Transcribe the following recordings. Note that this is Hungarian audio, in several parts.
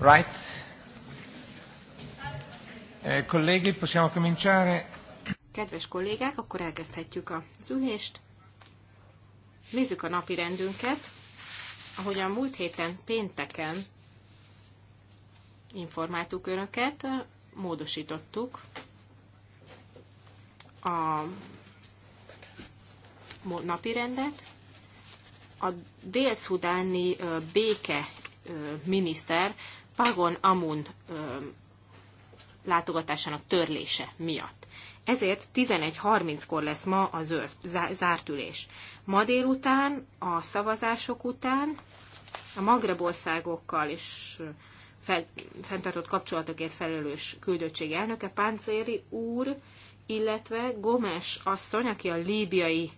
Right. Eh, possiamo cominciare. Kedves kollégák, akkor elkezdhetjük az ülést. Nézzük a napi rendünket. Ahogy a múlt héten pénteken informáltuk Önöket, módosítottuk a napi rendet. A dél-szudáni béke miniszter Pagon Amun ö, látogatásának törlése miatt. Ezért 11.30-kor lesz ma a zöld, zárt ülés. Ma délután, a szavazások után a Magreb országokkal és fel, fenntartott kapcsolatokért felelős küldöttség elnöke Páncéri úr, illetve Gomes asszony, aki a líbiai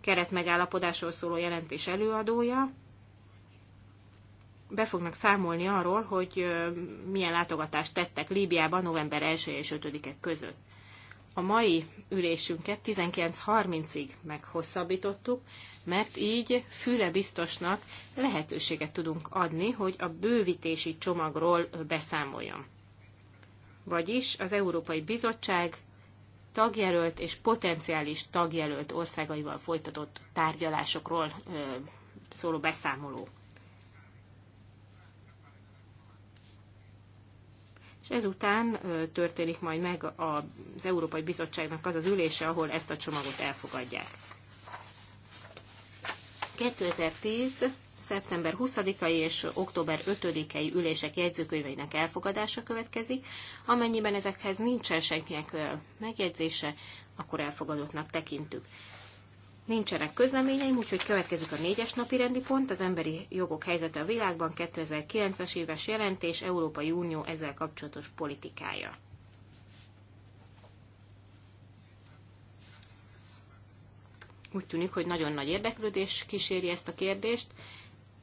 keretmegállapodásról szóló jelentés előadója, be fognak számolni arról, hogy milyen látogatást tettek Líbiában november 1 és 5-e között. A mai ülésünket 19.30-ig meghosszabbítottuk, mert így Füle biztosnak lehetőséget tudunk adni, hogy a bővítési csomagról beszámoljon. Vagyis az Európai Bizottság tagjelölt és potenciális tagjelölt országaival folytatott tárgyalásokról szóló beszámoló. és ezután történik majd meg az Európai Bizottságnak az az ülése, ahol ezt a csomagot elfogadják. 2010. szeptember 20-ai és október 5-ei ülések jegyzőkönyveinek elfogadása következik. Amennyiben ezekhez nincsen senkinek megjegyzése, akkor elfogadottnak tekintük. Nincsenek közleményeim, úgyhogy következik a négyes napi rendi pont, az emberi jogok helyzete a világban 2009-es éves jelentés, Európai Unió ezzel kapcsolatos politikája. Úgy tűnik, hogy nagyon nagy érdeklődés kíséri ezt a kérdést.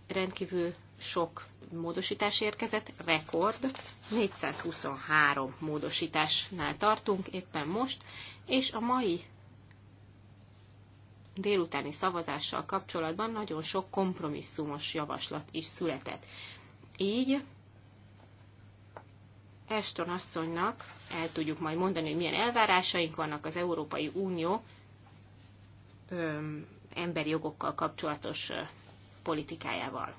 Rendkívül sok módosítás érkezett, rekord, 423 módosításnál tartunk éppen most, és a mai délutáni szavazással kapcsolatban nagyon sok kompromisszumos javaslat is született. Így Eston asszonynak el tudjuk majd mondani, hogy milyen elvárásaink vannak az Európai Unió öm, emberi jogokkal kapcsolatos ö, politikájával.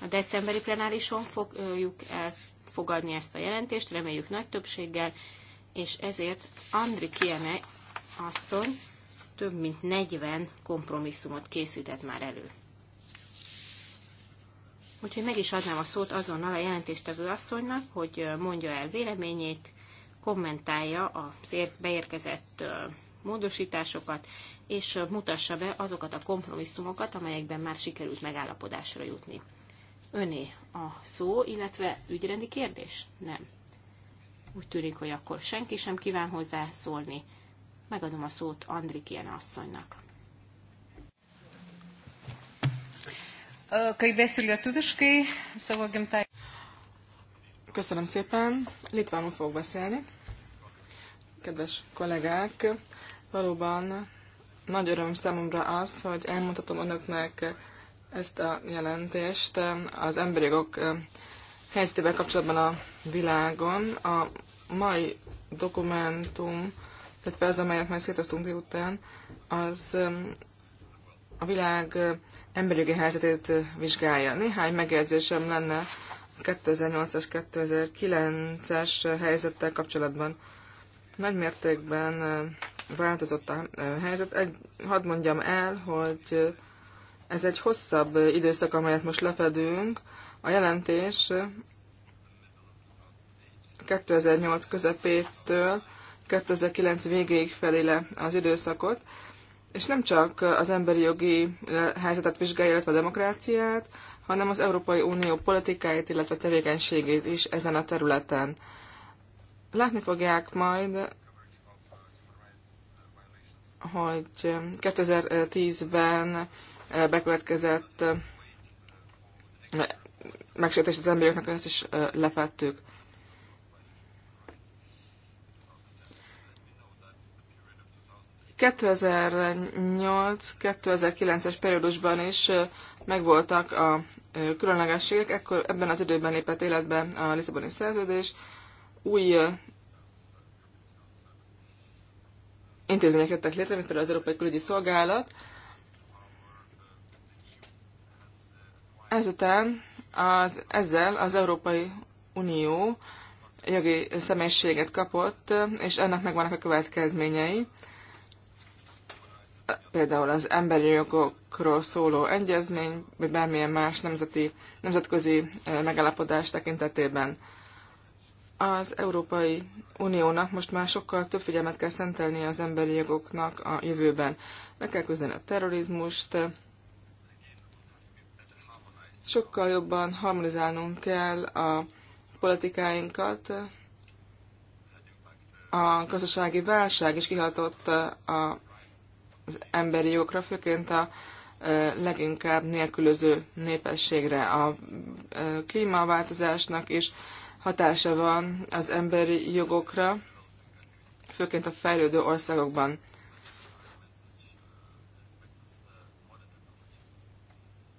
A decemberi plenárison fogjuk elfogadni ezt a jelentést, reméljük nagy többséggel, és ezért Andri Kiene asszony több mint 40 kompromisszumot készített már elő. Úgyhogy meg is adnám a szót azonnal a jelentéstevő asszonynak, hogy mondja el véleményét, kommentálja a beérkezett módosításokat, és mutassa be azokat a kompromisszumokat, amelyekben már sikerült megállapodásra jutni. Öné a szó, illetve ügyrendi kérdés? Nem. Úgy tűnik, hogy akkor senki sem kíván hozzászólni. Megadom a szót Andrikien asszonynak. Köszönöm szépen, litvánul fogok beszélni. Kedves kollégák, valóban nagy öröm számomra az, hogy elmondhatom önöknek ezt a jelentést az emberi jogok helyzetével kapcsolatban a világon. A mai dokumentum illetve az, amelyet majd szétoztunk délután, az um, a világ um, emberjogi helyzetét uh, vizsgálja. Néhány megjegyzésem lenne a 2008-as, 2009-es uh, helyzettel kapcsolatban. Nagy mértékben uh, változott a helyzet. Egy, hadd mondjam el, hogy ez egy hosszabb időszak, amelyet most lefedünk. A jelentés 2008 közepétől 2009 végéig felé le az időszakot, és nem csak az emberi jogi eh, helyzetet vizsgálja, illetve a demokráciát, hanem az Európai Unió politikáit, illetve tevékenységét is ezen a területen. Látni fogják majd, hogy 2010-ben eh, eh, bekövetkezett megsértés az embereknek, ezt is lefettük. 2008-2009-es periódusban is megvoltak a különlegességek, ekkor ebben az időben lépett életbe a Lisszaboni szerződés, új intézmények jöttek létre, mint például az Európai Külügyi Szolgálat. Ezután az, ezzel az Európai Unió jogi személyiséget kapott, és ennek megvannak a következményei például az emberi jogokról szóló egyezmény, vagy bármilyen más nemzeti, nemzetközi megállapodás tekintetében. Az Európai Uniónak most már sokkal több figyelmet kell szentelnie az emberi jogoknak a jövőben. Meg kell küzdeni a terrorizmust, sokkal jobban harmonizálnunk kell a politikáinkat. A gazdasági válság is kihatott a az emberi jogokra, főként a leginkább nélkülöző népességre. A klímaváltozásnak is hatása van az emberi jogokra, főként a fejlődő országokban.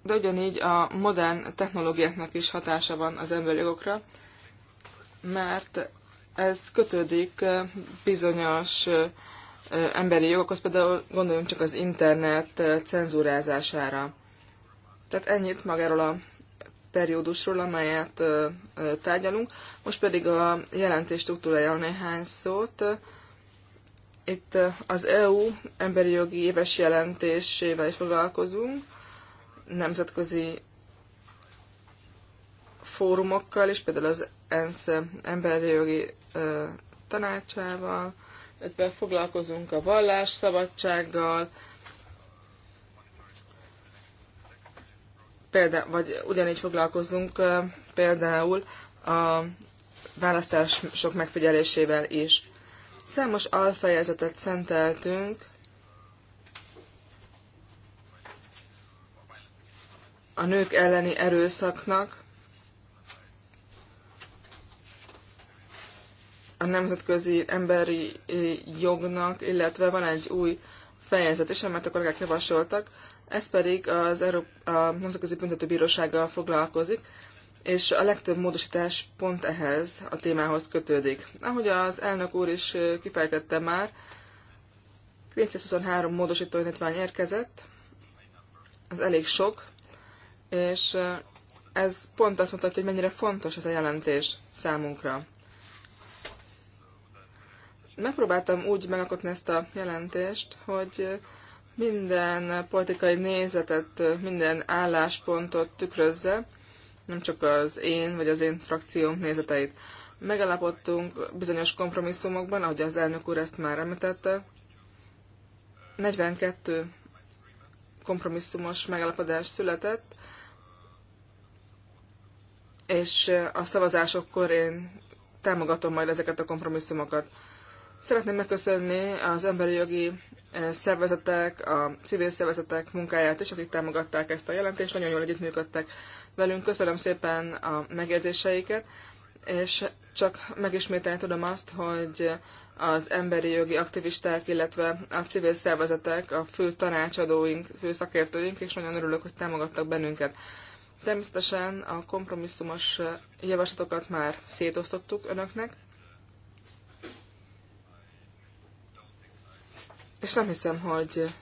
De ugyanígy a modern technológiáknak is hatása van az emberi jogokra, mert ez kötődik bizonyos emberi jogokhoz, például gondoljunk csak az internet cenzúrázására. Tehát ennyit magáról a periódusról, amelyet tárgyalunk. Most pedig a jelentés struktúrájáról néhány szót. Itt az EU emberi jogi éves jelentésével is foglalkozunk, nemzetközi fórumokkal is, például az ENSZ emberi jogi tanácsával, ebben foglalkozunk a vallás szabadsággal, példa, vagy ugyanígy foglalkozunk például a választások megfigyelésével is. Számos alfejezetet szenteltünk a nők elleni erőszaknak, a nemzetközi emberi jognak, illetve van egy új fejezet is, amit a kollégák javasoltak, ez pedig az Európa, a Nemzetközi Büntetőbírósággal foglalkozik, és a legtöbb módosítás pont ehhez a témához kötődik. Ahogy az elnök úr is kifejtette már, 223 módosító indítvány érkezett, ez elég sok, és ez pont azt mutatja, hogy mennyire fontos ez a jelentés számunkra megpróbáltam úgy megalkotni ezt a jelentést, hogy minden politikai nézetet, minden álláspontot tükrözze, nem csak az én vagy az én frakcióm nézeteit. Megalapodtunk bizonyos kompromisszumokban, ahogy az elnök úr ezt már említette. 42 kompromisszumos megalapodás született, és a szavazásokkor én támogatom majd ezeket a kompromisszumokat. Szeretném megköszönni az emberi jogi eh, szervezetek, a civil szervezetek munkáját is, akik támogatták ezt a jelentést, nagyon jól együttműködtek velünk. Köszönöm szépen a megjegyzéseiket, és csak megismételni tudom azt, hogy az emberi jogi aktivisták, illetve a civil szervezetek, a fő tanácsadóink, fő szakértőink, és nagyon örülök, hogy támogattak bennünket. Természetesen a kompromisszumos javaslatokat már szétosztottuk önöknek, És nem hiszem, hogy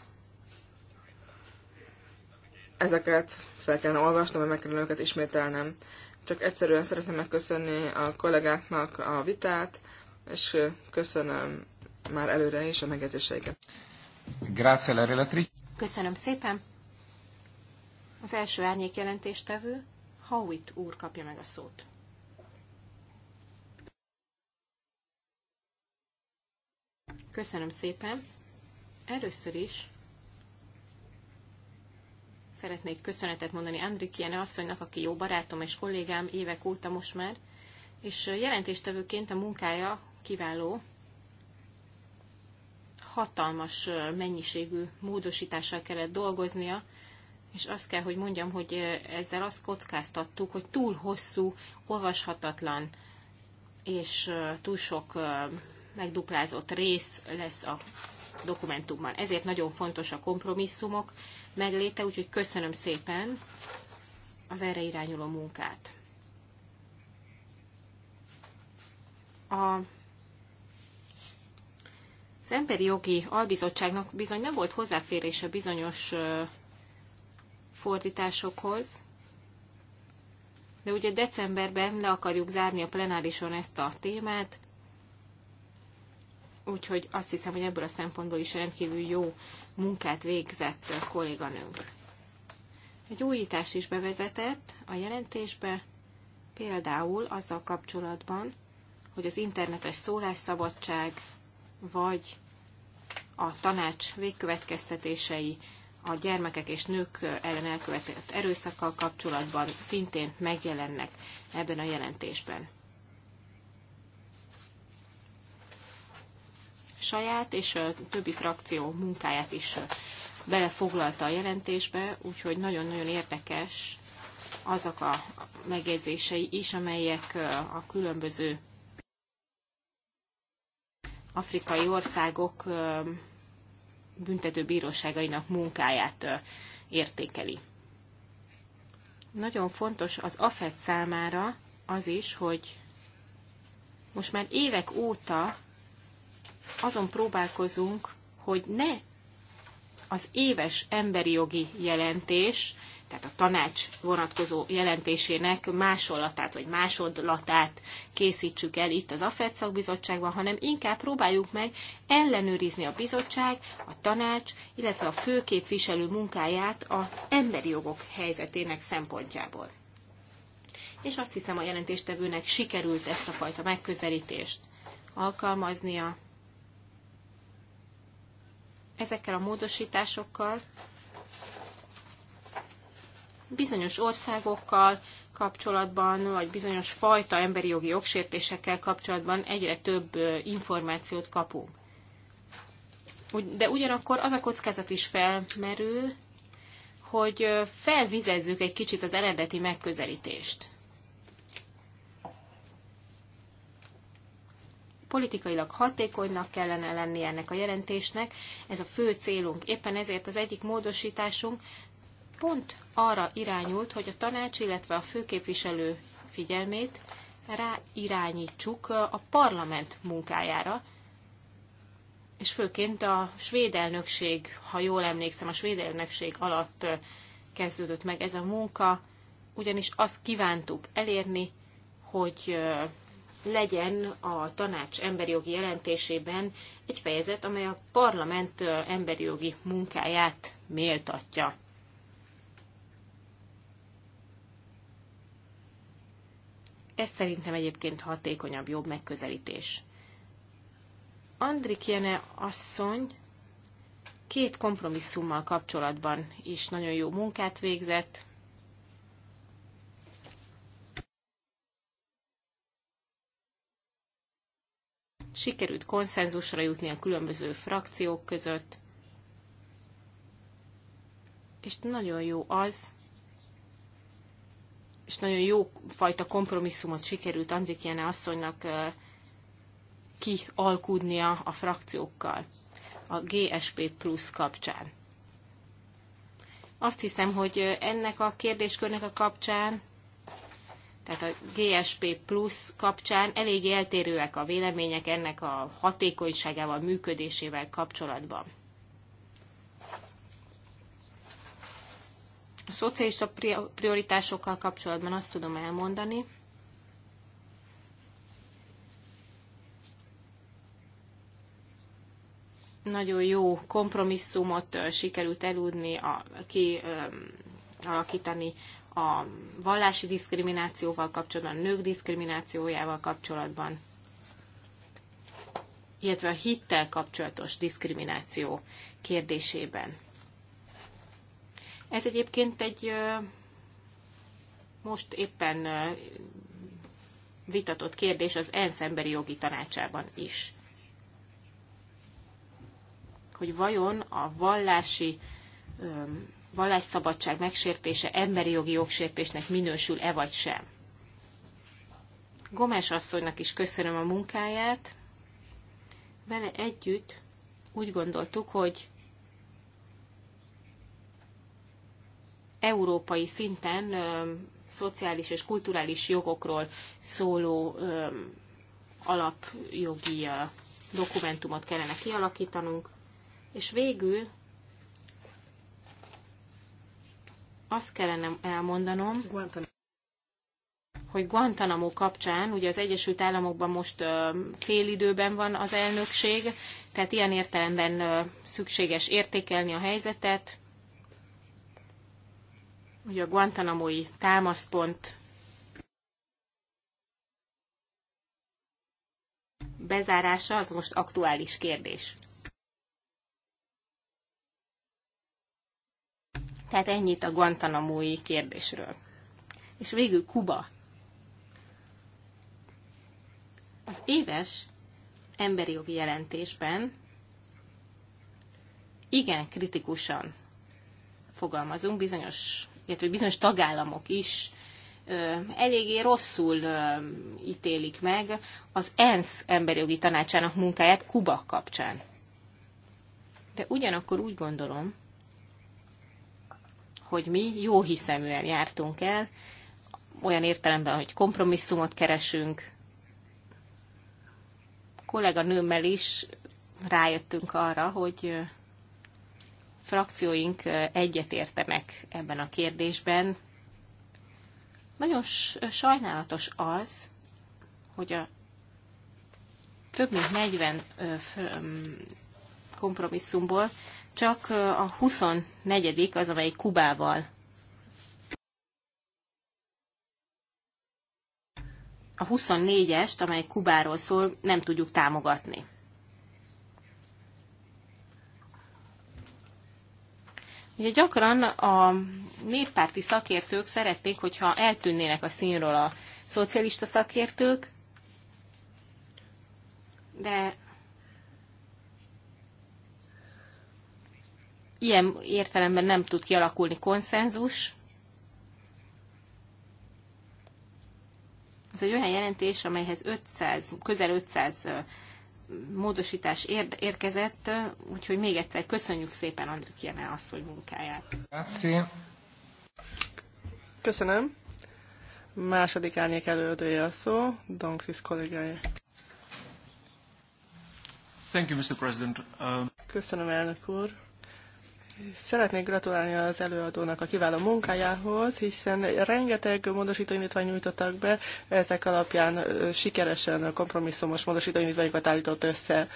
ezeket fel kellene olvasnom, meg kellene őket ismételnem. Csak egyszerűen szeretném megköszönni a kollégáknak a vitát, és köszönöm már előre is a megjegyzéseiket. Grazie la relatrice. Köszönöm szépen. Az első árnyék jelentéstevő, Howitt úr kapja meg a szót. Köszönöm szépen. Először is szeretnék köszönetet mondani Andrikiene asszonynak, aki jó barátom és kollégám évek óta most már, és jelentéstevőként a munkája kiváló, hatalmas mennyiségű módosítással kellett dolgoznia, és azt kell, hogy mondjam, hogy ezzel azt kockáztattuk, hogy túl hosszú, olvashatatlan és túl sok megduplázott rész lesz a dokumentumban. Ezért nagyon fontos a kompromisszumok megléte, úgyhogy köszönöm szépen az erre irányuló munkát. A az Emberi Jogi Albizottságnak bizony nem volt hozzáférése bizonyos fordításokhoz, de ugye decemberben le akarjuk zárni a plenárison ezt a témát, Úgyhogy azt hiszem, hogy ebből a szempontból is rendkívül jó munkát végzett kolléganőnk. Egy újítást is bevezetett a jelentésbe, például azzal kapcsolatban, hogy az internetes szólásszabadság vagy a tanács végkövetkeztetései a gyermekek és nők ellen elkövetett erőszakkal kapcsolatban szintén megjelennek ebben a jelentésben. saját és a többi frakció munkáját is belefoglalta a jelentésbe, úgyhogy nagyon-nagyon érdekes azok a megjegyzései is, amelyek a különböző afrikai országok büntető bíróságainak munkáját értékeli. Nagyon fontos az AFED számára az is, hogy most már évek óta azon próbálkozunk, hogy ne az éves emberi jogi jelentés, tehát a tanács vonatkozó jelentésének másolatát vagy másodlatát készítsük el itt az AFED szakbizottságban, hanem inkább próbáljuk meg ellenőrizni a bizottság, a tanács, illetve a főképviselő munkáját az emberi jogok helyzetének szempontjából. És azt hiszem a jelentéstevőnek sikerült ezt a fajta megközelítést alkalmaznia, ezekkel a módosításokkal bizonyos országokkal kapcsolatban, vagy bizonyos fajta emberi jogi jogsértésekkel kapcsolatban egyre több információt kapunk. De ugyanakkor az a kockázat is felmerül, hogy felvizezzük egy kicsit az eredeti megközelítést. Politikailag hatékonynak kellene lennie ennek a jelentésnek, ez a fő célunk. Éppen ezért az egyik módosításunk pont arra irányult, hogy a tanács, illetve a főképviselő figyelmét ráirányítsuk a parlament munkájára, és főként a svéd elnökség, ha jól emlékszem, a svéd elnökség alatt kezdődött meg ez a munka, ugyanis azt kívántuk elérni, hogy legyen a tanács emberi jogi jelentésében egy fejezet, amely a parlament emberi jogi munkáját méltatja. Ez szerintem egyébként hatékonyabb, jobb megközelítés. Andrik Jene asszony két kompromisszummal kapcsolatban is nagyon jó munkát végzett. sikerült konszenzusra jutni a különböző frakciók között, és nagyon jó az, és nagyon jó fajta kompromisszumot sikerült Jene asszonynak kialkudnia a frakciókkal a GSP Plus kapcsán. Azt hiszem, hogy ennek a kérdéskörnek a kapcsán tehát a GSP Plus kapcsán elég eltérőek a vélemények ennek a hatékonyságával, működésével kapcsolatban. A szocialista prioritásokkal kapcsolatban azt tudom elmondani, nagyon jó kompromisszumot sikerült eludni, a, ki alakítani a vallási diszkriminációval kapcsolatban, a nők diszkriminációjával kapcsolatban, illetve a hittel kapcsolatos diszkrimináció kérdésében. Ez egyébként egy most éppen vitatott kérdés az ENSZ emberi jogi tanácsában is. Hogy vajon a vallási vallásszabadság megsértése emberi jogi jogsértésnek minősül-e vagy sem. Gomes asszonynak is köszönöm a munkáját. Vele együtt úgy gondoltuk, hogy európai szinten ö, szociális és kulturális jogokról szóló ö, alapjogi ö, dokumentumot kellene kialakítanunk, és végül azt kellene elmondanom, hogy Guantanamo kapcsán, ugye az Egyesült Államokban most fél időben van az elnökség, tehát ilyen értelemben szükséges értékelni a helyzetet. Ugye a Guantanamo-i támaszpont bezárása az most aktuális kérdés. Tehát ennyit a Guantanamo-i kérdésről. És végül Kuba. Az éves emberi jogi jelentésben igen kritikusan fogalmazunk, bizonyos, illetve bizonyos tagállamok is ö, eléggé rosszul ö, ítélik meg az ENSZ emberi jogi tanácsának munkáját Kuba kapcsán. De ugyanakkor úgy gondolom, hogy mi jó hiszeműen jártunk el, olyan értelemben, hogy kompromisszumot keresünk. Kollega nőmmel is rájöttünk arra, hogy frakcióink egyetértenek ebben a kérdésben. Nagyon sajnálatos az, hogy a több mint 40 kompromisszumból csak a 24. az, amely Kubával a 24-est, amely Kubáról szól, nem tudjuk támogatni. Ugye gyakran a néppárti szakértők szeretnék, hogyha eltűnnének a színről a szocialista szakértők, de ilyen értelemben nem tud kialakulni konszenzus. Ez egy olyan jelentés, amelyhez 500, közel 500 módosítás ér- érkezett, úgyhogy még egyszer köszönjük szépen Andrikiene asszony munkáját. Köszönöm. Második árnyék előadója a szó, Donxis kollégája. Thank you, Mr. President. Um... Köszönöm, elnök úr. Szeretnék gratulálni az előadónak a kiváló munkájához, hiszen rengeteg módosítóindítvány nyújtottak be, ezek alapján sikeresen kompromisszumos módosítóindítványokat állított össze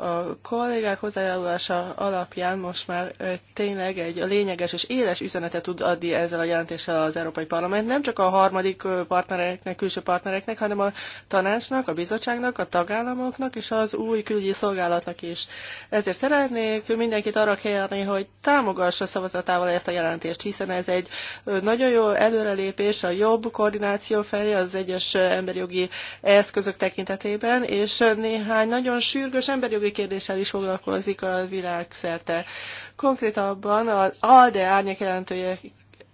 a kollégák hozzájárulása alapján most már tényleg egy lényeges és éles üzenetet tud adni ezzel a jelentéssel az Európai Parlament, nem csak a harmadik partnereknek, külső partnereknek, hanem a tanácsnak, a bizottságnak, a tagállamoknak és az új külügyi szolgálatnak is. Ezért szeretnék mindenkit arra kérni, hogy támogassa szavazatával ezt a jelentést, hiszen ez egy nagyon jó előrelépés a jobb koordináció felé az egyes emberjogi eszközök tekintetében, és néhány nagyon sürgős emberjogi jogi kérdéssel is foglalkozik a világ szerte. Konkrétabban az ALDE árnyék jelentője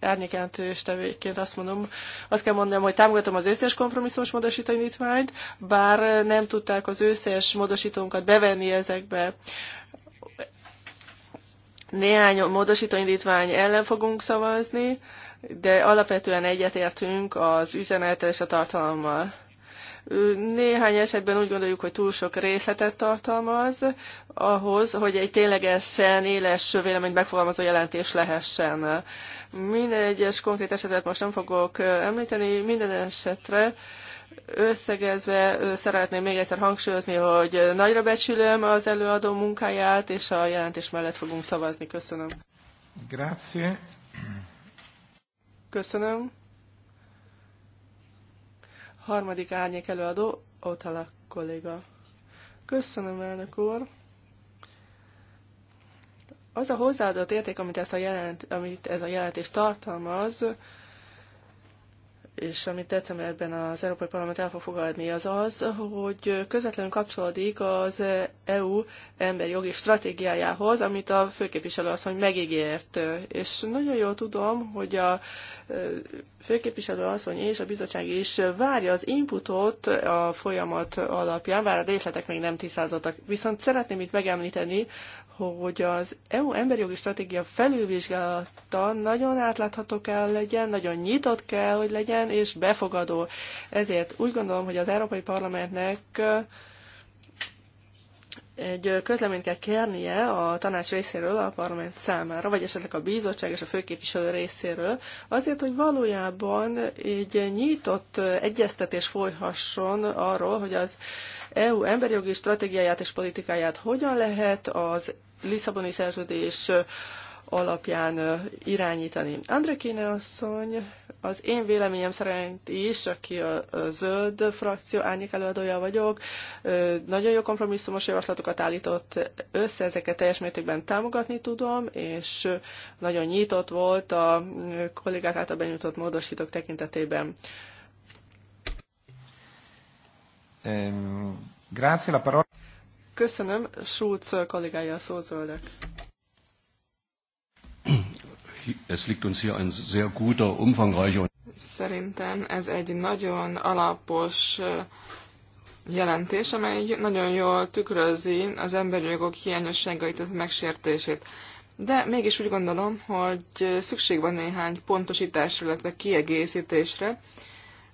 árnyékjelentős tevékként azt mondom, azt kell mondanom, hogy támogatom az összes kompromisszumos módosítanítványt, bár nem tudták az összes módosítónkat bevenni ezekbe. Néhány módosítóindítvány ellen fogunk szavazni, de alapvetően egyetértünk az üzenetet és a tartalommal. Néhány esetben úgy gondoljuk, hogy túl sok részletet tartalmaz ahhoz, hogy egy ténylegesen éles véleményt megfogalmazó jelentés lehessen. Minden egyes konkrét esetet most nem fogok említeni, minden esetre összegezve szeretném még egyszer hangsúlyozni, hogy nagyra becsülöm az előadó munkáját, és a jelentés mellett fogunk szavazni. Köszönöm. Grazie. Köszönöm. Harmadik árnyék előadó, Otala kolléga. Köszönöm, elnök úr. Az a hozzáadott érték, amit, ezt a jelent, amit ez a jelentés tartalmaz, és amit decemberben az Európai Parlament el fog fogadni, az az, hogy közvetlenül kapcsolódik az EU emberi jogi stratégiájához, amit a főképviselő asszony megígért. És nagyon jól tudom, hogy a főképviselő asszony és a bizottság is várja az inputot a folyamat alapján, bár a részletek még nem tisztázottak. Viszont szeretném itt megemlíteni, hogy az EU emberi jogi stratégia felülvizsgálata nagyon átlátható kell legyen, nagyon nyitott kell, hogy legyen, és befogadó. Ezért úgy gondolom, hogy az Európai Parlamentnek egy közleményt kell kérnie a tanács részéről a parlament számára, vagy esetleg a bizottság és a főképviselő részéről, azért, hogy valójában egy nyitott egyeztetés folyhasson arról, hogy az EU emberi jogi stratégiáját és politikáját hogyan lehet az Lisszaboni szerződés alapján irányítani. André Kéne asszony, az én véleményem szerint is, aki a zöld frakció árnyék előadója vagyok, nagyon jó kompromisszumos javaslatokat állított össze, ezeket teljes mértékben támogatni tudom, és nagyon nyitott volt a kollégák által benyújtott módosítók tekintetében. Um, grazie la parola. Köszönöm, Schulz kollégája a Es liegt uns hier ein sehr guter, umfangreicher... Szerintem ez egy nagyon alapos jelentés, amely nagyon jól tükrözi az emberi jogok hiányosságait, a megsértését. De mégis úgy gondolom, hogy szükség van néhány pontosításra, illetve kiegészítésre,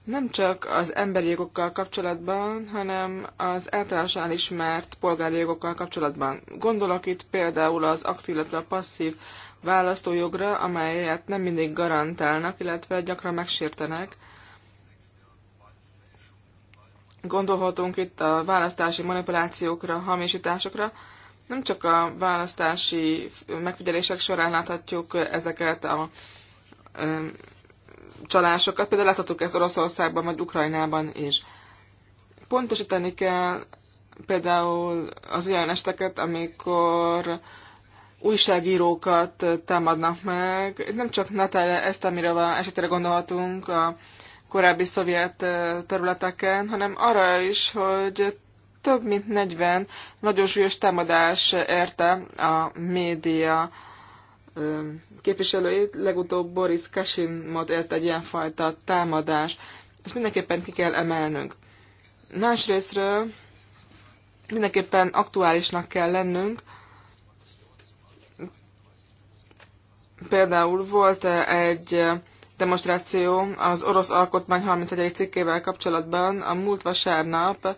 nem csak az emberi jogokkal kapcsolatban, hanem az általánosan ismert polgári jogokkal kapcsolatban. Gondolok itt például az aktív, illetve a passzív választójogra, amelyet nem mindig garantálnak, illetve gyakran megsértenek. Gondolhatunk itt a választási manipulációkra, hamisításokra. Nem csak a választási megfigyelések során láthatjuk ezeket a csalásokat, például láthatjuk ezt Oroszországban vagy Ukrajnában is. Pontosítani kell például az olyan esteket, amikor újságírókat támadnak meg. nem csak Natália Esztamirova esetre gondolhatunk a korábbi szovjet területeken, hanem arra is, hogy több mint 40 nagyon súlyos támadás érte a média képviselőjét, legutóbb Boris Kasimot élt egy ilyenfajta támadás. Ezt mindenképpen ki kell emelnünk. Másrésztről mindenképpen aktuálisnak kell lennünk. Például volt egy demonstráció az orosz alkotmány 31. cikkével kapcsolatban a múlt vasárnap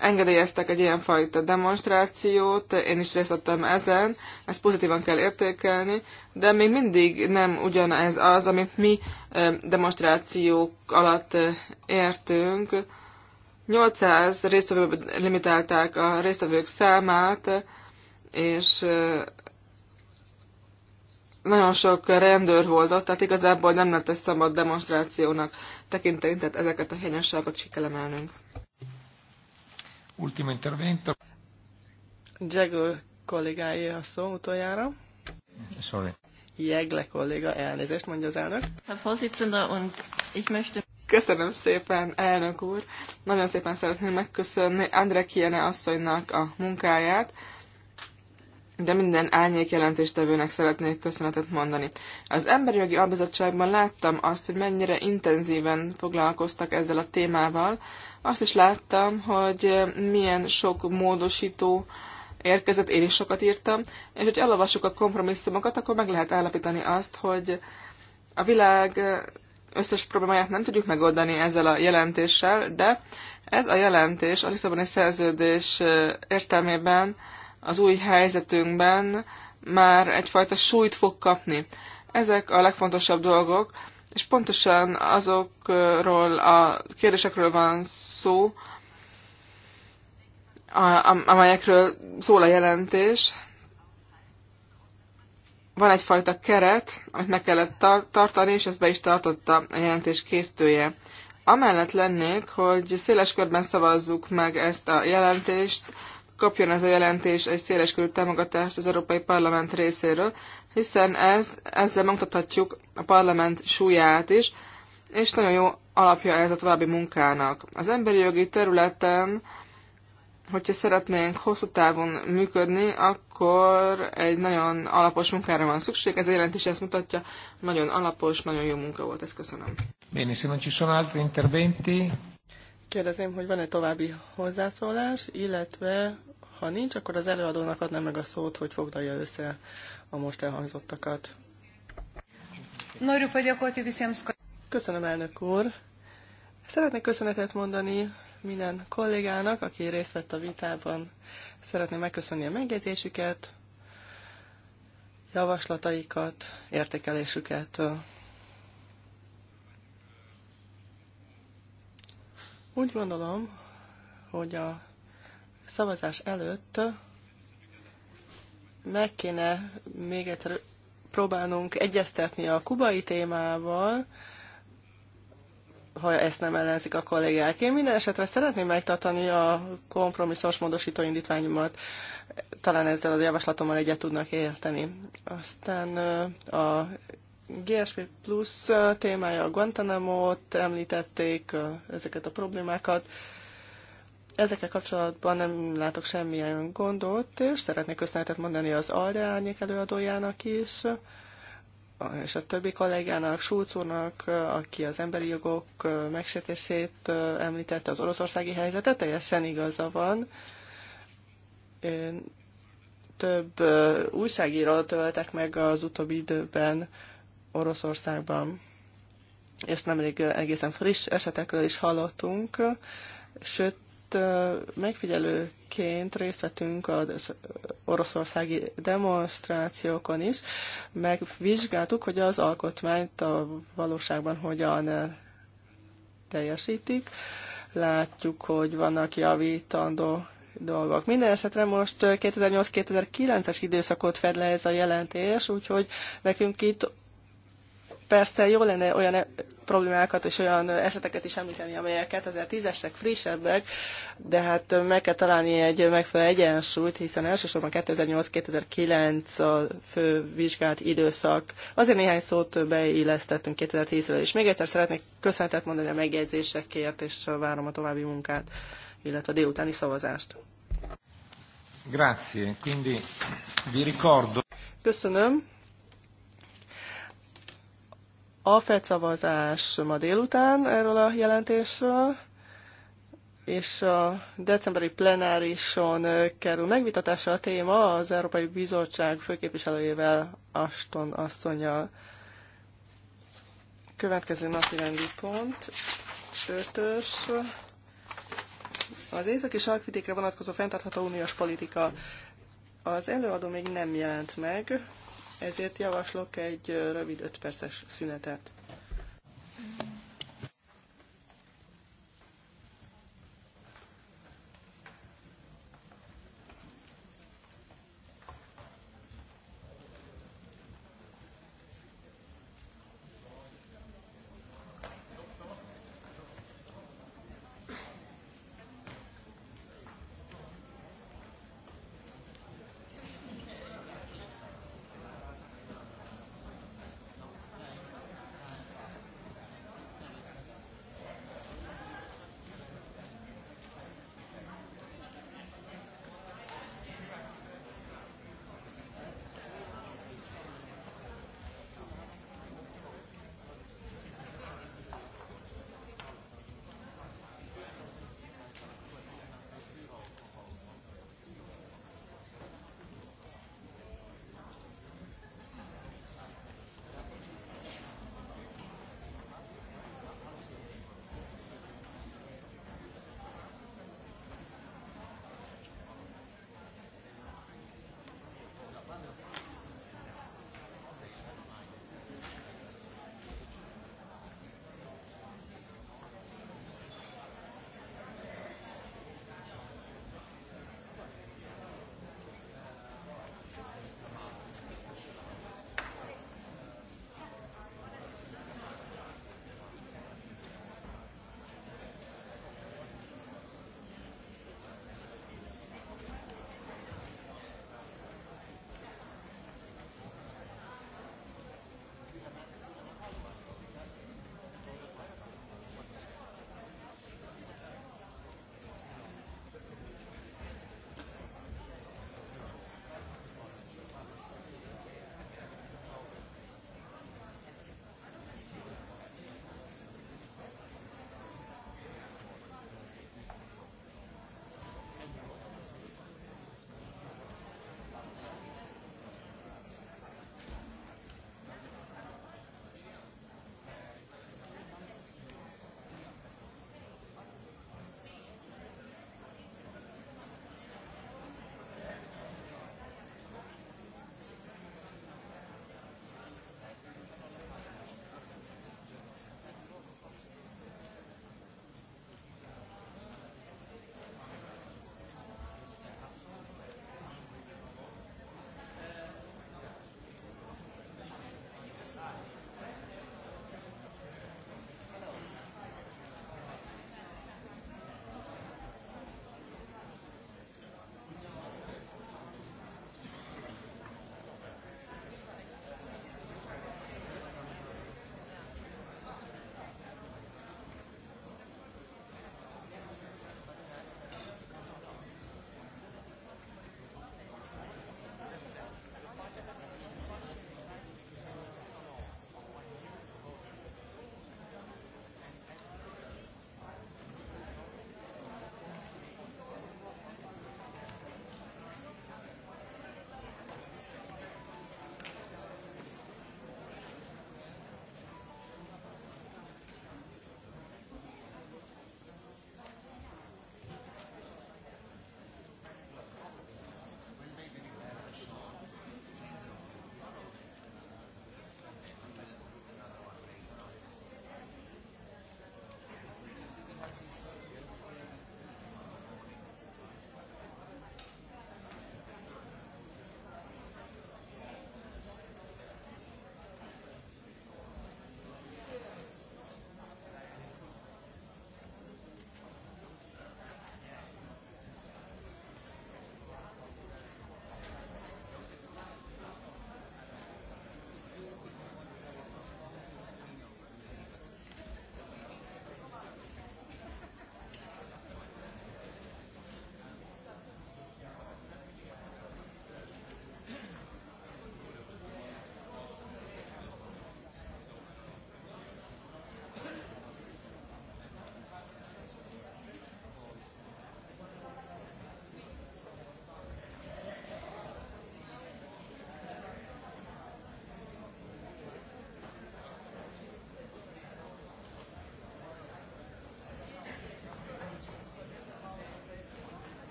engedélyeztek egy ilyen fajta demonstrációt, én is részt vettem ezen, ezt pozitívan kell értékelni, de még mindig nem ugyanez az, amit mi demonstrációk alatt értünk. 800 résztvevőből limitálták a résztvevők számát, és nagyon sok rendőr volt ott, tehát igazából nem lett ez szabad demonstrációnak tekinteni, tehát ezeket a hiányosságokat sikerül emelnünk. Ultimo intervento. Jegl kollégáé a szó utoljára. Sorry. Jegle kolléga, elnézést mondja az elnök. Herr Vorsitzender, und ich möchte... Köszönöm szépen, elnök úr. Nagyon szépen szeretném megköszönni Andre Kiene asszonynak a munkáját de minden árnyék jelentéstevőnek szeretnék köszönetet mondani. Az Emberi Jogi Albizottságban láttam azt, hogy mennyire intenzíven foglalkoztak ezzel a témával. Azt is láttam, hogy milyen sok módosító érkezett, én is sokat írtam, és hogy elolvassuk a kompromisszumokat, akkor meg lehet állapítani azt, hogy a világ összes problémáját nem tudjuk megoldani ezzel a jelentéssel, de ez a jelentés a Lisszaboni szerződés értelmében az új helyzetünkben már egyfajta súlyt fog kapni. Ezek a legfontosabb dolgok, és pontosan azokról a kérdésekről van szó, amelyekről szól a jelentés. Van egyfajta keret, amit meg kellett tar- tartani, és ezt be is tartotta a jelentés készítője. Amellett lennék, hogy széles körben szavazzuk meg ezt a jelentést, kapjon ez a jelentés egy széleskörű támogatást az Európai Parlament részéről, hiszen ez, ezzel megmutathatjuk a parlament súlyát is, és nagyon jó alapja ez a további munkának. Az emberi jogi területen, hogyha szeretnénk hosszú távon működni, akkor egy nagyon alapos munkára van szükség. Ez a jelentés ezt mutatja, nagyon alapos, nagyon jó munka volt, ezt köszönöm. Béni se Sonált, interventi, kérdezem, hogy van-e további hozzászólás, illetve ha nincs, akkor az előadónak adnám meg a szót, hogy foglalja össze a most elhangzottakat. Köszönöm, elnök úr! Szeretnék köszönetet mondani minden kollégának, aki részt vett a vitában. Szeretném megköszönni a megjegyzésüket, javaslataikat, értékelésüket. Úgy gondolom, hogy a szavazás előtt meg kéne még egyszer próbálnunk egyeztetni a kubai témával, ha ezt nem ellenzik a kollégák. Én minden esetre szeretném megtartani a kompromisszós módosító indítványomat. Talán ezzel az javaslatommal egyet tudnak érteni. Aztán a GSP Plus témája a Guantanamo-t említették, ezeket a problémákat. Ezekkel kapcsolatban nem látok semmilyen gondot, és szeretnék köszönetet mondani az ALDE árnyék előadójának is, és a többi kollégának, Schulz úrnak, aki az emberi jogok megsértését említette, az oroszországi helyzetet, teljesen igaza van. Én több újságíró töltek meg az utóbbi időben Oroszországban, és nemrég egészen friss esetekről is hallottunk, sőt, megfigyelőként részt vettünk az oroszországi demonstrációkon is. Megvizsgáltuk, hogy az alkotmányt a valóságban hogyan teljesítik. Látjuk, hogy vannak javítandó dolgok. Minden esetre most 2008-2009-es időszakot fed le ez a jelentés, úgyhogy nekünk itt persze jó lenne olyan problémákat és olyan eseteket is említeni, amelyeket azért tízesek, frissebbek, de hát meg kell találni egy megfelelő egyensúlyt, hiszen elsősorban 2008-2009 a fő vizsgált időszak. Azért néhány szót beillesztettünk 2010-ről, és még egyszer szeretnék köszönetet mondani a megjegyzésekért, és várom a további munkát, illetve a délutáni szavazást. Grazie, quindi vi ricordo. Köszönöm a szavazás ma délután erről a jelentésről, és a decemberi plenárison kerül megvitatásra a téma az Európai Bizottság főképviselőjével, Aston asszonyjal. Következő napi rendi pont, ötös. Az északi sarkvidékre vonatkozó fenntartható uniós politika. Az előadó még nem jelent meg, ezért javaslok egy rövid 5 perces szünetet.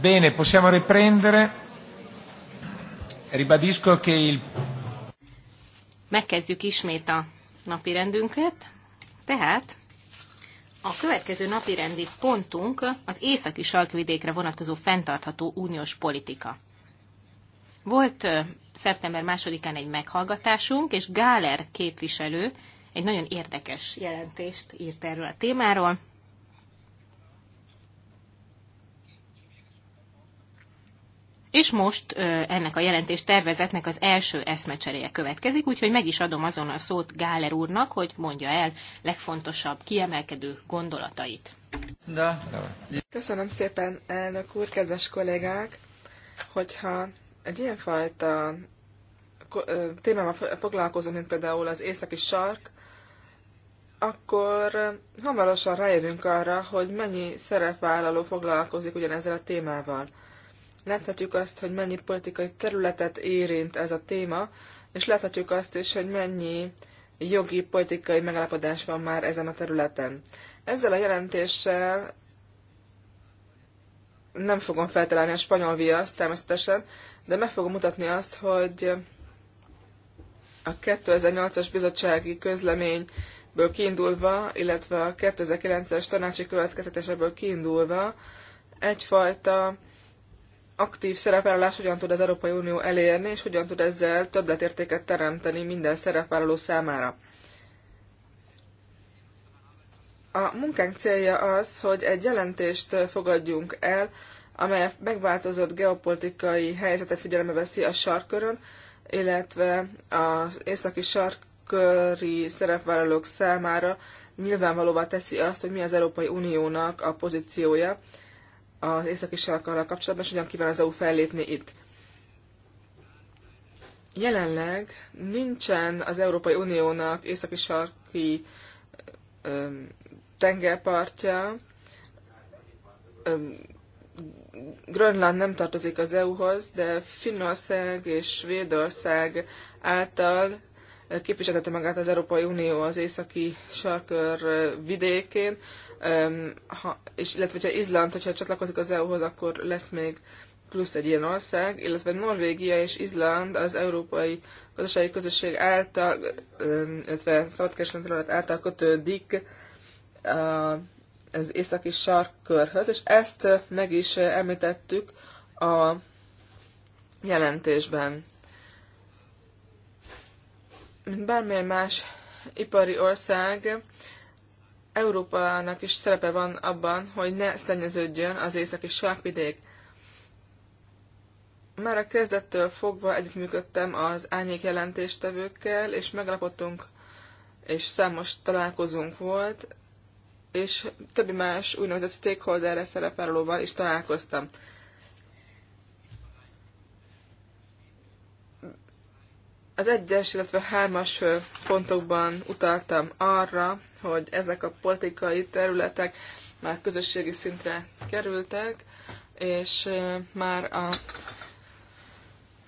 Bene, possiamo riprendere. Ribadisco che il... Megkezdjük ismét a napi rendünket. Tehát a következő napi rendi pontunk az északi sarkvidékre vonatkozó fenntartható uniós politika. Volt szeptember másodikán egy meghallgatásunk, és Gáler képviselő egy nagyon érdekes jelentést írt erről a témáról. És most ennek a jelentés tervezetnek az első eszmecseréje következik, úgyhogy meg is adom azon a szót Gáler úrnak, hogy mondja el legfontosabb kiemelkedő gondolatait. De. Köszönöm szépen, elnök úr, kedves kollégák, hogyha egy ilyenfajta témával foglalkozom, mint például az északi sark, akkor hamarosan rájövünk arra, hogy mennyi szerepvállaló foglalkozik ugyanezzel a témával. Láthatjuk azt, hogy mennyi politikai területet érint ez a téma, és láthatjuk azt is, hogy mennyi jogi, politikai megállapodás van már ezen a területen. Ezzel a jelentéssel nem fogom feltalálni a spanyol viaszt természetesen, de meg fogom mutatni azt, hogy a 2008-as bizottsági közleményből kiindulva, illetve a 2009-es tanácsi következeteseből kiindulva egyfajta aktív szerepvállalás hogyan tud az Európai Unió elérni, és hogyan tud ezzel többletértéket teremteni minden szerepvállaló számára. A munkánk célja az, hogy egy jelentést fogadjunk el, amely a megváltozott geopolitikai helyzetet figyelembe veszi a sarkörön, illetve az északi sarkköri szerepvállalók számára nyilvánvalóvá teszi azt, hogy mi az Európai Uniónak a pozíciója, az északi sarkkal kapcsolatban, és hogyan kíván az EU fellépni itt. Jelenleg nincsen az Európai Uniónak északi sarki tengerpartja. Grönland nem tartozik az EU-hoz, de Finnország és Svédország által képviseltette magát az Európai Unió az északi sarkör vidékén, ha, és illetve hogyha Izland, hogyha csatlakozik az EU-hoz, akkor lesz még plusz egy ilyen ország, illetve Norvégia és Izland az Európai Gazdasági Közösség által, illetve szabadkereskedelmi által kötődik az északi sarkkörhöz, és ezt meg is említettük a jelentésben. Mint bármilyen más ipari ország, Európának is szerepe van abban, hogy ne szennyeződjön az északi sarkvidék. Már a kezdettől fogva együttműködtem az árnyék jelentéstevőkkel, és meglapottunk, és számos találkozunk volt, és többi más úgynevezett stakeholderre szerepelőval is találkoztam. Az egyes, illetve hármas pontokban utaltam arra, hogy ezek a politikai területek már közösségi szintre kerültek, és már a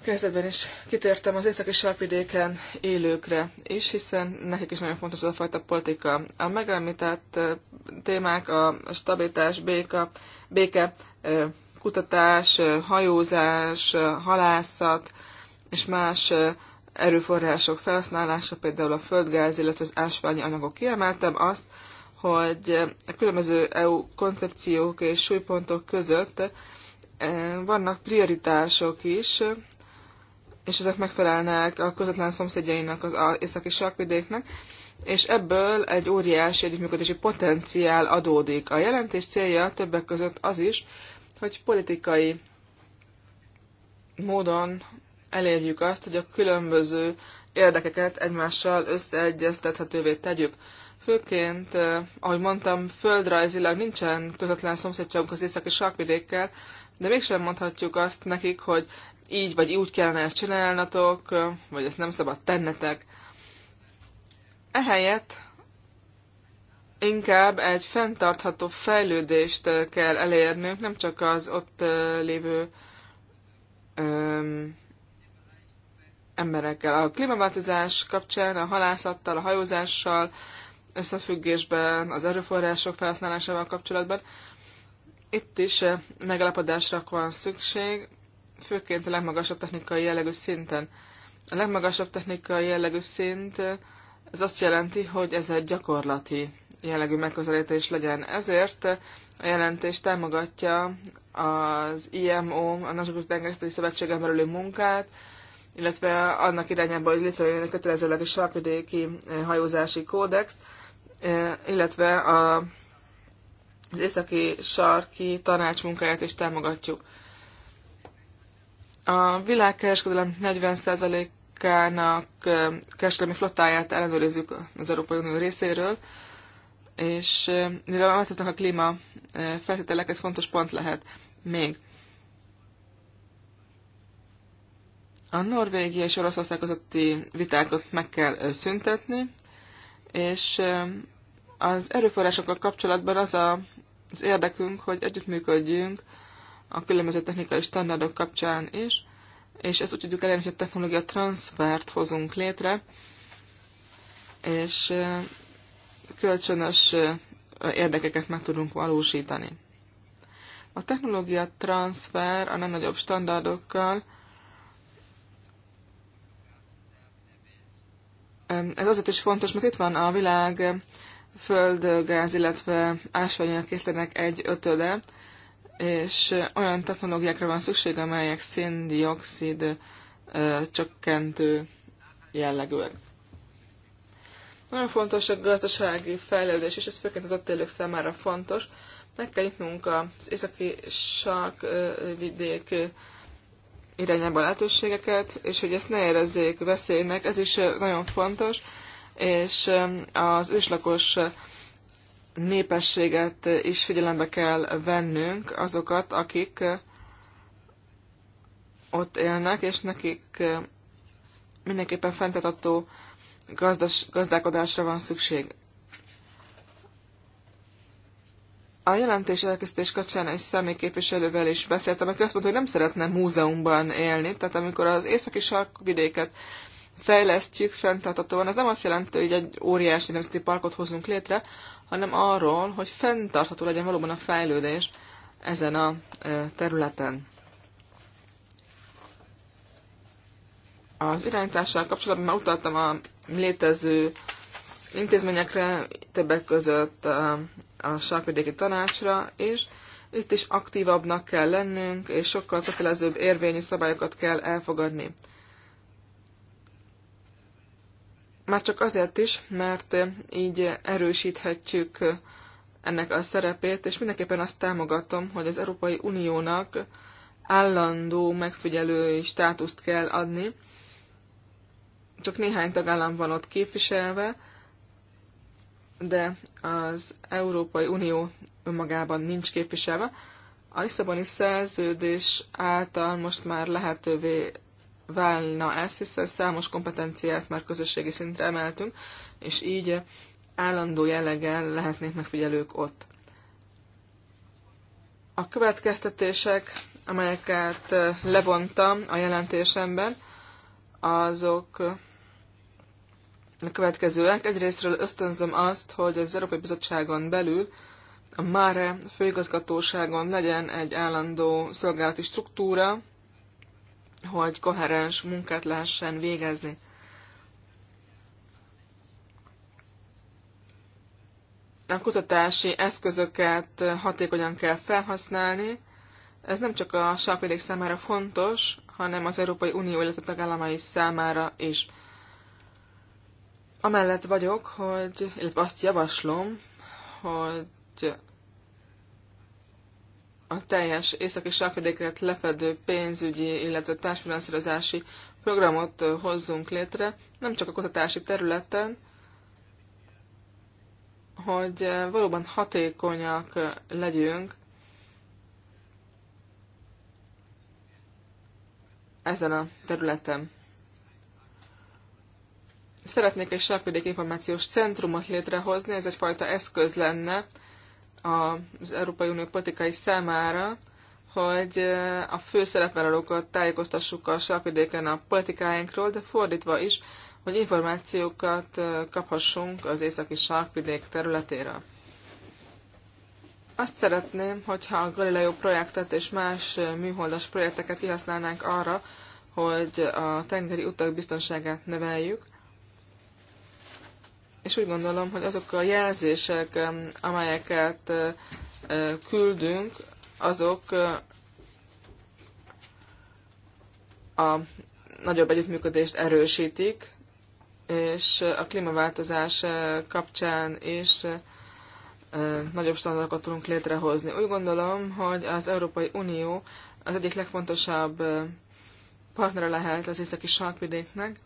kezdetben is kitértem az északi sarkvidéken élőkre is, hiszen nekik is nagyon fontos ez a fajta politika. A megemlített témák a stabilitás, béka, béke, kutatás, hajózás, halászat és más erőforrások felhasználása, például a földgáz, illetve az ásványi anyagok. Kiemeltem azt, hogy a különböző EU koncepciók és súlypontok között eh, vannak prioritások is, és ezek megfelelnek a közvetlen szomszédjainak, az északi sarkvidéknek, és ebből egy óriási együttműködési potenciál adódik. A jelentés célja többek között az is, hogy politikai módon elérjük azt, hogy a különböző érdekeket egymással összeegyeztethetővé tegyük. Főként, eh, ahogy mondtam, földrajzilag nincsen közvetlen szomszédságunk az északi sarkvidékkel, de mégsem mondhatjuk azt nekik, hogy így vagy úgy kellene ezt csinálnatok, eh, vagy ezt nem szabad tennetek. Ehelyett inkább egy fenntartható fejlődést eh, kell elérnünk, nem csak az ott lévő öm, emberekkel. A klímaváltozás kapcsán a halászattal, a hajózással, összefüggésben, az erőforrások felhasználásával kapcsolatban. Itt is eh, megalapodásra van szükség, főként a legmagasabb technikai jellegű szinten. A legmagasabb technikai jellegű szint, eh, ez azt jelenti, hogy ez egy gyakorlati jellegű megközelítés legyen. Ezért eh, a jelentés támogatja az IMO, a Nagyobb Tengerészeti Szövetségen belüli munkát, illetve annak irányába, hogy létrejön a kötelező lett sarkvidéki eh, hajózási kódex, eh, illetve a, az északi sarki tanács munkáját is támogatjuk. A világkereskedelem 40%-ának eh, kereskedelmi flottáját ellenőrizzük az Európai Unió részéről, és mivel változnak a klíma feltételek, ez fontos pont lehet még. A Norvégia és Oroszország közötti vitákat meg kell szüntetni, és az erőforrásokkal kapcsolatban az a, az érdekünk, hogy együttműködjünk a különböző technikai standardok kapcsán is, és ezt úgy tudjuk elérni, hogy a technológia transfert hozunk létre, és kölcsönös érdekeket meg tudunk valósítani. A technológia transfer a nem nagyobb standardokkal Ez azért is fontos, mert itt van a világ földgáz, illetve ásványanyag készlenek egy ötöde, és olyan technológiákra van szükség, amelyek széndiokszid csökkentő jellegűek. Nagyon fontos a gazdasági fejlődés, és ez főként az ott élők számára fontos. Meg kell jutnunk az északi sarkvidék irányába lehetőségeket, és hogy ezt ne érezzék veszélynek, ez is nagyon fontos, és az őslakos népességet is figyelembe kell vennünk, azokat, akik ott élnek, és nekik mindenképpen fenntartató gazdas, gazdálkodásra van szükség. A jelentés elkészítés kapcsán egy személyképviselővel is beszéltem, aki azt mondta, hogy nem szeretne múzeumban élni, tehát amikor az északi sarkvidéket fejlesztjük fenntartatóan, ez nem azt jelenti, hogy egy óriási nemzeti parkot hozunk létre, hanem arról, hogy fenntartható legyen valóban a fejlődés ezen a területen. Az irányítással kapcsolatban már utaltam a létező intézményekre, többek között a, a sarkvidéki tanácsra és Itt is aktívabbnak kell lennünk, és sokkal kötelezőbb érvényű szabályokat kell elfogadni. Már csak azért is, mert így erősíthetjük ennek a szerepét, és mindenképpen azt támogatom, hogy az Európai Uniónak állandó megfigyelői státuszt kell adni. Csak néhány tagállam van ott képviselve, de az Európai Unió önmagában nincs képviselve. A Lisszaboni szerződés által most már lehetővé válna ez, hiszen számos kompetenciát már közösségi szintre emeltünk, és így állandó jelleggel lehetnénk megfigyelők ott. A következtetések, amelyeket levontam a jelentésemben, azok következőek. Egyrésztről ösztönzöm azt, hogy az Európai Bizottságon belül a MÁRE főigazgatóságon legyen egy állandó szolgálati struktúra, hogy koherens munkát lehessen végezni. A kutatási eszközöket hatékonyan kell felhasználni. Ez nem csak a sarkvidék számára fontos, hanem az Európai Unió, illetve tagállamai számára is amellett vagyok, hogy, illetve azt javaslom, hogy a teljes északi sávvidéket lefedő pénzügyi, illetve társfinanszírozási programot hozzunk létre, nem csak a kutatási területen, hogy valóban hatékonyak legyünk ezen a területen. Szeretnék egy sarkvidék információs centrumot létrehozni, ez egyfajta eszköz lenne az Európai Unió politikai számára, hogy eh, a szerepvállalókat tájékoztassuk a sarkvidéken a politikáinkról, de fordítva is, hogy információkat eh, kaphassunk az északi sarkvidék területéről. Azt szeretném, hogyha a Galileo projektet és más eh, műholdas projekteket kihasználnánk arra, hogy a tengeri utak biztonságát növeljük, és úgy gondolom, hogy azok a jelzések, amelyeket küldünk, azok a nagyobb együttműködést erősítik, és a klímaváltozás kapcsán is nagyobb standardokat tudunk létrehozni. Úgy gondolom, hogy az Európai Unió az egyik legfontosabb partnere lehet az északi sarkvidéknek,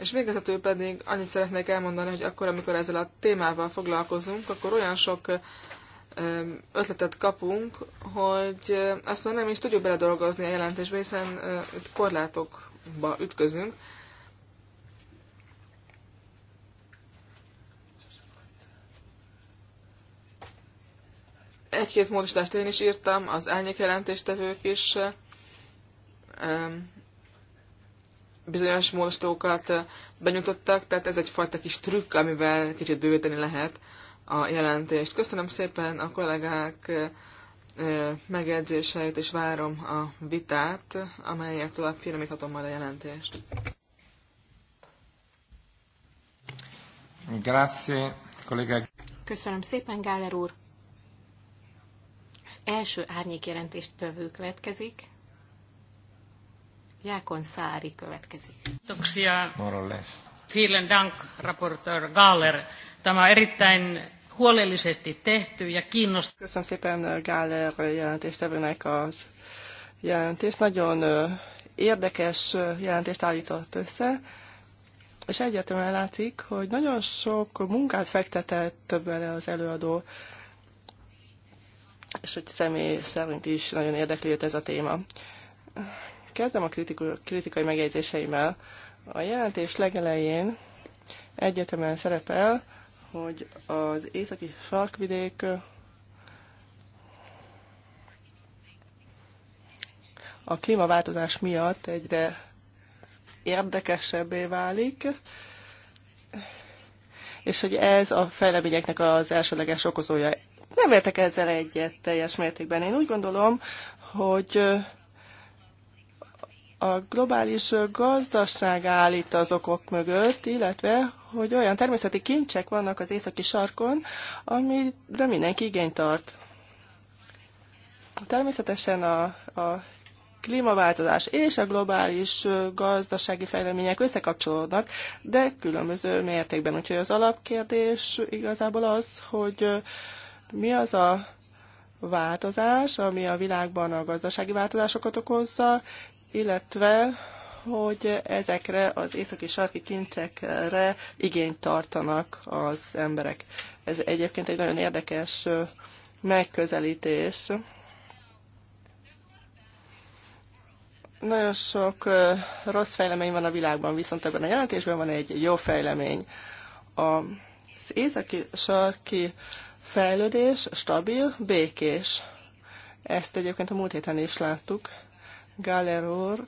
és végezetül pedig annyit szeretnék elmondani, hogy akkor, amikor ezzel a témával foglalkozunk, akkor olyan sok ötletet kapunk, hogy azt már nem is tudjuk beledolgozni a jelentésbe, hiszen itt korlátokba ütközünk. Egy-két módosítást én is írtam, az árnyék jelentéstevők is bizonyos módosítókat benyújtottak, tehát ez egyfajta kis trükk, amivel kicsit bővíteni lehet a jelentést. Köszönöm szépen a kollégák megjegyzéseit, és várom a vitát, amelyet tovább finomíthatom majd a jelentést. Grazie, kollégák. Köszönöm szépen, Gáler úr. Az első árnyék jelentéstevő következik. Jákon Szári következik. Kiitoksia. Morales. Vielen Dank, raportör Galler. Tämä erittäin huolellisesti tehty ja kiinnostunut. Köszönöm szépen eh, Galler jelentéstevőnek az jelentést. Nagyon eh, érdekes eh, jelentést állított össze, és egyértelműen látszik, hogy nagyon sok munkát fektetett bele az előadó, és hogy személy szerint is nagyon érdekli ez a téma. Kezdem a kritikai megjegyzéseimmel. A jelentés legelején egyetemen szerepel, hogy az északi sarkvidék a klímaváltozás miatt egyre érdekesebbé válik, és hogy ez a fejleményeknek az elsőleges okozója. Nem értek ezzel egyet teljes mértékben. Én úgy gondolom, hogy a globális gazdaság állít az okok mögött, illetve hogy olyan természeti kincsek vannak az északi sarkon, amire mindenki igényt tart. Természetesen a, a klímaváltozás és a globális gazdasági fejlemények összekapcsolódnak, de különböző mértékben. Úgyhogy az alapkérdés igazából az, hogy mi az a változás, ami a világban a gazdasági változásokat okozza, illetve hogy ezekre az északi sarki kincsekre igényt tartanak az emberek. Ez egyébként egy nagyon érdekes megközelítés. Nagyon sok rossz fejlemény van a világban, viszont ebben a jelentésben van egy jó fejlemény. Az északi sarki fejlődés stabil, békés. Ezt egyébként a múlt héten is láttuk. Gáler úr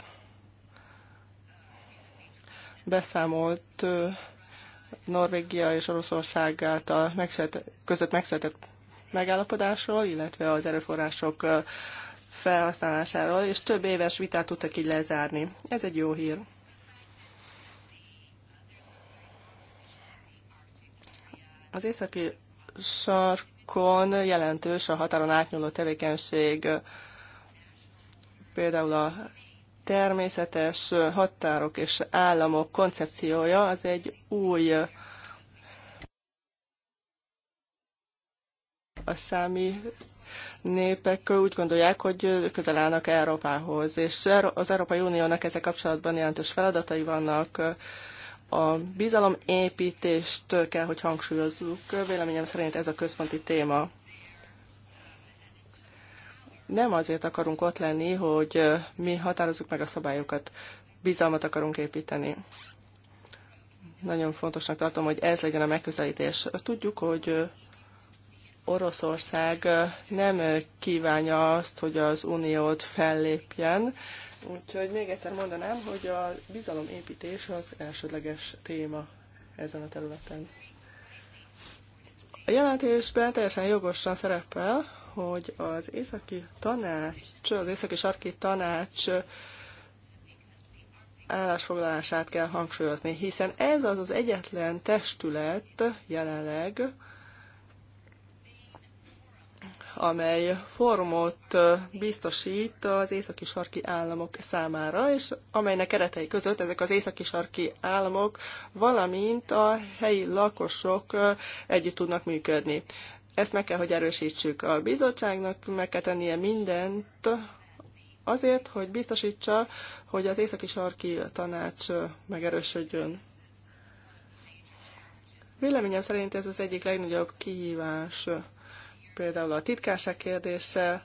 beszámolt Norvégia és Oroszország által között megszületett megállapodásról, illetve az erőforrások felhasználásáról, és több éves vitát tudtak így lezárni. Ez egy jó hír. Az északi sarkon jelentős a határon átnyúló tevékenység Például a természetes határok és államok koncepciója az egy új a számi népek úgy gondolják, hogy közel állnak Európához, és az Európai Uniónak ezzel kapcsolatban jelentős feladatai vannak. A bizalomépítést kell, hogy hangsúlyozzuk. Véleményem szerint ez a központi téma. Nem azért akarunk ott lenni, hogy mi határozzuk meg a szabályokat, bizalmat akarunk építeni. Nagyon fontosnak tartom, hogy ez legyen a megközelítés. Tudjuk, hogy Oroszország nem kívánja azt, hogy az Uniót fellépjen, úgyhogy még egyszer mondanám, hogy a bizalomépítés az elsődleges téma ezen a területen. A jelentésben teljesen jogosan szerepel, hogy az északi tanács, az északi sarki tanács állásfoglalását kell hangsúlyozni, hiszen ez az az egyetlen testület jelenleg, amely formot biztosít az északi sarki államok számára, és amelynek keretei között ezek az északi sarki államok, valamint a helyi lakosok együtt tudnak működni. Ezt meg kell, hogy erősítsük. A bizottságnak meg kell tennie mindent azért, hogy biztosítsa, hogy az északi sarki tanács megerősödjön. Véleményem szerint ez az egyik legnagyobb kihívás. Például a titkárság kérdése,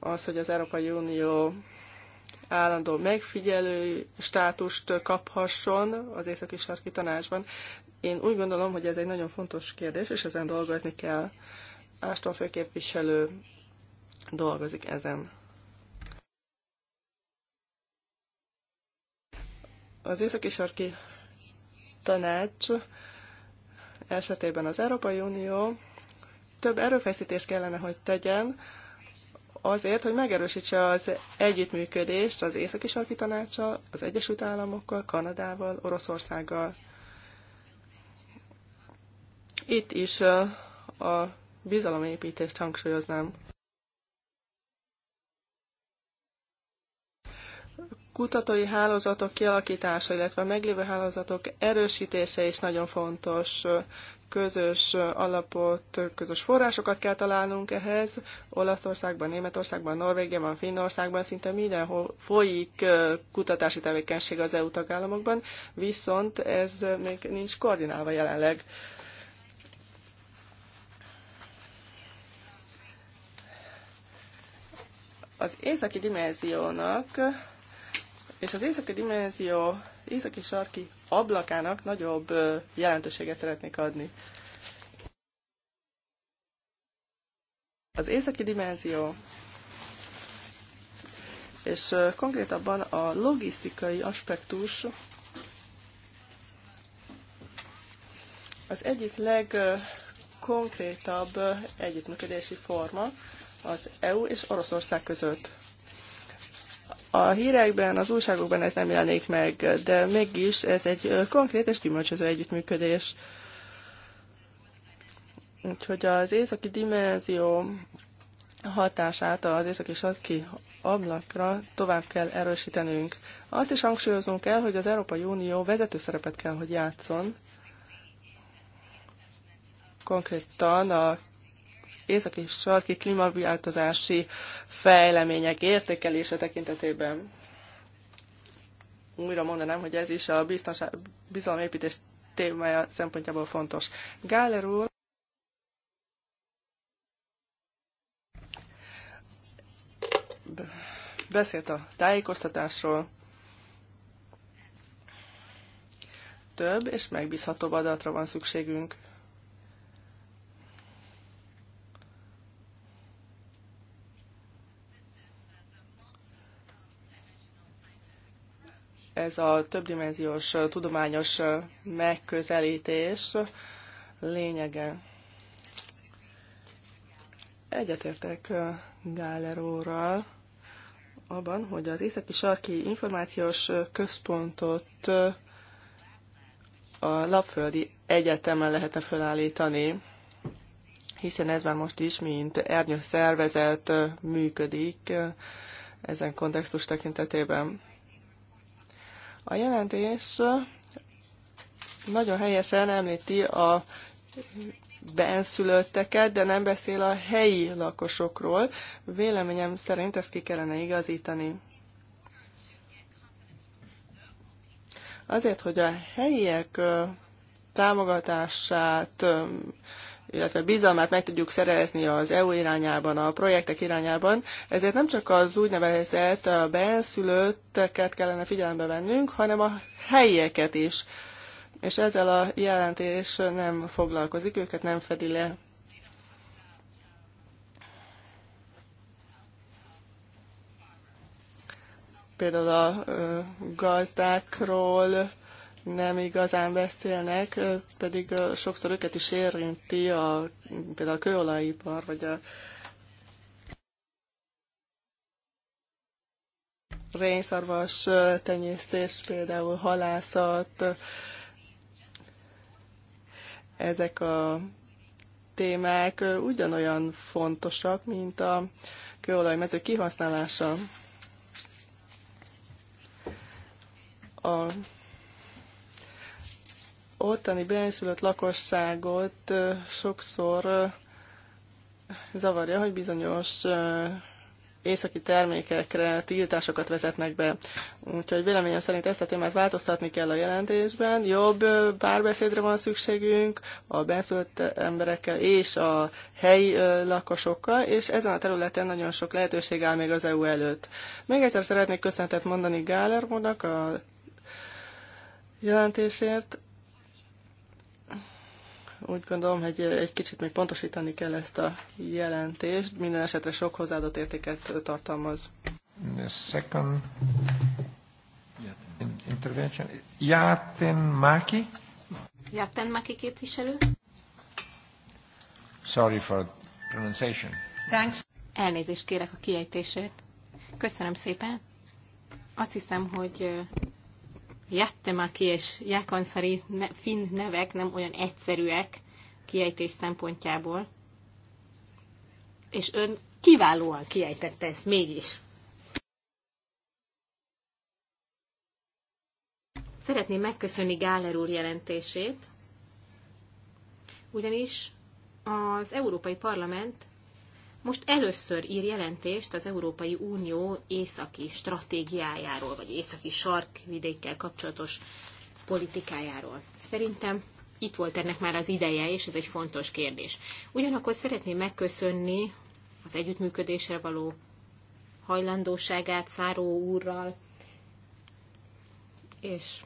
az, hogy az Európai Unió állandó megfigyelő státust kaphasson az Északi Sarki Tanácsban. Én úgy gondolom, hogy ez egy nagyon fontos kérdés, és ezen dolgozni kell. Áston főképviselő dolgozik ezen. Az északi sarki tanács esetében az Európai Unió több erőfeszítést kellene, hogy tegyen azért, hogy megerősítse az együttműködést az északi sarki tanácsa az Egyesült Államokkal, Kanadával, Oroszországgal. Itt is a bizalomépítést hangsúlyoznám. Kutatói hálózatok kialakítása, illetve a meglévő hálózatok erősítése is nagyon fontos. Közös alapot, közös forrásokat kell találnunk ehhez. Olaszországban, Németországban, Norvégiában, Finnországban szinte mindenhol folyik kutatási tevékenység az EU tagállamokban, viszont ez még nincs koordinálva jelenleg. az északi dimenziónak és az északi dimenzió északi sarki ablakának nagyobb jelentőséget szeretnék adni. Az északi dimenzió és konkrétabban a logisztikai aspektus az egyik legkonkrétabb együttműködési forma, az EU és Oroszország között. A hírekben, az újságokban ez nem jelenik meg, de mégis ez egy konkrét és gyümölcsöző együttműködés. Úgyhogy az északi dimenzió hatását az északi sarki ablakra tovább kell erősítenünk. Azt is hangsúlyozunk el, hogy az Európai Unió vezető szerepet kell, hogy játszon, konkrétan a északi sarki klímaváltozási fejlemények értékelése tekintetében. Újra mondanám, hogy ez is a biztonság, bizalomépítés témája szempontjából fontos. Gáler úr beszélt a tájékoztatásról, több és megbízhatóbb adatra van szükségünk. ez a többdimenziós tudományos megközelítés lényege. Egyetértek Gáler abban, hogy az északi sarki információs központot a Lapföldi Egyetemen lehetne felállítani, hiszen ez már most is, mint ernyő szervezet működik ezen kontextus tekintetében. A jelentés nagyon helyesen említi a benszülötteket, de nem beszél a helyi lakosokról. Véleményem szerint ezt ki kellene igazítani. Azért, hogy a helyiek támogatását illetve bizalmát meg tudjuk szerezni az EU irányában, a projektek irányában. Ezért nem csak az úgynevezett a benszülötteket kellene figyelembe vennünk, hanem a helyieket is. És ezzel a jelentés nem foglalkozik, őket nem fedi le. Például a gazdákról nem igazán beszélnek, pedig sokszor őket is érinti a, például a kőolajipar, vagy a rénszarvas tenyésztés, például halászat, ezek a témák ugyanolyan fontosak, mint a kőolajmező kihasználása. A ottani benszülött lakosságot sokszor zavarja, hogy bizonyos északi termékekre tiltásokat vezetnek be. Úgyhogy véleményem szerint ezt a témát változtatni kell a jelentésben. Jobb párbeszédre van szükségünk a benszült emberekkel és a helyi lakosokkal, és ezen a területen nagyon sok lehetőség áll még az EU előtt. Még egyszer szeretnék köszöntet mondani Gálermónak a jelentésért úgy gondolom, hogy egy kicsit még pontosítani kell ezt a jelentést. Minden esetre sok hozzáadott értéket tartalmaz. The second intervention. Jaten Maki? Jaten Maki képviselő. Sorry for pronunciation. Thanks. Elnézést kérek a kiejtésért. Köszönöm szépen. Azt hiszem, hogy Jattemaki és Jákanszari ne, finn nevek nem olyan egyszerűek kiejtés szempontjából, és ön kiválóan kiejtette ezt mégis. Szeretném megköszönni Gáler úr jelentését, ugyanis az Európai Parlament most először ír jelentést az Európai Unió északi stratégiájáról, vagy északi sarkvidékkel kapcsolatos politikájáról. Szerintem itt volt ennek már az ideje, és ez egy fontos kérdés. Ugyanakkor szeretném megköszönni az együttműködésre való hajlandóságát Száró úrral, és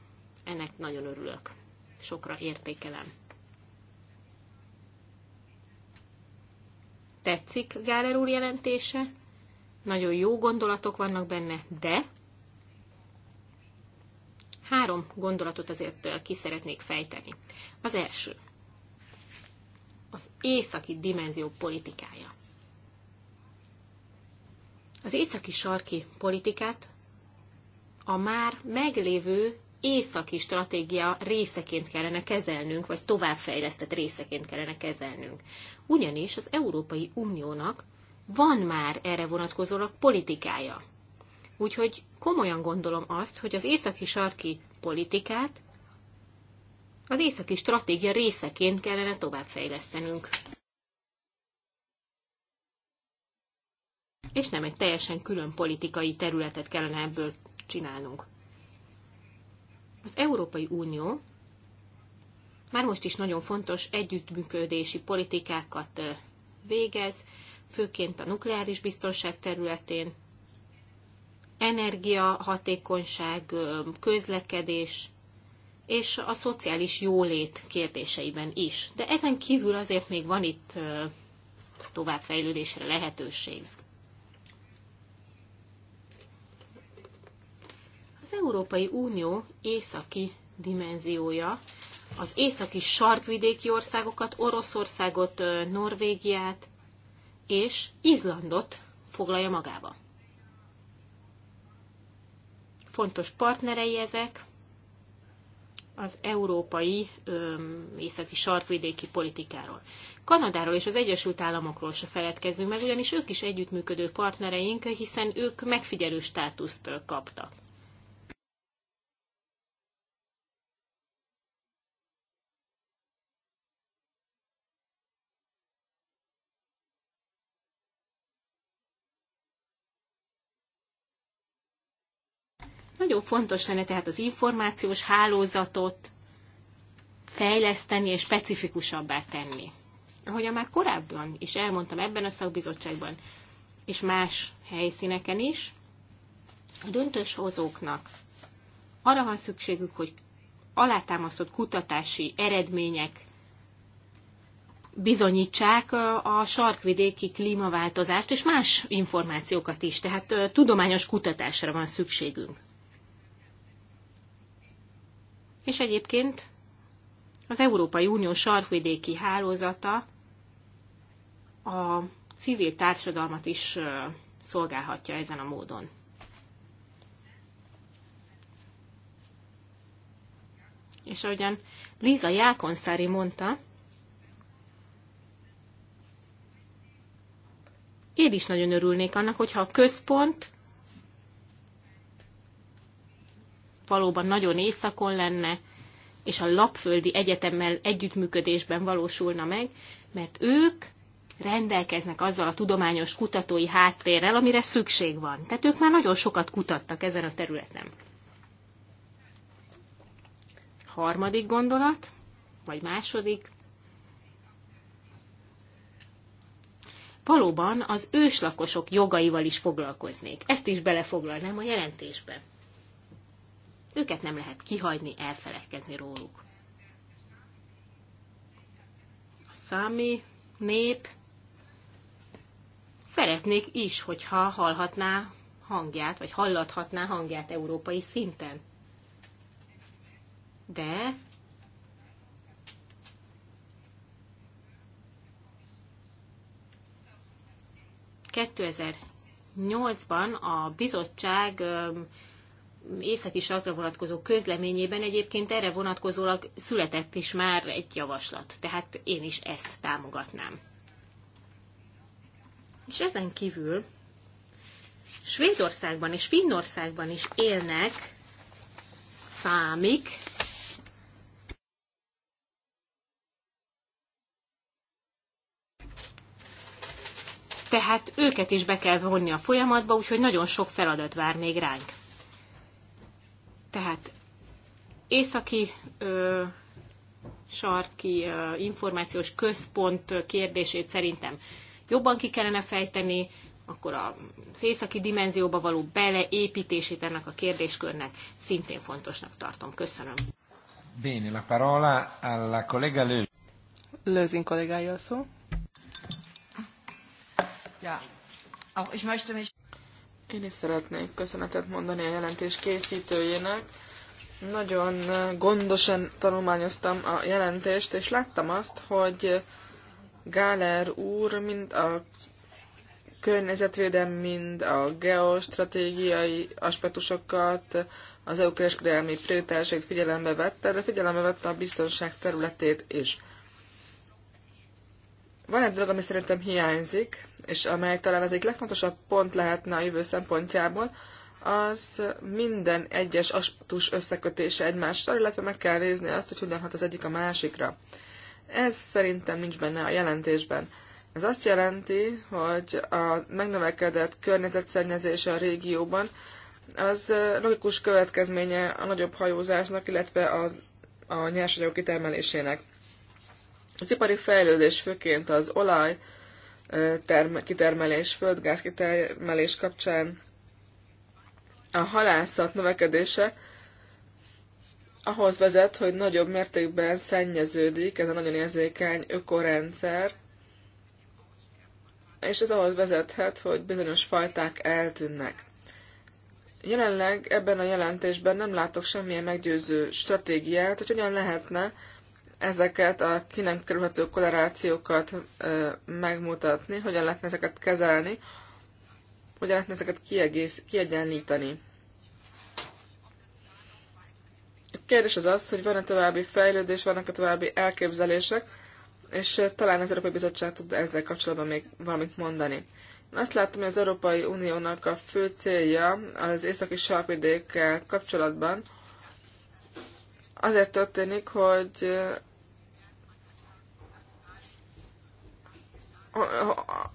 ennek nagyon örülök. Sokra értékelem. tetszik Gáler úr jelentése, nagyon jó gondolatok vannak benne, de három gondolatot azért eh, ki szeretnék fejteni. Az első, az északi dimenzió politikája. Az északi sarki politikát a már meglévő északi stratégia részeként kellene kezelnünk, vagy továbbfejlesztett részeként kellene kezelnünk. Ugyanis az Európai Uniónak van már erre vonatkozólag politikája. Úgyhogy komolyan gondolom azt, hogy az északi-sarki politikát az északi stratégia részeként kellene továbbfejlesztenünk. És nem egy teljesen külön politikai területet kellene ebből csinálnunk. Az Európai Unió már most is nagyon fontos együttműködési politikákat végez, főként a nukleáris biztonság területén, energia, hatékonyság, közlekedés és a szociális jólét kérdéseiben is. De ezen kívül azért még van itt továbbfejlődésre lehetőség. Az Európai Unió északi dimenziója az északi sarkvidéki országokat, Oroszországot, Norvégiát és Izlandot foglalja magába. Fontos partnerei ezek az európai öm, északi sarkvidéki politikáról. Kanadáról és az Egyesült Államokról se feledkezzünk meg, ugyanis ők is együttműködő partnereink, hiszen ők megfigyelő státuszt kaptak. Nagyon fontos lenne tehát az információs hálózatot fejleszteni és specifikusabbá tenni. Ahogy már korábban is elmondtam ebben a szakbizottságban, és más helyszíneken is, a döntős hozóknak arra van szükségük, hogy alátámasztott kutatási eredmények bizonyítsák a sarkvidéki klímaváltozást és más információkat is, tehát tudományos kutatásra van szükségünk és egyébként az Európai Unió sarkvidéki hálózata a civil társadalmat is szolgálhatja ezen a módon. És ahogyan Liza Jákonszári mondta, én is nagyon örülnék annak, hogyha a központ valóban nagyon éjszakon lenne, és a Lapföldi Egyetemmel együttműködésben valósulna meg, mert ők rendelkeznek azzal a tudományos kutatói háttérrel, amire szükség van. Tehát ők már nagyon sokat kutattak ezen a területen. Harmadik gondolat, vagy második. Valóban az őslakosok jogaival is foglalkoznék. Ezt is belefoglalnám a jelentésbe. Őket nem lehet kihagyni, elfeledkezni róluk. A számi nép szeretnék is, hogyha hallhatná hangját, vagy hallathatná hangját európai szinten. De ...2008-ban a bizottság északi sakra vonatkozó közleményében egyébként erre vonatkozólag született is már egy javaslat. Tehát én is ezt támogatnám. És ezen kívül Svédországban és Finnországban is élnek számik, tehát őket is be kell vonni a folyamatba, úgyhogy nagyon sok feladat vár még ránk. Tehát északi ö, sarki ö, információs központ kérdését szerintem jobban ki kellene fejteni, akkor a északi dimenzióba való beleépítését ennek a kérdéskörnek szintén fontosnak tartom. Köszönöm. Bene, la parola alla collega Lő. Lőzin kollégája a szó. Ja, auch ich möchte mich... Én is szeretnék köszönetet mondani a jelentés készítőjének. Nagyon gondosan tanulmányoztam a jelentést, és láttam azt, hogy Gáler úr mind a környezetvédelmi, mind a geostratégiai aspektusokat, az EU kereskedelmi prioritásait figyelembe vette, de figyelembe vette a biztonság területét is. Van egy dolog, ami szerintem hiányzik, és amely talán az egyik legfontosabb pont lehetne a jövő szempontjából, az minden egyes aspektus összekötése egymással, illetve meg kell nézni azt, hogy hogyan hat az egyik a másikra. Ez szerintem nincs benne a jelentésben. Ez azt jelenti, hogy a megnövekedett környezetszennyezés a régióban az logikus következménye a nagyobb hajózásnak, illetve a, a nyersanyagok kitermelésének. Az ipari fejlődés főként az olaj term- kitermelés, földgáz kitermelés kapcsán a halászat növekedése ahhoz vezet, hogy nagyobb mértékben szennyeződik ez a nagyon érzékeny ökorendszer, és ez ahhoz vezethet, hogy bizonyos fajták eltűnnek. Jelenleg ebben a jelentésben nem látok semmilyen meggyőző stratégiát, hogy hogyan lehetne ezeket a ki nem kerülhető kolerációkat megmutatni, hogyan lehetne ezeket kezelni, hogyan lehetne ezeket kiegész, kiegyenlíteni. A kérdés az az, hogy van-e további fejlődés, vannak-e további elképzelések, és talán az Európai Bizottság tud ezzel kapcsolatban még valamit mondani. Én azt látom, hogy az Európai Uniónak a fő célja az északi sarkvidékkel kapcsolatban, azért történik, hogy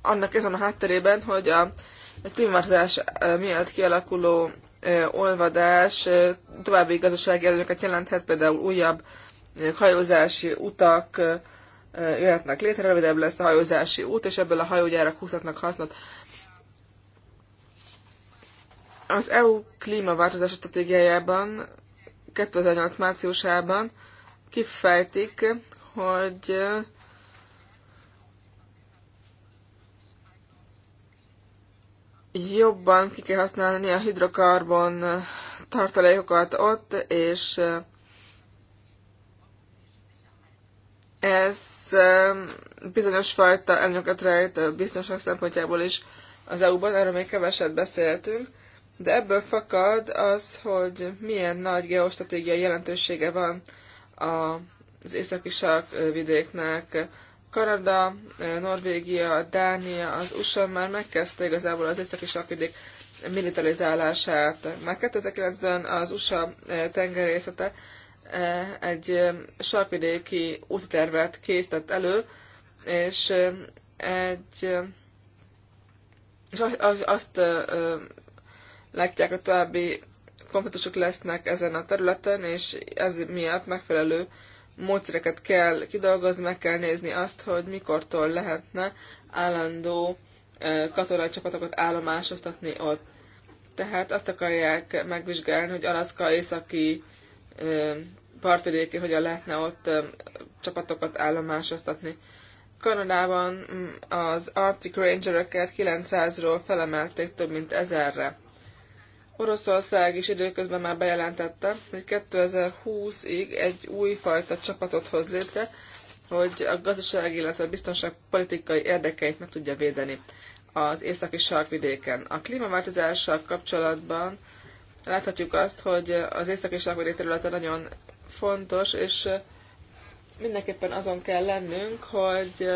annak ezen a hátterében, hogy a klímaváltozás miatt kialakuló olvadás további gazdasági előnyöket jelenthet, például újabb hajózási utak jöhetnek létre, rövidebb lesz a hajózási út, és ebből a hajógyárak húzhatnak hasznot. Az EU klímaváltozás stratégiájában 2008 márciusában kifejtik, hogy eh, jobban ki kell használni a hidrokarbon tartalékokat ott, és eh, ez eh, bizonyos fajta elnyöket rejt biztonság szempontjából is az EU-ban, erről még keveset beszéltünk de ebből fakad az, hogy milyen nagy geostratégiai jelentősége van az északi sarkvidéknek. Kanada, Norvégia, Dánia, az USA már megkezdte igazából az északi sarkvidék militarizálását. Már 2009-ben az USA tengerészete egy sarkvidéki úttervet készített elő, és egy és azt látják, a további konfliktusok lesznek ezen a területen, és ez miatt megfelelő módszereket kell kidolgozni, meg kell nézni azt, hogy mikortól lehetne állandó katonai csapatokat állomásoztatni ott. Tehát azt akarják megvizsgálni, hogy Alaszka északi partvidékén hogyan lehetne ott csapatokat állomásoztatni. Kanadában mm, az Arctic Rangereket 900-ról felemelték több mint 1000-re. Oroszország is időközben már bejelentette, hogy 2020-ig egy újfajta csapatot hoz létre, hogy a gazdaság, illetve a biztonságpolitikai érdekeit meg tudja védeni az északi sarkvidéken. A klímaváltozással kapcsolatban láthatjuk azt, hogy az északi sarkvidék területe nagyon fontos, és mindenképpen azon kell lennünk, hogy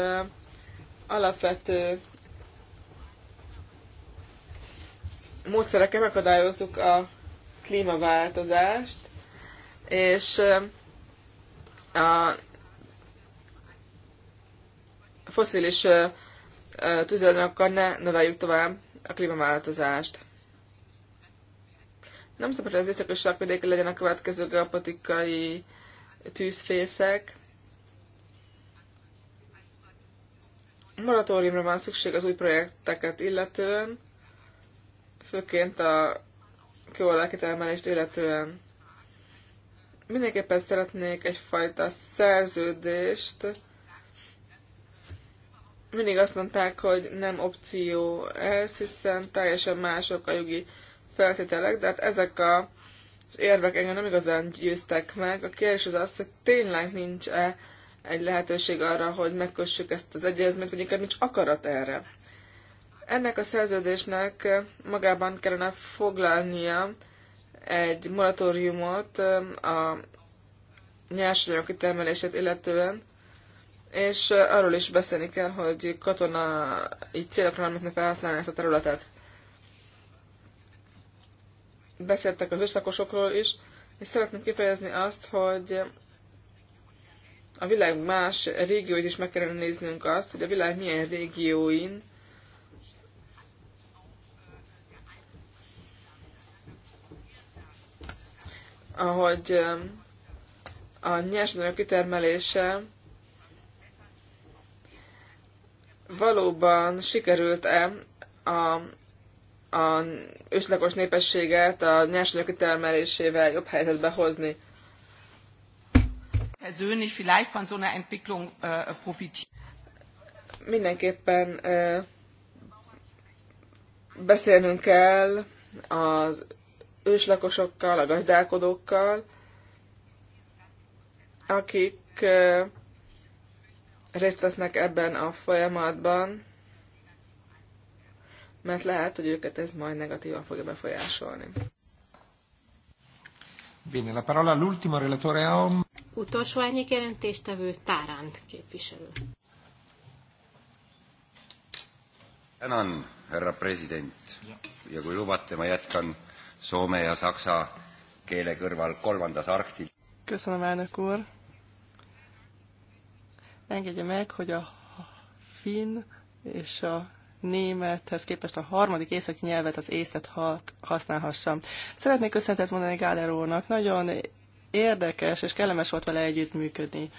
alapvető módszerekkel megakadályozzuk a klímaváltozást, és a foszilis tüzelőanyagokkal ne növeljük tovább a klímaváltozást. Nem szabad, hogy az északos sarkvidéken legyen a következő geopatikai tűzfészek. Moratóriumra van szükség az új projekteket illetően, főként a termelést illetően. Mindenképpen szeretnék egyfajta szerződést. Mindig azt mondták, hogy nem opció ez, hiszen teljesen mások a jogi feltételek, de hát ezek a, az érvek engem nem igazán győztek meg. A kérdés az az, hogy tényleg nincs-e egy lehetőség arra, hogy megkössük ezt az egyezményt, vagy inkább nincs akarat erre. Ennek a szerződésnek magában kellene foglalnia egy moratóriumot eh, a nyersanyagok kitermelését illetően, és eh, arról is beszélni kell, hogy katonai célokra nem lehetne felhasználni ezt a területet. Beszéltek az őslakosokról is, és szeretném kifejezni azt, hogy a világ más régióit is meg kellene néznünk azt, hogy a világ milyen régióin ahogy a nyersanyag kitermelése valóban sikerült-e a, a őslakos népességet a nyersanyag kitermelésével jobb helyzetbe hozni? Persönlich vielleicht von so einer Entwicklung äh, profitieren. Mindenképpen beszélnünk kell az őslakosokkal, a gazdálkodókkal, akik részt vesznek ebben a folyamatban, mert lehet, hogy őket ez majd negatívan fogja befolyásolni. Bene, la parola all'ultimo relatore a... Utolsó ennyi jelentéstevő Táránt képviselő. Tänan, herra president. Ja kui lubate, ma jätkan soome ja saksa keele kõrval kolmandas arktil. Köszönöm, elnök úr. Engedje meg, hogy a finn és a némethez képest a harmadik északi nyelvet, az észtet használhassam. Szeretnék köszöntet mondani Gáler úrnak. Nagyon érdekes és kellemes volt vele együttműködni. működni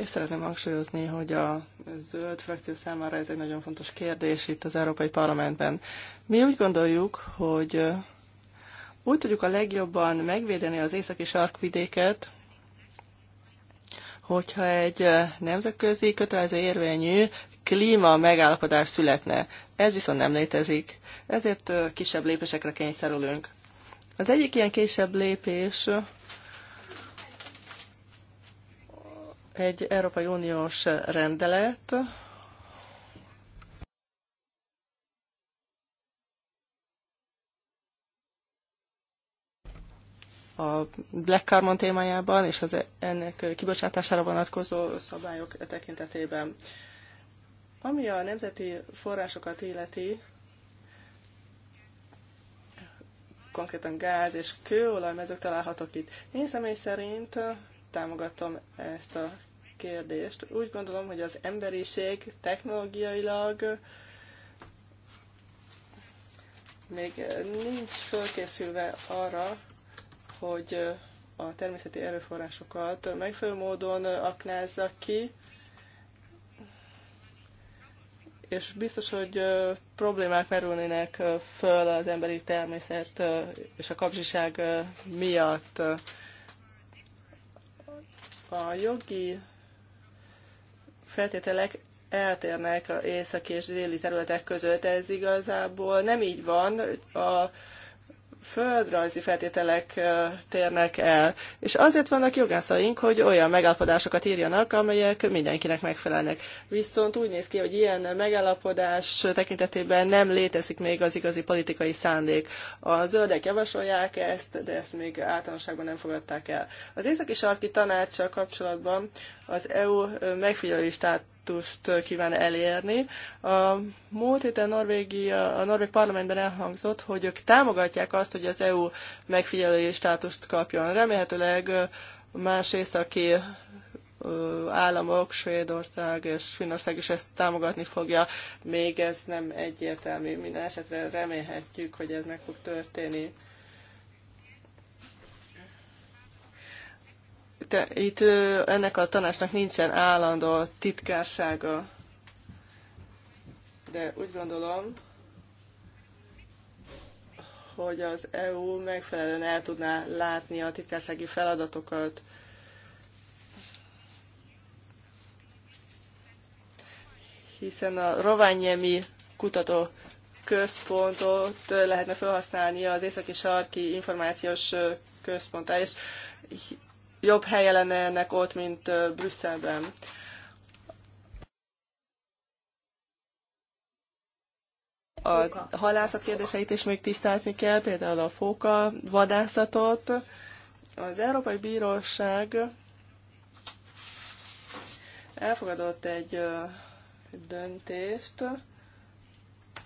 És szeretném hangsúlyozni, hogy a zöld frakció számára ez egy nagyon fontos kérdés itt az Európai Parlamentben. Mi úgy gondoljuk, hogy úgy tudjuk a legjobban megvédeni az északi sarkvidéket, hogyha egy nemzetközi kötelező érvényű klíma megállapodás születne. Ez viszont nem létezik. Ezért kisebb lépésekre kényszerülünk. Az egyik ilyen kisebb lépés egy Európai Uniós rendelet, a Black Carbon témájában és az ennek kibocsátására vonatkozó szabályok tekintetében. Ami a nemzeti forrásokat illeti, konkrétan gáz és kőolaj mezők találhatók itt. Én személy szerint támogatom ezt a kérdést. Úgy gondolom, hogy az emberiség technológiailag még nincs fölkészülve arra, hogy a természeti erőforrásokat megfelelő módon aknázza ki, és biztos, hogy problémák merülnének föl az emberi természet és a kapcsiság miatt. A jogi feltételek eltérnek a északi és déli területek között. Ez igazából nem így van. A földrajzi feltételek térnek el, és azért vannak jogászaink, hogy olyan megállapodásokat írjanak, amelyek mindenkinek megfelelnek. Viszont úgy néz ki, hogy ilyen megállapodás tekintetében nem létezik még az igazi politikai szándék. A zöldek javasolják ezt, de ezt még általánosságban nem fogadták el. Az északi sarki tanácssal kapcsolatban az EU megfigyelői konfliktust kíván elérni. A múlt héten Norvégia, a Norvég parlamentben elhangzott, hogy ők támogatják azt, hogy az EU megfigyelői státuszt kapjon. Remélhetőleg más északi államok, Svédország és Finnország is ezt támogatni fogja. Még ez nem egyértelmű, minden esetre remélhetjük, hogy ez meg fog történni. Itt, itt ennek a tanácsnak nincsen állandó titkársága. De úgy gondolom, hogy az EU megfelelően el tudná látni a titkársági feladatokat. Hiszen a Rovaniemi kutató központot lehetne felhasználni az északi sarki információs központá, és jobb helye lenne ennek ott, mint Brüsszelben. a halászat kérdéseit is még tisztázni kell, például a fóka vadászatot. Az Európai Bíróság elfogadott egy döntést,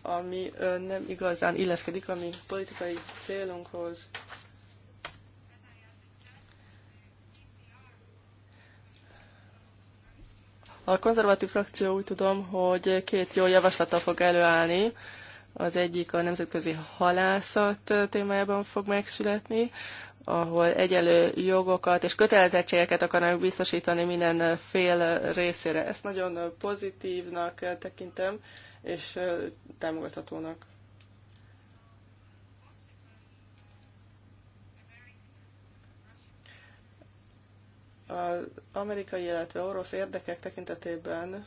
ami nem igazán illeszkedik a mi politikai célunkhoz. A konzervatív frakció úgy tudom, hogy két jó javaslata fog előállni. Az egyik a nemzetközi halászat témájában fog megszületni, ahol egyelő jogokat és kötelezettségeket akarnak biztosítani minden fél részére. Ezt nagyon pozitívnak tekintem, és támogathatónak. az amerikai, illetve orosz érdekek tekintetében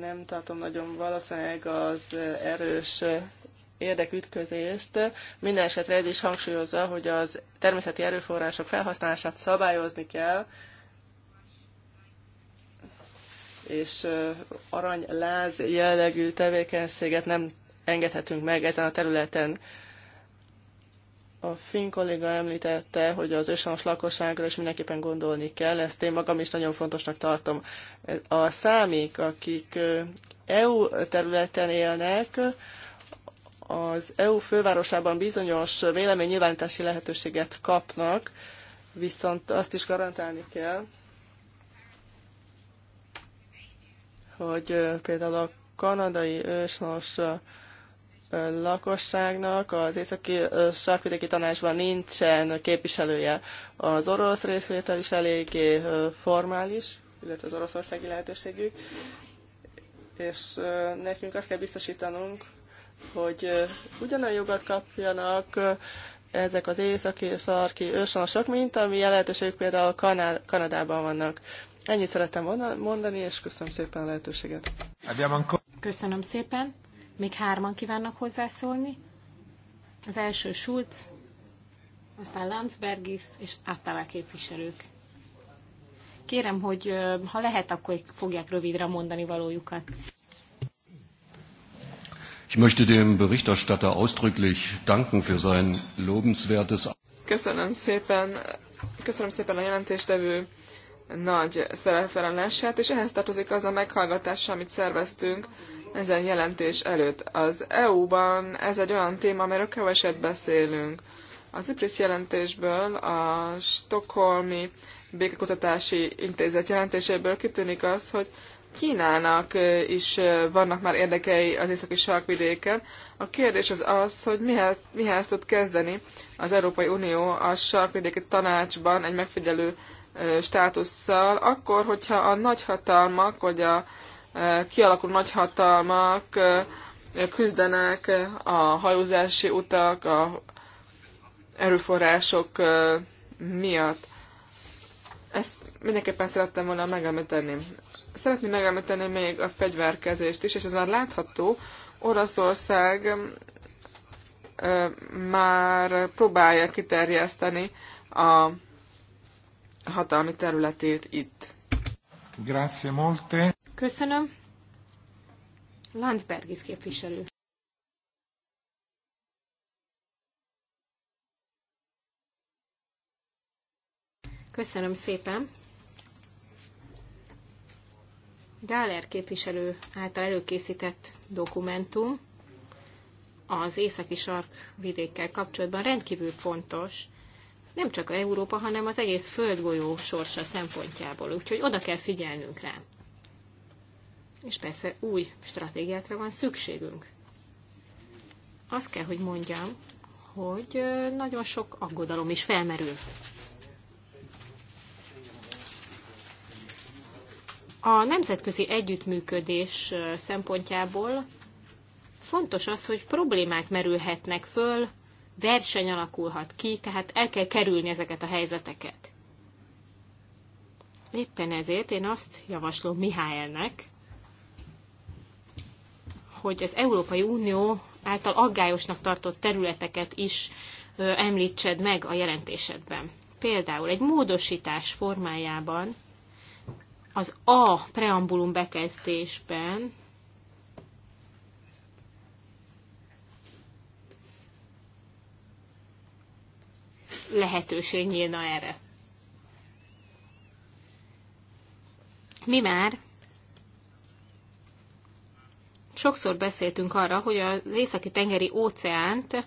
nem tartom nagyon valószínűleg az erős érdekütközést. Minden esetre ez is hangsúlyozza, hogy az természeti erőforrások felhasználását szabályozni kell, és aranyláz jellegű tevékenységet nem engedhetünk meg ezen a területen. A finn kolléga említette, hogy az őshonos lakosságra is mindenképpen gondolni kell, ezt én magam is nagyon fontosnak tartom. A számik, akik EU területen élnek, az EU fővárosában bizonyos véleménynyilvánítási lehetőséget kapnak, viszont azt is garantálni kell, hogy például a kanadai őshonos lakosságnak az északi sarkvidéki tanácsban nincsen képviselője. Az orosz részvétel is eléggé formális, illetve az oroszországi lehetőségük, és nekünk azt kell biztosítanunk, hogy ugyanolyan jogot kapjanak ezek az északi és sarki ősonosok, mint ami lehetőségük például Kaná- Kanadában vannak. Ennyit szerettem mondani, és köszönöm szépen a lehetőséget. Köszönöm szépen. Még hárman kívánnak hozzászólni. Az első Schulz, aztán Landsbergis és Attala képviselők. Kérem, hogy ha lehet, akkor fogják rövidre mondani valójukat. Ich möchte dem Berichterstatter ausdrücklich danken für sein lobenswertes Köszönöm szépen, köszönöm szépen a jelentéstevő nagy szerepvállalását, és ehhez tartozik az a meghallgatás, amit szerveztünk ezen jelentés előtt. Az EU-ban ez egy olyan téma, amiről keveset beszélünk. Az IPRIS jelentésből, a Stockholmi Békekutatási Intézet jelentéséből kitűnik az, hogy Kínának is vannak már érdekei az északi sarkvidéken. A kérdés az az, hogy mihez, mihez tud kezdeni az Európai Unió a sarkvidéki tanácsban egy megfigyelő státusszal, akkor, hogyha a nagyhatalmak, vagy a kialakul nagyhatalmak, küzdenek a hajózási utak, a erőforrások miatt. Ezt mindenképpen szerettem volna megemlíteni. Szeretném megemlíteni még a fegyverkezést is, és ez már látható. Oroszország már próbálja kiterjeszteni a hatalmi területét itt. Grazie molte. Köszönöm. Landsbergis képviselő. Köszönöm szépen. Gáler képviselő által előkészített dokumentum az északi sark vidékkel kapcsolatban rendkívül fontos, nem csak Európa, hanem az egész földgolyó sorsa szempontjából, úgyhogy oda kell figyelnünk rá és persze új stratégiákra van szükségünk. Azt kell, hogy mondjam, hogy nagyon sok aggodalom is felmerül. A nemzetközi együttműködés szempontjából fontos az, hogy problémák merülhetnek föl, verseny alakulhat ki, tehát el kell kerülni ezeket a helyzeteket. Éppen ezért én azt javaslom Mihálynak, hogy az Európai Unió által aggályosnak tartott területeket is említsed meg a jelentésedben. Például egy módosítás formájában az A preambulum bekezdésben lehetőség nyílna erre. Mi már sokszor beszéltünk arra, hogy az északi-tengeri óceánt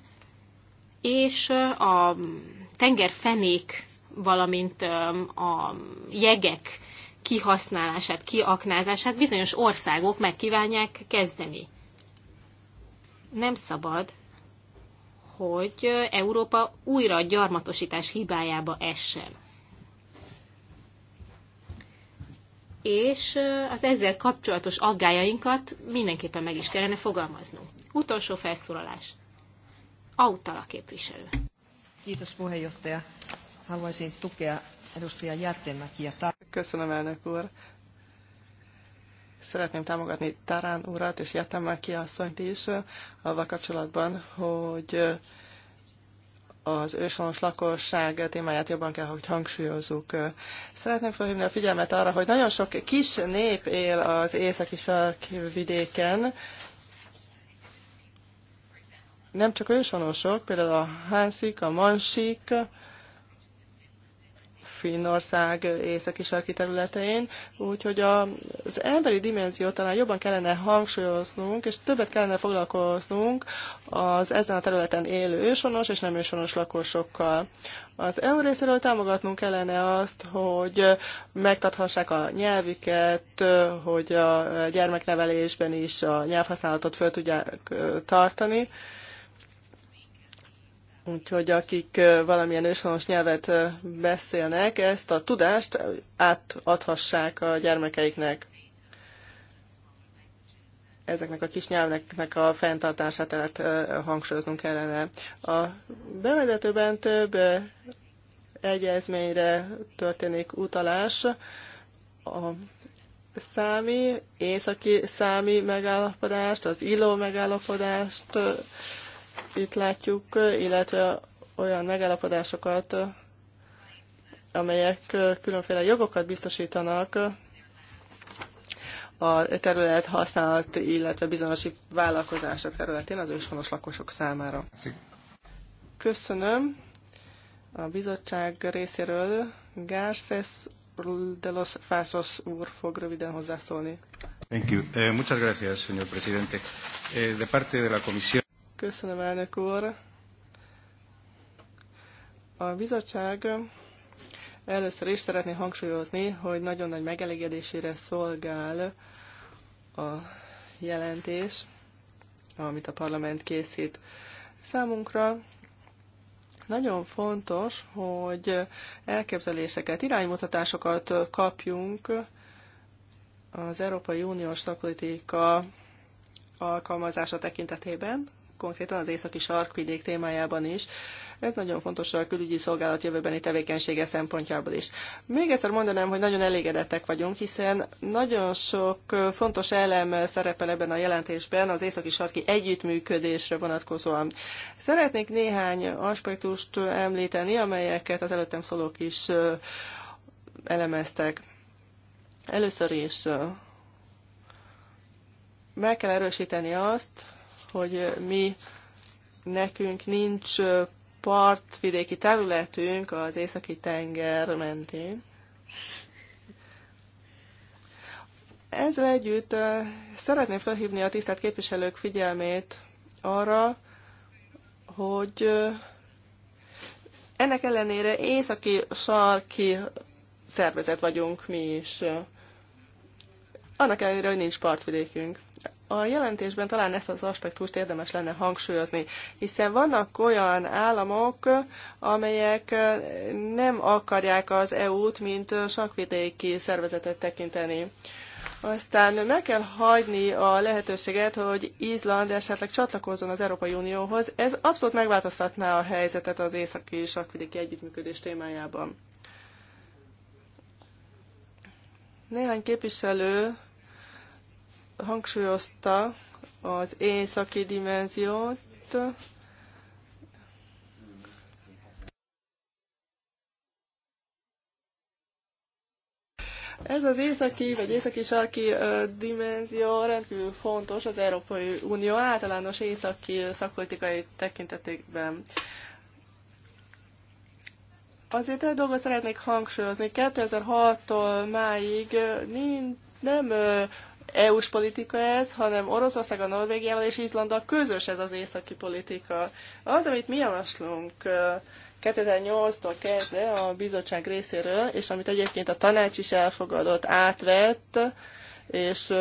és a tengerfenék, valamint a jegek kihasználását, kiaknázását bizonyos országok megkívánják kezdeni. Nem szabad, hogy Európa újra gyarmatosítás hibájába essen. és az ezzel kapcsolatos aggájainkat mindenképpen meg is kellene fogalmaznunk. Utolsó felszólalás. Autala képviselő. Kiitos puheenjohtaja. Haluaisin tukea edustaja Jäätteenmäkiä. Köszönöm elnök úr. Szeretném támogatni Tarán urat és Jäätteenmäki asszonyt is, avval kapcsolatban, hogy az őshonos lakosság témáját jobban kell, hogy hangsúlyozzuk. Szeretném felhívni a figyelmet arra, hogy nagyon sok kis nép él az északi vidéken. nem csak őshonosok, például a hánszik, a mansik, Finnország északi sarki területein, úgyhogy az emberi dimenziót talán jobban kellene hangsúlyoznunk, és többet kellene foglalkoznunk az ezen a területen élő ősonos és nem ősonos lakosokkal. Az EU részéről támogatnunk kellene azt, hogy megtarthassák a nyelvüket, hogy a gyermeknevelésben is a nyelvhasználatot föl tudják tartani, Úgyhogy akik valamilyen őshonos nyelvet beszélnek, ezt a tudást átadhassák a gyermekeiknek. Ezeknek a kis nyelveknek a fenntartását tehát hangsúlyoznunk kellene. A bevezetőben több egyezményre történik utalás. A számi, északi számi megállapodást, az illó megállapodást itt látjuk, illetve olyan megállapodásokat, amelyek különféle jogokat biztosítanak a terület használat, illetve bizonyos vállalkozások területén az őshonos lakosok számára. Köszönöm a bizottság részéről. Garces de los Fasos úr fog röviden hozzászólni. Thank you. Eh, muchas gracias, señor presidente. Eh, de parte de la comisión... Köszönöm, elnök úr. A bizottság először is szeretné hangsúlyozni, hogy nagyon nagy megelégedésére szolgál a jelentés, amit a parlament készít. Számunkra nagyon fontos, hogy elképzeléseket, iránymutatásokat kapjunk az Európai Uniós szakpolitika alkalmazása tekintetében, konkrétan az északi sarkvidék témájában is. Ez nagyon fontos a külügyi szolgálat jövőbeni tevékenysége szempontjából is. Még egyszer mondanám, hogy nagyon elégedettek vagyunk, hiszen nagyon sok fontos elem szerepel ebben a jelentésben az északi sarki együttműködésre vonatkozóan. Szeretnék néhány aspektust említeni, amelyeket az előttem szólók is elemeztek. Először is meg kell erősíteni azt, hogy mi nekünk nincs partvidéki területünk az északi tenger mentén. Ezzel együtt szeretném felhívni a tisztelt képviselők figyelmét arra, hogy ennek ellenére északi sarki szervezet vagyunk mi is annak ellenére, hogy nincs partvidékünk. A jelentésben talán ezt az aspektust érdemes lenne hangsúlyozni, hiszen vannak olyan államok, amelyek nem akarják az EU-t, mint sakvidéki szervezetet tekinteni. Aztán meg kell hagyni a lehetőséget, hogy Izland esetleg csatlakozzon az Európai Unióhoz. Ez abszolút megváltoztatná a helyzetet az északi sakvidéki együttműködés témájában. Néhány képviselő hangsúlyozta az északi dimenziót, Ez az északi vagy északi sarki dimenzió rendkívül fontos az Európai Unió általános északi szakpolitikai tekintetében. Azért egy dolgot szeretnék hangsúlyozni. 2006-tól máig nem EU-s politika ez, hanem Oroszország, a Norvégiával és Izlanda közös ez az északi politika. Az, amit mi javaslunk 2008-tól kezdve a bizottság részéről, és amit egyébként a tanács is elfogadott, átvett, és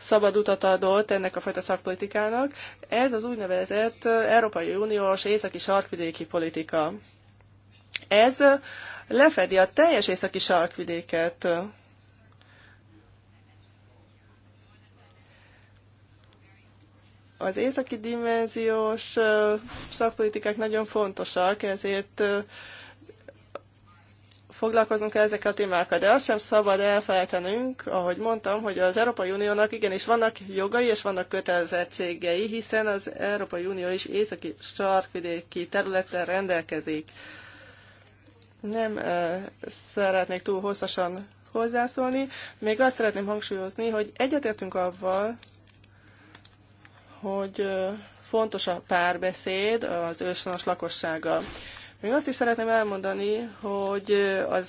szabad utat adott ennek a fajta szakpolitikának. Ez az úgynevezett Európai Uniós északi sarkvidéki politika. Ez lefedi a teljes északi sarkvidéket. Az északi dimenziós szakpolitikák nagyon fontosak, ezért foglalkozunk ezekkel a témákkal, de azt sem szabad elfelejtenünk, ahogy mondtam, hogy az Európai Uniónak igenis vannak jogai és vannak kötelezettségei, hiszen az Európai Unió is északi sarkvidéki területen rendelkezik. Nem szeretnék túl hosszasan hozzászólni. Még azt szeretném hangsúlyozni, hogy egyetértünk avval, hogy fontos a párbeszéd az őslanos lakossággal. Még azt is szeretném elmondani, hogy az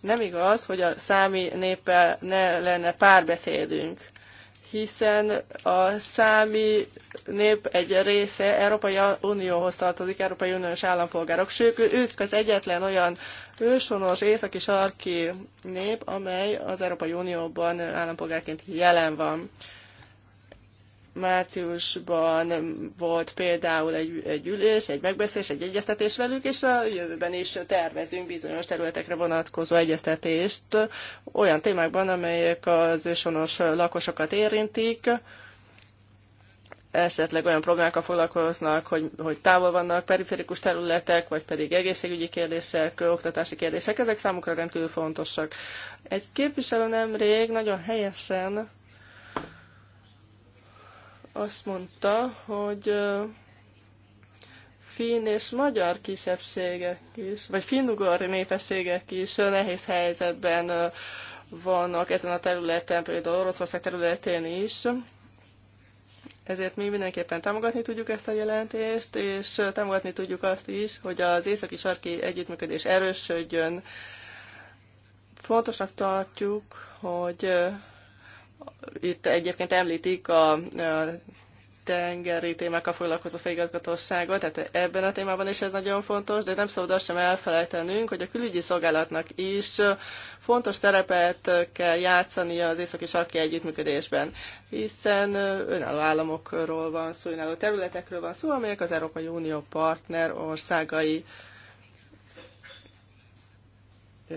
nem igaz, hogy a számi néppel ne lenne párbeszédünk, hiszen a számi nép egy része Európai Unióhoz tartozik, Európai Uniós állampolgárok, sőt, ők az egyetlen olyan őshonos északi sarki nép, amely az Európai Unióban állampolgárként jelen van. Márciusban volt például egy, egy ülés, egy megbeszélés, egy egyeztetés velük, és a jövőben is tervezünk bizonyos területekre vonatkozó egyeztetést olyan témákban, amelyek az ősonos lakosokat érintik, esetleg olyan problémákkal foglalkoznak, hogy, hogy távol vannak periférikus területek, vagy pedig egészségügyi kérdések, oktatási kérdések, ezek számukra rendkívül fontosak. Egy képviselő nemrég nagyon helyesen azt mondta, hogy finn és magyar kisebbségek is, vagy finnugori népességek is nehéz helyzetben vannak ezen a területen, például Oroszország területén is. Ezért mi mindenképpen támogatni tudjuk ezt a jelentést, és támogatni tudjuk azt is, hogy az északi sarki együttműködés erősödjön. Fontosnak tartjuk, hogy itt egyébként említik a, a tengeri témákkal foglalkozó főigazgatóságot, tehát ebben a témában is ez nagyon fontos, de nem szabad azt sem elfelejtenünk, hogy a külügyi szolgálatnak is fontos szerepet kell játszani az északi sarki együttműködésben, hiszen önálló államokról van szó, önálló területekről van szó, amelyek az Európai Unió partner országai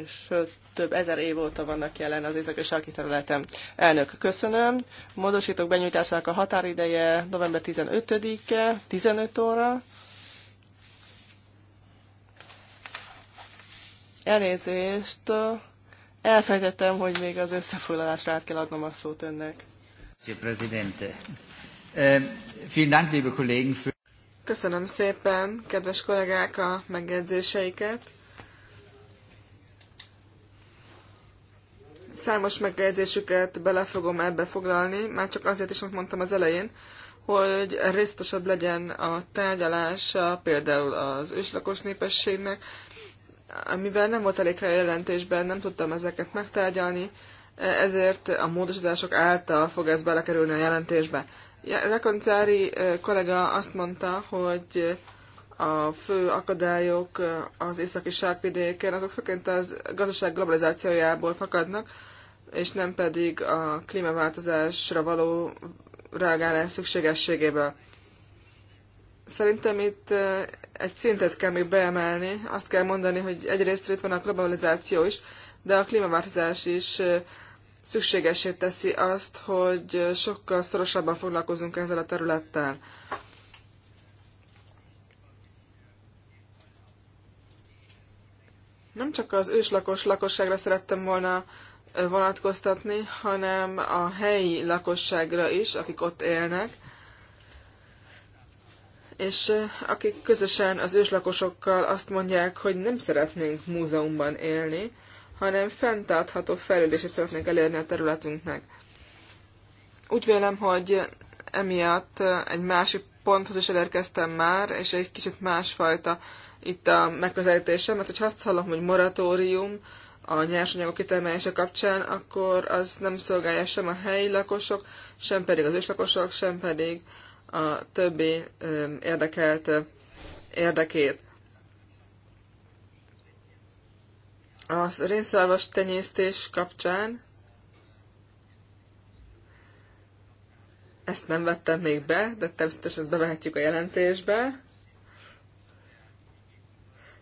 és több ezer év óta vannak jelen az északi sarki területen. Elnök, köszönöm. Módosítók benyújtásának a határideje november 15-e, 15 óra. Elnézést, elfejtettem, hogy még az összefoglalásra át kell adnom a szót önnek. Euh, köszönöm szépen, kedves kollégák, a megjegyzéseiket. Számos megjegyzésüket bele fogom ebbe foglalni, már csak azért is, amit mondtam az elején, hogy résztesebb legyen a tárgyalása például az őslakos népességnek, amivel nem volt elég jelentésben, nem tudtam ezeket megtárgyalni, ezért a módosítások által fog ez belekerülni a jelentésbe. Rekoncári kollega azt mondta, hogy a fő akadályok az északi sárkvidéken, azok főként az gazdaság globalizációjából fakadnak, és nem pedig a klímaváltozásra való reagálás szükségességéből. Szerintem itt eh, egy szintet kell még beemelni, azt kell mondani, hogy egyrészt itt van a globalizáció is, de a klímaváltozás is eh, szükségesé teszi azt, hogy sokkal szorosabban foglalkozunk ezzel a területtel. nem csak az őslakos lakosságra szerettem volna vonatkoztatni, hanem a helyi lakosságra is, akik ott élnek, és akik közösen az őslakosokkal azt mondják, hogy nem szeretnénk múzeumban élni, hanem fenntartható fejlődését szeretnénk elérni a területünknek. Úgy vélem, hogy emiatt egy másik ponthoz is elérkeztem már, és egy kicsit másfajta itt a megközelítésem, mert hát, hogyha azt hallom, hogy moratórium a nyersanyagok kitermelése kapcsán, akkor az nem szolgálja sem a helyi lakosok, sem pedig az őslakosok, sem pedig a többi érdekelt érdekét. A rénszarvas tenyésztés kapcsán Ezt nem vettem még be, de természetesen ezt bevehetjük a jelentésbe.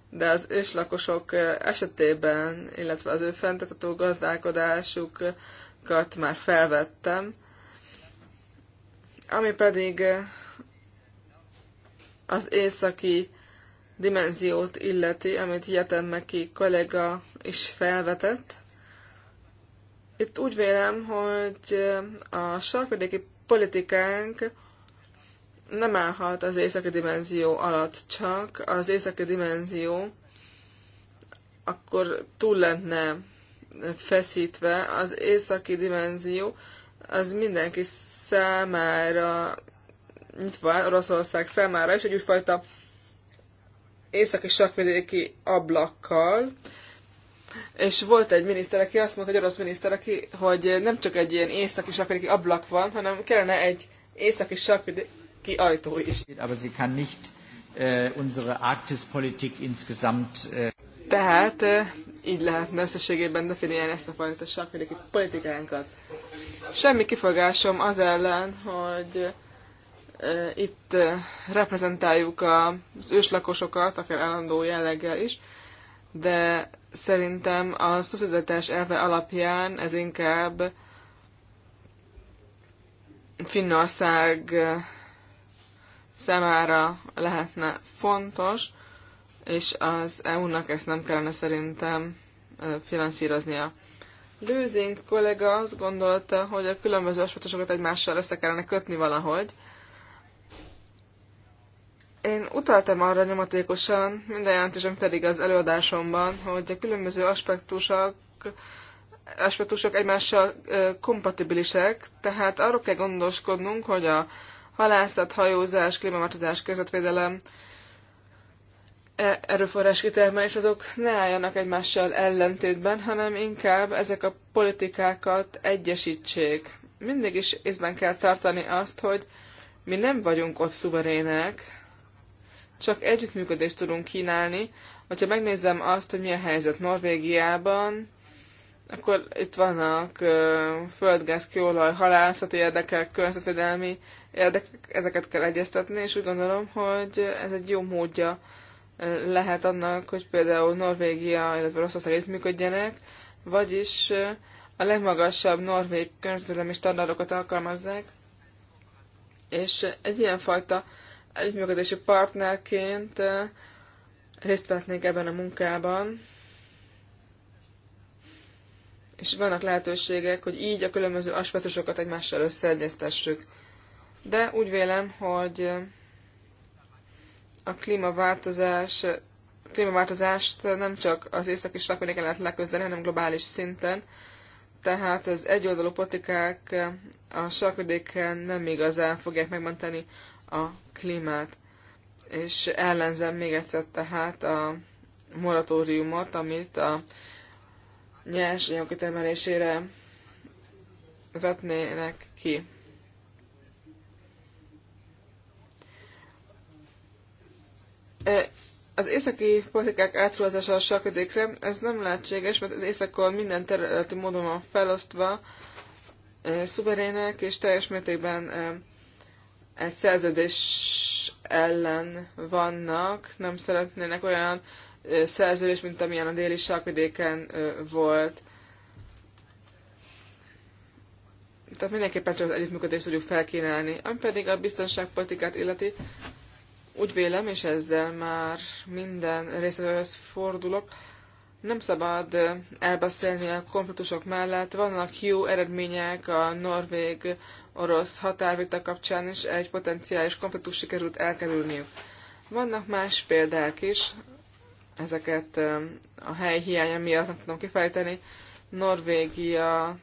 De az őslakosok esetében, illetve az ő fenntartató gazdálkodásukat már felvettem. Ami pedig az északi dimenziót illeti, amit Jeten Meki kollega is felvetett. Itt úgy vélem, hogy a sarkvidéki politikánk nem állhat az északi dimenzió alatt csak. Az északi dimenzió akkor túl lenne feszítve. Az északi dimenzió az mindenki számára nyitva áll, Oroszország számára is, egy úgyfajta északi sakvidéki ablakkal, és volt egy miniszter, aki azt mondta, egy orosz miniszter, aki, hogy nem csak egy ilyen északi sarkvidéki ablak van, hanem kellene egy északi sarkvidéki ajtó is. Aber sie kann nicht uh, unsere insgesamt... Uh... Tehát uh, így lehetne összességében definiálni ezt a fajta sarkvidéki politikánkat. Semmi kifogásom az ellen, hogy uh, itt uh, reprezentáljuk az őslakosokat, akár állandó jelleggel is, de Szerintem a szubszidatás elve alapján ez inkább Finnország számára lehetne fontos, és az EU-nak ezt nem kellene szerintem finanszíroznia. Lőzink kollega azt gondolta, hogy a különböző aspektusokat egymással össze kellene kötni valahogy, én utaltam arra nyomatékosan, minden jelentésem pedig az előadásomban, hogy a különböző aspektusok, aspektusok egymással kompatibilisek, tehát arról kell gondoskodnunk, hogy a halászat, hajózás, klímaváltozás, közvetvédelem, e, erőforrás kitermelés azok ne álljanak egymással ellentétben, hanem inkább ezek a politikákat egyesítsék. Mindig is észben kell tartani azt, hogy mi nem vagyunk ott szuverének, csak együttműködést tudunk kínálni. Hogyha megnézem azt, hogy milyen helyzet Norvégiában, akkor itt vannak földgáz, kőolaj, halászati érdekek, környezetvédelmi érdekek, ezeket kell egyeztetni, és úgy gondolom, hogy ez egy jó módja lehet annak, hogy például Norvégia, illetve Oroszország itt működjenek, vagyis a legmagasabb norvég környezetvédelmi standardokat alkalmazzák, és egy ilyenfajta fajta együttműködési partnerként eh, részt vehetnénk ebben a munkában, és vannak lehetőségek, hogy így a különböző aspektusokat egymással összeegyeztessük. De úgy vélem, hogy eh, a klímaváltozás, klímaváltozást nem csak az északi sarkvidéken lehet leközdeni, hanem globális szinten. Tehát az egyoldalú potikák eh, a sarkvidéken nem igazán fogják megmenteni a klímát. És ellenzem még egyszer tehát a moratóriumot, amit a nyersanyag kitermelésére vetnének ki. Az északi politikák átruházása a sarkadékre, ez nem lehetséges, mert az északon minden területi módon van felosztva, szuverének és teljes mértékben szerződés ellen vannak, nem szeretnének olyan szerződés, mint amilyen a déli sarkvidéken volt. Tehát mindenképpen csak az együttműködést tudjuk felkínálni. Ami pedig a biztonságpolitikát illeti, úgy vélem, és ezzel már minden részvevőhöz fordulok, nem szabad elbeszélni a konfliktusok mellett. Vannak jó eredmények a norvég orosz határvita kapcsán is egy potenciális konfliktus sikerült elkerülniük. Vannak más példák is, ezeket a hely hiánya miatt nem tudom kifejteni. Norvégia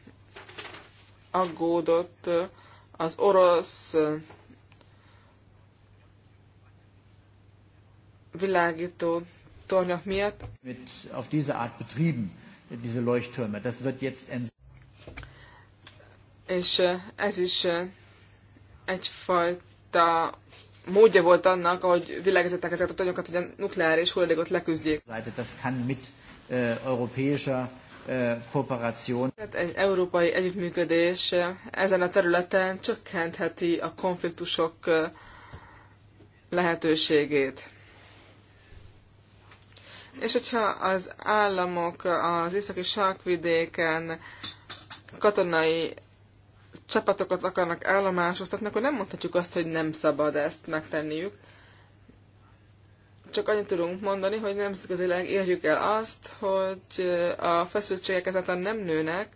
aggódott az orosz világító tornyok miatt. Mit auf diese Art betrieben, diese Leuchttürme. Das wird jetzt és ez is egyfajta módja volt annak, ahogy világítottak ezeket a tanyokat, hogy a nukleáris hulladékot leküzdjék. Das kann mit europäischer kooperáción. Hát egy európai együttműködés ezen a területen csökkentheti a konfliktusok lehetőségét. És hogyha az államok az északi sarkvidéken katonai csapatokat akarnak állomásoztatni, akkor nem mondhatjuk azt, hogy nem szabad ezt megtenniük. Csak annyit tudunk mondani, hogy nemzetközileg érjük el azt, hogy a feszültségek ezáltal nem nőnek,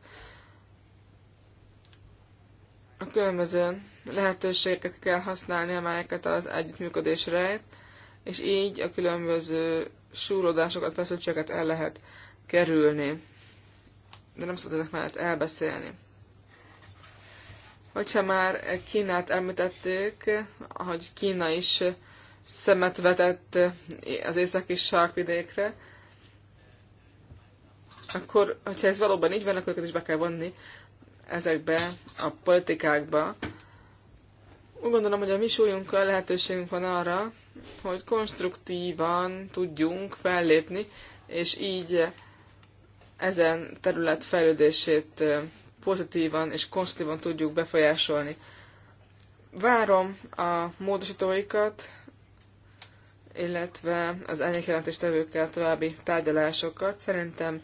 a különböző lehetőségeket kell használni, amelyeket az együttműködés rejt, és így a különböző súródásokat, feszültségeket el lehet kerülni. De nem szabad ezek mellett elbeszélni. Hogyha már Kínát említették, hogy Kína is szemet vetett az északi sarkvidékre, akkor, hogyha ez valóban így van, akkor őket is be kell vonni ezekbe a politikákba. Úgy gondolom, hogy a mi súlyunkkal lehetőségünk van arra, hogy konstruktívan tudjunk fellépni, és így ezen terület fejlődését pozitívan és konstruktívan tudjuk befolyásolni. Várom a módosítóikat, illetve az elnyékjelentéstevőkkel további tárgyalásokat. Szerintem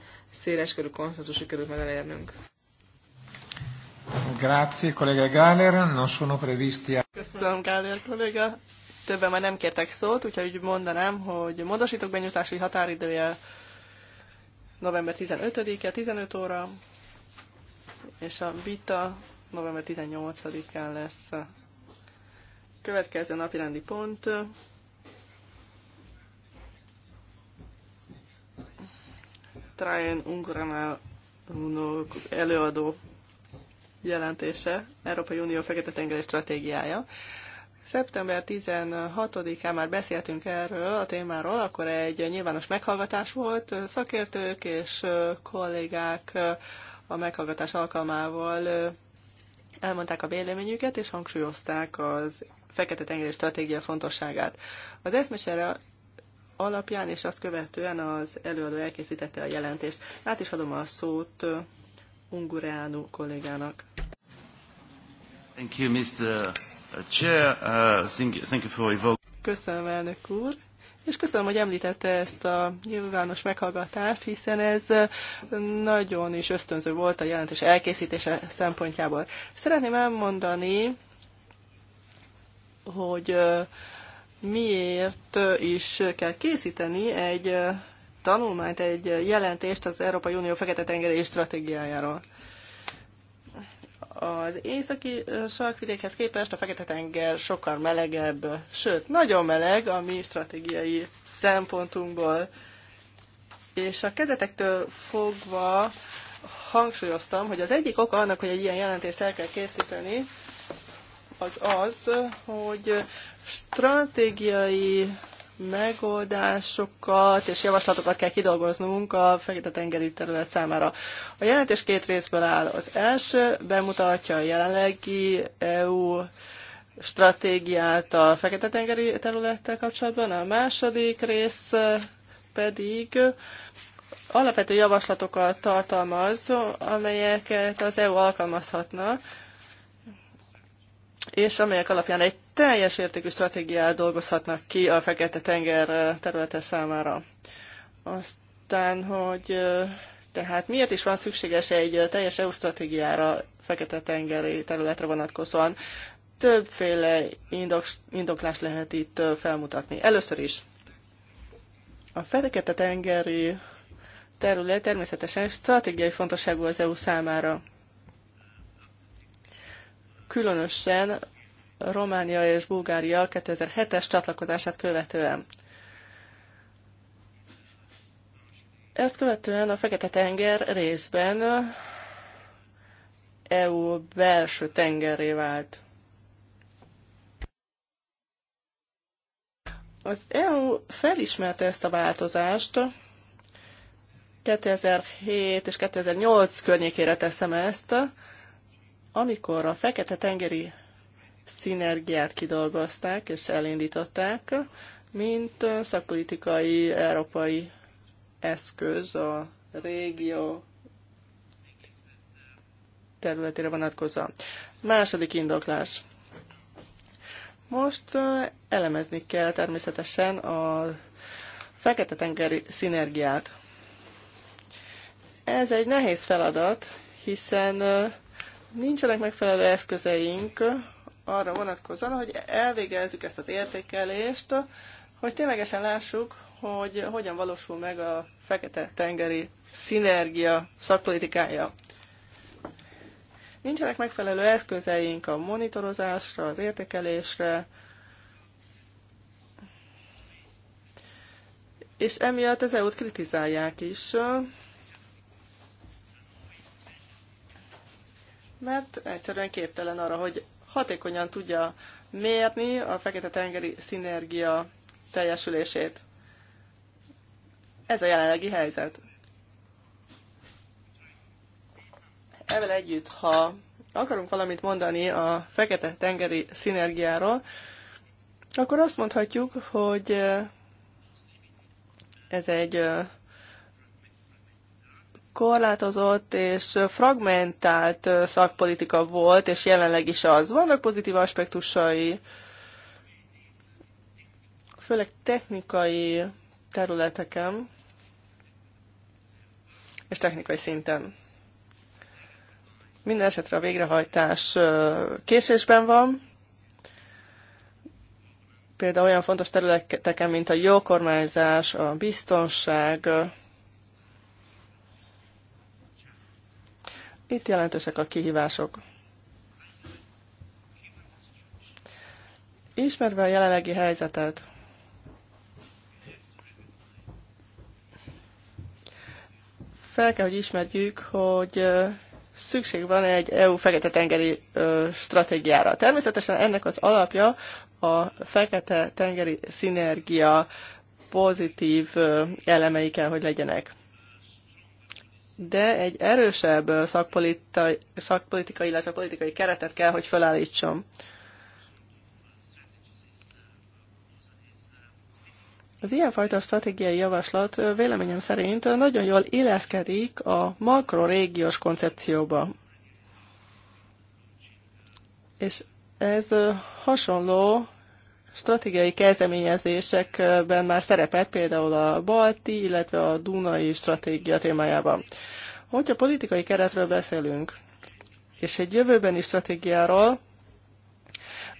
körű konszenzus sikerült meg elérnünk. Grazie, kollega Gáler. Non sono previsti Köszönöm, Gáler kollega. Többen már nem kértek szót, úgyhogy mondanám, hogy módosítok benyújtási határidője november 15-e, 15 óra és a vita november 18-án lesz. Következő napirendi pont. Trajan Ungoranál előadó jelentése, Európai Unió Fekete-tengeri stratégiája. Szeptember 16-án már beszéltünk erről a témáról, akkor egy nyilvános meghallgatás volt, szakértők és kollégák a meghallgatás alkalmával elmondták a véleményüket, és hangsúlyozták az Fekete-tengeri stratégia fontosságát. Az eszmesere alapján és azt követően az előadó elkészítette a jelentést. Át is adom a szót Ungureanu kollégának. Thank you, Mr. Uh, Chair. Uh, thank you for Köszönöm, elnök úr. És köszönöm, hogy említette ezt a nyilvános meghallgatást, hiszen ez nagyon is ösztönző volt a jelentés elkészítése szempontjából. Szeretném elmondani, hogy miért is kell készíteni egy tanulmányt, egy jelentést az Európai Unió Fekete-tengeri stratégiájáról. Az északi sarkvidékhez képest a Fekete-tenger sokkal melegebb, sőt, nagyon meleg a mi stratégiai szempontunkból. És a kezetektől fogva hangsúlyoztam, hogy az egyik oka annak, hogy egy ilyen jelentést el kell készíteni, az az, hogy stratégiai megoldásokat és javaslatokat kell kidolgoznunk a Fekete-tengeri terület számára. A jelentés két részből áll. Az első bemutatja a jelenlegi EU stratégiát a Fekete-tengeri területtel kapcsolatban, a második rész pedig alapvető javaslatokat tartalmaz, amelyeket az EU alkalmazhatna, és amelyek alapján egy teljes értékű stratégiát dolgozhatnak ki a Fekete-tenger területe számára. Aztán, hogy tehát miért is van szükséges egy teljes EU stratégiára Fekete-tengeri területre vonatkozóan? Többféle indok, indoklást lehet itt felmutatni. Először is a Fekete-tengeri terület természetesen stratégiai fontosságú az EU számára. Különösen Románia és Bulgária 2007-es csatlakozását követően. Ezt követően a Fekete-tenger részben EU belső tengeré vált. Az EU felismerte ezt a változást, 2007 és 2008 környékére teszem ezt, amikor a Fekete-tengeri szinergiát kidolgozták és elindították, mint szakpolitikai európai eszköz a régió területére vonatkozóan. Második indoklás. Most elemezni kell természetesen a Fekete-tengeri szinergiát. Ez egy nehéz feladat, hiszen nincsenek megfelelő eszközeink arra vonatkozóan, hogy elvégezzük ezt az értékelést, hogy ténylegesen lássuk, hogy hogyan valósul meg a Fekete-tengeri szinergia szakpolitikája. Nincsenek megfelelő eszközeink a monitorozásra, az értékelésre, és emiatt az EU-t kritizálják is, mert egyszerűen képtelen arra, hogy hatékonyan tudja mérni a Fekete-tengeri szinergia teljesülését. Ez a jelenlegi helyzet. Evel együtt, ha akarunk valamit mondani a Fekete-tengeri szinergiáról, akkor azt mondhatjuk, hogy ez egy korlátozott és fragmentált szakpolitika volt, és jelenleg is az. Vannak pozitív aspektusai, főleg technikai területeken és technikai szinten. Minden esetre a végrehajtás késésben van, például olyan fontos területeken, mint a jó kormányzás, a biztonság, Itt jelentősek a kihívások. Ismerve a jelenlegi helyzetet, fel kell, hogy ismerjük, hogy szükség van egy EU fekete-tengeri stratégiára. Természetesen ennek az alapja a fekete-tengeri szinergia pozitív elemei kell, hogy legyenek de egy erősebb szakpolitikai, szakpolitikai, illetve politikai keretet kell, hogy felállítson. Az ilyenfajta stratégiai javaslat véleményem szerint nagyon jól illeszkedik a makrorégiós koncepcióba. És ez hasonló stratégiai kezdeményezésekben már szerepelt, például a Balti, illetve a Dunai stratégia témájában. Hogyha politikai keretről beszélünk, és egy jövőbeni stratégiáról,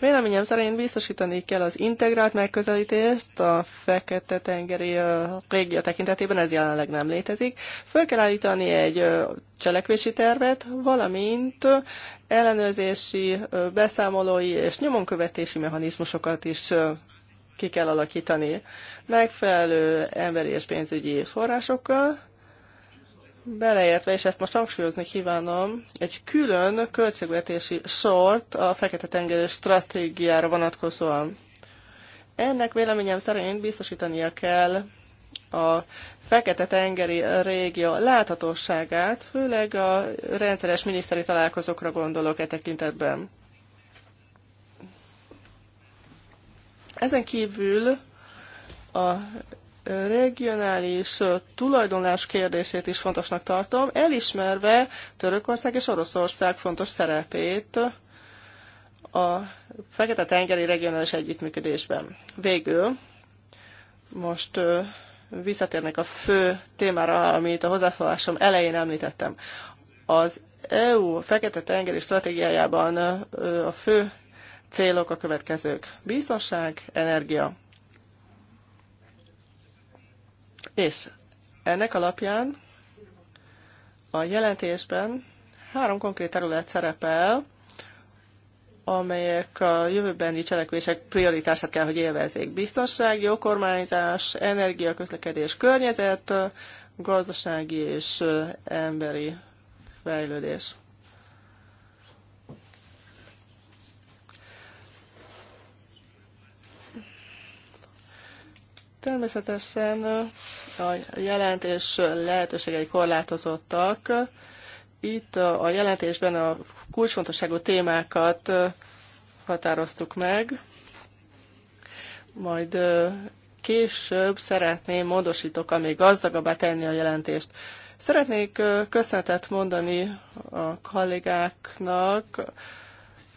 Véleményem szerint biztosítani kell az integrált megközelítést a Fekete-tengeri régia tekintetében, ez jelenleg nem létezik. Föl kell állítani egy cselekvési tervet, valamint ellenőrzési, beszámolói és nyomonkövetési mechanizmusokat is ki kell alakítani megfelelő emberi és pénzügyi forrásokkal, beleértve, és ezt most hangsúlyozni kívánom, egy külön költségvetési sort a Fekete-tengeri stratégiára vonatkozóan. Ennek véleményem szerint biztosítania kell a Fekete-tengeri régió láthatóságát, főleg a rendszeres miniszteri találkozókra gondolok e tekintetben. Ezen kívül a regionális tulajdonlás kérdését is fontosnak tartom, elismerve Törökország és Oroszország fontos szerepét a Fekete-tengeri regionális együttműködésben. Végül most visszatérnek a fő témára, amit a hozzászólásom elején említettem. Az EU Fekete-tengeri stratégiájában a fő célok a következők. Biztonság, energia, és ennek alapján a jelentésben három konkrét terület szerepel, amelyek a jövőbeni cselekvések prioritását kell, hogy élvezzék. Biztonság, jó kormányzás, energia, közlekedés, környezet, gazdasági és emberi fejlődés. Természetesen a jelentés lehetőségei korlátozottak. Itt a jelentésben a kulcsfontosságú témákat határoztuk meg, majd később szeretném módosítok, amíg gazdagabbá tenni a jelentést. Szeretnék köszönetet mondani a kollégáknak,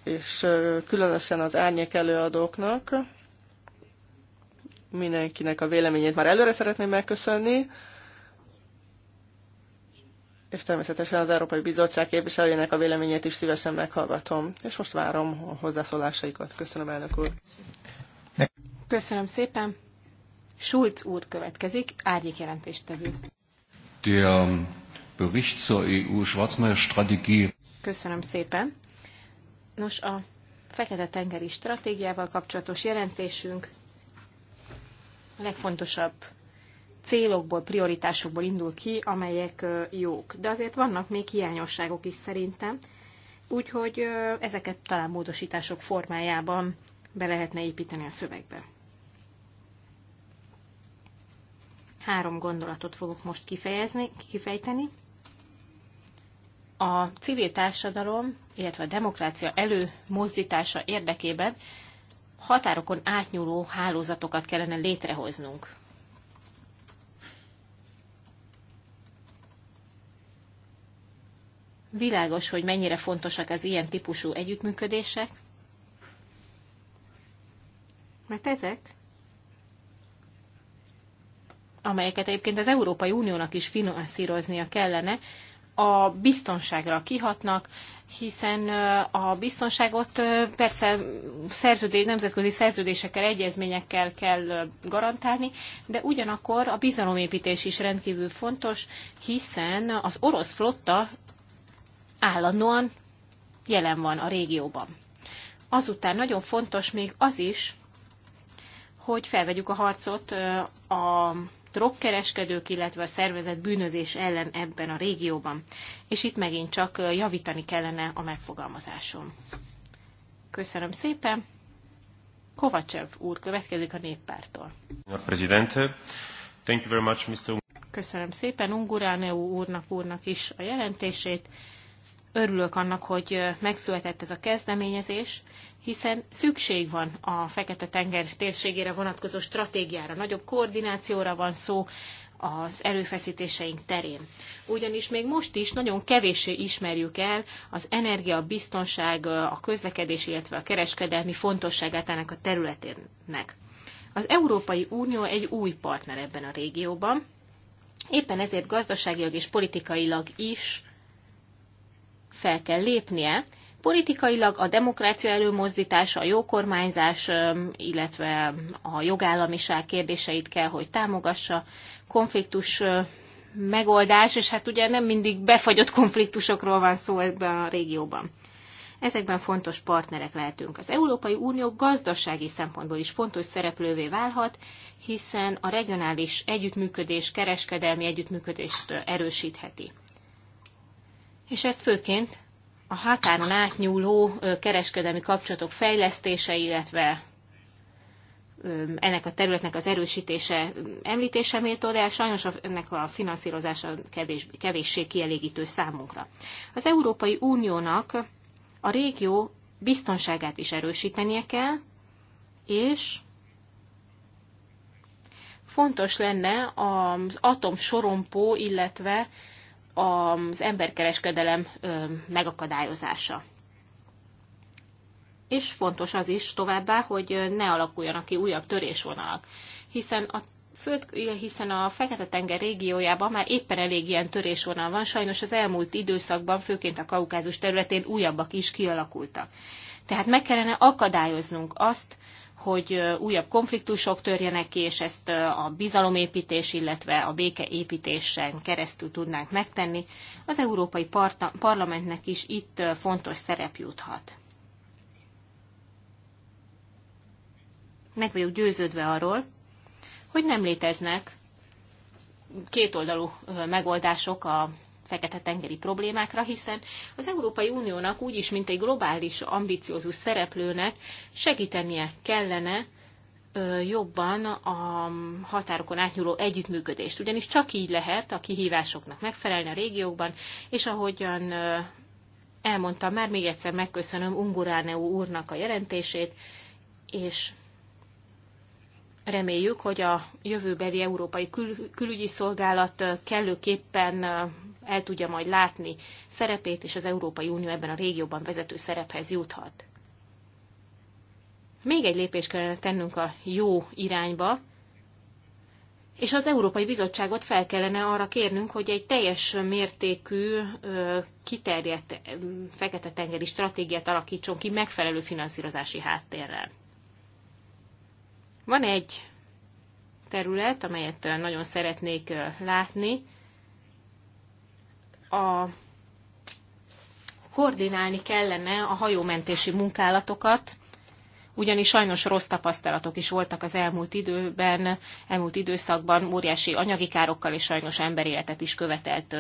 és különösen az árnyék előadóknak, mindenkinek a véleményét már előre szeretném megköszönni, és természetesen az Európai Bizottság képviselőjének a véleményét is szívesen meghallgatom. És most várom a hozzászólásaikat. Köszönöm, elnök úr. Köszönöm szépen. Schulz úr következik, árnyék jelentéstevő. Der ähm, Bericht zur eu strategie Köszönöm szépen. Nos, a Fekete-tengeri stratégiával kapcsolatos jelentésünk a legfontosabb célokból, prioritásokból indul ki, amelyek jók. De azért vannak még hiányosságok is szerintem, úgyhogy ezeket talán módosítások formájában be lehetne építeni a szövegbe. Három gondolatot fogok most kifejezni, kifejteni. A civil társadalom, illetve a demokrácia előmozdítása érdekében határokon átnyúló hálózatokat kellene létrehoznunk. Világos, hogy mennyire fontosak az ilyen típusú együttműködések, mert ezek, amelyeket egyébként az Európai Uniónak is finanszíroznia kellene, a biztonságra kihatnak, hiszen a biztonságot persze szerződés, nemzetközi szerződésekkel, egyezményekkel kell garantálni, de ugyanakkor a bizalomépítés is rendkívül fontos, hiszen az orosz flotta állandóan jelen van a régióban. Azután nagyon fontos még az is, hogy felvegyük a harcot a drogkereskedők, illetve a szervezet bűnözés ellen ebben a régióban. És itt megint csak javítani kellene a megfogalmazáson. Köszönöm szépen. Kovacsev úr következik a néppártól. Thank you very much, Mr. Köszönöm szépen Ungurán úrnak úrnak is a jelentését örülök annak, hogy megszületett ez a kezdeményezés, hiszen szükség van a Fekete-tenger térségére vonatkozó stratégiára, nagyobb koordinációra van szó az erőfeszítéseink terén. Ugyanis még most is nagyon kevéssé ismerjük el az energia, a biztonság, a közlekedés, illetve a kereskedelmi fontosságát ennek a területének. Az Európai Unió egy új partner ebben a régióban, éppen ezért gazdaságilag és politikailag is fel kell lépnie, politikailag a demokrácia előmozdítása, a jókormányzás, illetve a jogállamiság kérdéseit kell, hogy támogassa, konfliktus megoldás, és hát ugye nem mindig befagyott konfliktusokról van szó ebben a régióban. Ezekben fontos partnerek lehetünk. Az Európai Unió gazdasági szempontból is fontos szereplővé válhat, hiszen a regionális együttműködés, kereskedelmi együttműködést erősítheti és ez főként a határon átnyúló kereskedelmi kapcsolatok fejlesztése, illetve ennek a területnek az erősítése említése méltó, de sajnos ennek a finanszírozása kevés, kevéssé kielégítő számunkra. Az Európai Uniónak a régió biztonságát is erősítenie kell, és fontos lenne az sorompó illetve az emberkereskedelem megakadályozása. És fontos az is továbbá, hogy ne alakuljanak ki újabb törésvonalak, hiszen a Föld, hiszen a Fekete-tenger régiójában már éppen elég ilyen törésvonal van, sajnos az elmúlt időszakban, főként a kaukázus területén újabbak is kialakultak. Tehát meg kellene akadályoznunk azt, hogy újabb konfliktusok törjenek ki, és ezt a bizalomépítés, illetve a békeépítésen keresztül tudnánk megtenni. Az Európai Parlamentnek is itt fontos szerep juthat. Meg vagyok győződve arról, hogy nem léteznek kétoldalú megoldások a fekete-tengeri problémákra, hiszen az Európai Uniónak úgyis, mint egy globális, ambiciózus szereplőnek segítenie kellene jobban a határokon átnyúló együttműködést. Ugyanis csak így lehet a kihívásoknak megfelelni a régiókban, és ahogyan elmondtam már, még egyszer megköszönöm Unguráneó úrnak a jelentését, és reméljük, hogy a jövőbeli Európai Kül- Külügyi Szolgálat kellőképpen el tudja majd látni szerepét, és az Európai Unió ebben a régióban vezető szerephez juthat. Még egy lépést kellene tennünk a jó irányba, és az Európai Bizottságot fel kellene arra kérnünk, hogy egy teljes mértékű, kiterjedt fekete-tengeri stratégiát alakítson ki megfelelő finanszírozási háttérrel. Van egy terület, amelyet nagyon szeretnék látni, a koordinálni kellene a hajómentési munkálatokat, ugyanis sajnos rossz tapasztalatok is voltak az elmúlt időben, elmúlt időszakban, óriási anyagi károkkal és sajnos emberéletet is követelt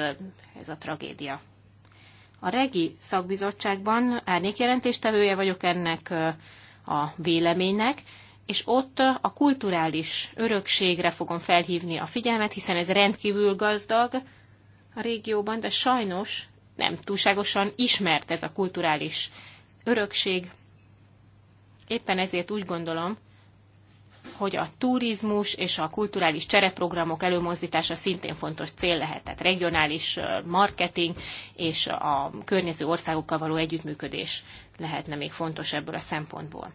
ez a tragédia. A REGI szakbizottságban árnyékjelentéstevője vagyok ennek a véleménynek, és ott a kulturális örökségre fogom felhívni a figyelmet, hiszen ez rendkívül gazdag, a régióban, de sajnos nem túlságosan ismert ez a kulturális örökség. Éppen ezért úgy gondolom, hogy a turizmus és a kulturális csereprogramok előmozdítása szintén fontos cél lehet, tehát regionális marketing és a környező országokkal való együttműködés lehetne még fontos ebből a szempontból.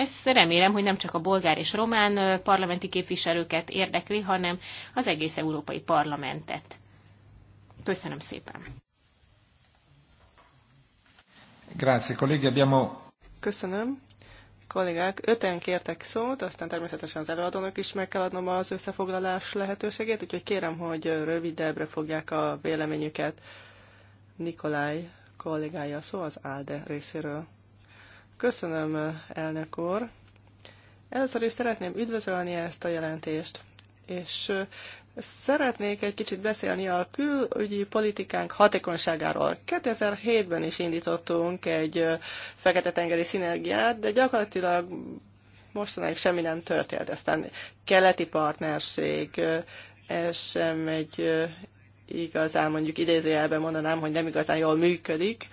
Ez remélem, hogy nem csak a bolgár és román parlamenti képviselőket érdekli, hanem az egész Európai Parlamentet. Köszönöm szépen! Grazie, colleghi, abbiamo... Köszönöm. Kollégák, öten kértek szót, aztán természetesen az előadónak is meg kell adnom az összefoglalás lehetőségét, úgyhogy kérem, hogy rövidebbre fogják a véleményüket. Nikolaj kollégája szó az ALDE részéről. Köszönöm, elnök úr. Először is szeretném üdvözölni ezt a jelentést, és szeretnék egy kicsit beszélni a külügyi politikánk hatékonyságáról. 2007-ben is indítottunk egy fekete-tengeri szinergiát, de gyakorlatilag mostanáig semmi nem történt. Aztán keleti partnerség, ez sem egy igazán, mondjuk idézőjelben mondanám, hogy nem igazán jól működik.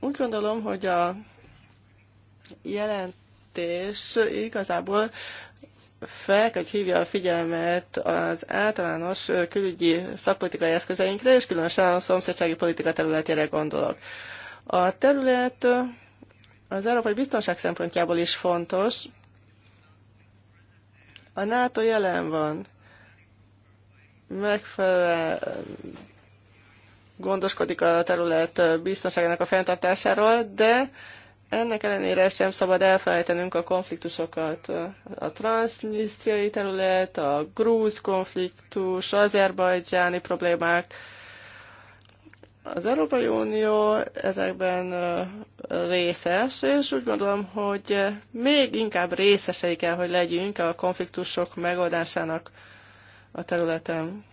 Úgy gondolom, hogy a jelentés igazából fel kell, hogy hívja a figyelmet az általános külügyi szakpolitikai eszközeinkre, és különösen a szomszédsági politika területére gondolok. A terület az európai biztonság szempontjából is fontos. A NATO jelen van, megfelelően gondoskodik a terület biztonságának a fenntartásáról, de ennek ellenére sem szabad elfelejtenünk a konfliktusokat. A transznisztriai terület, a grúz konfliktus, azerbajdzsáni problémák. Az Európai Unió ezekben részes, és úgy gondolom, hogy még inkább részesei kell, hogy legyünk a konfliktusok megoldásának a területen.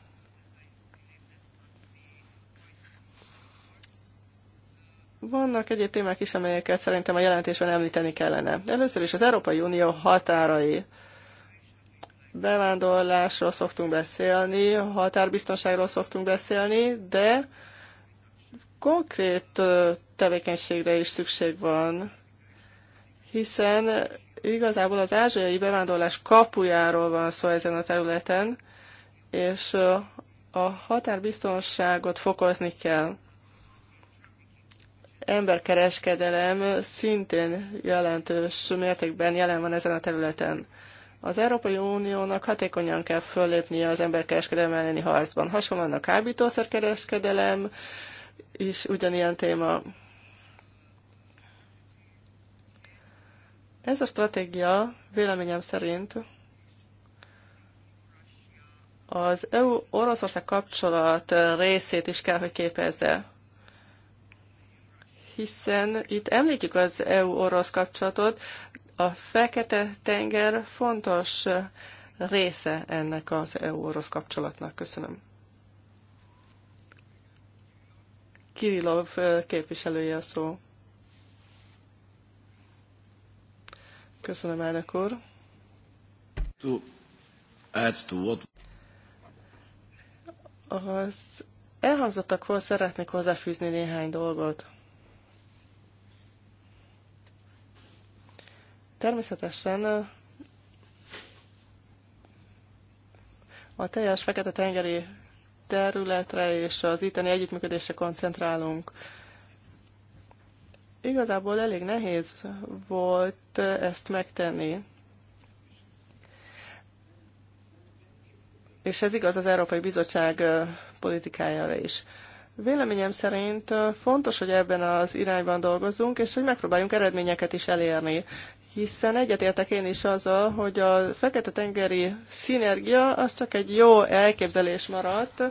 Vannak egyéb témák is, amelyeket szerintem a jelentésben említeni kellene. Először is az Európai Unió határai. Bevándorlásról szoktunk beszélni, határbiztonságról szoktunk beszélni, de konkrét tevékenységre is szükség van, hiszen igazából az ázsiai bevándorlás kapujáról van szó ezen a területen, és a határbiztonságot fokozni kell emberkereskedelem szintén jelentős mértékben jelen van ezen a területen. Az Európai Uniónak hatékonyan kell föllépnie az emberkereskedelem elleni harcban. Hasonlóan a kábítószerkereskedelem is ugyanilyen téma. Ez a stratégia véleményem szerint az EU-Oroszország kapcsolat részét is kell, hogy képezze hiszen itt említjük az EU-orosz kapcsolatot, a Fekete-tenger fontos része ennek az EU-orosz kapcsolatnak. Köszönöm. Kirillov képviselője a szó. Köszönöm, elnök úr. To add to what... Az elhangzottakhoz szeretnék hozzáfűzni néhány dolgot. Természetesen a teljes Fekete-tengeri területre és az itteni együttműködésre koncentrálunk. Igazából elég nehéz volt ezt megtenni. És ez igaz az Európai Bizottság politikájára is. Véleményem szerint fontos, hogy ebben az irányban dolgozunk, és hogy megpróbáljunk eredményeket is elérni hiszen egyetértek én is azzal, hogy a Fekete-tengeri szinergia az csak egy jó elképzelés maradt,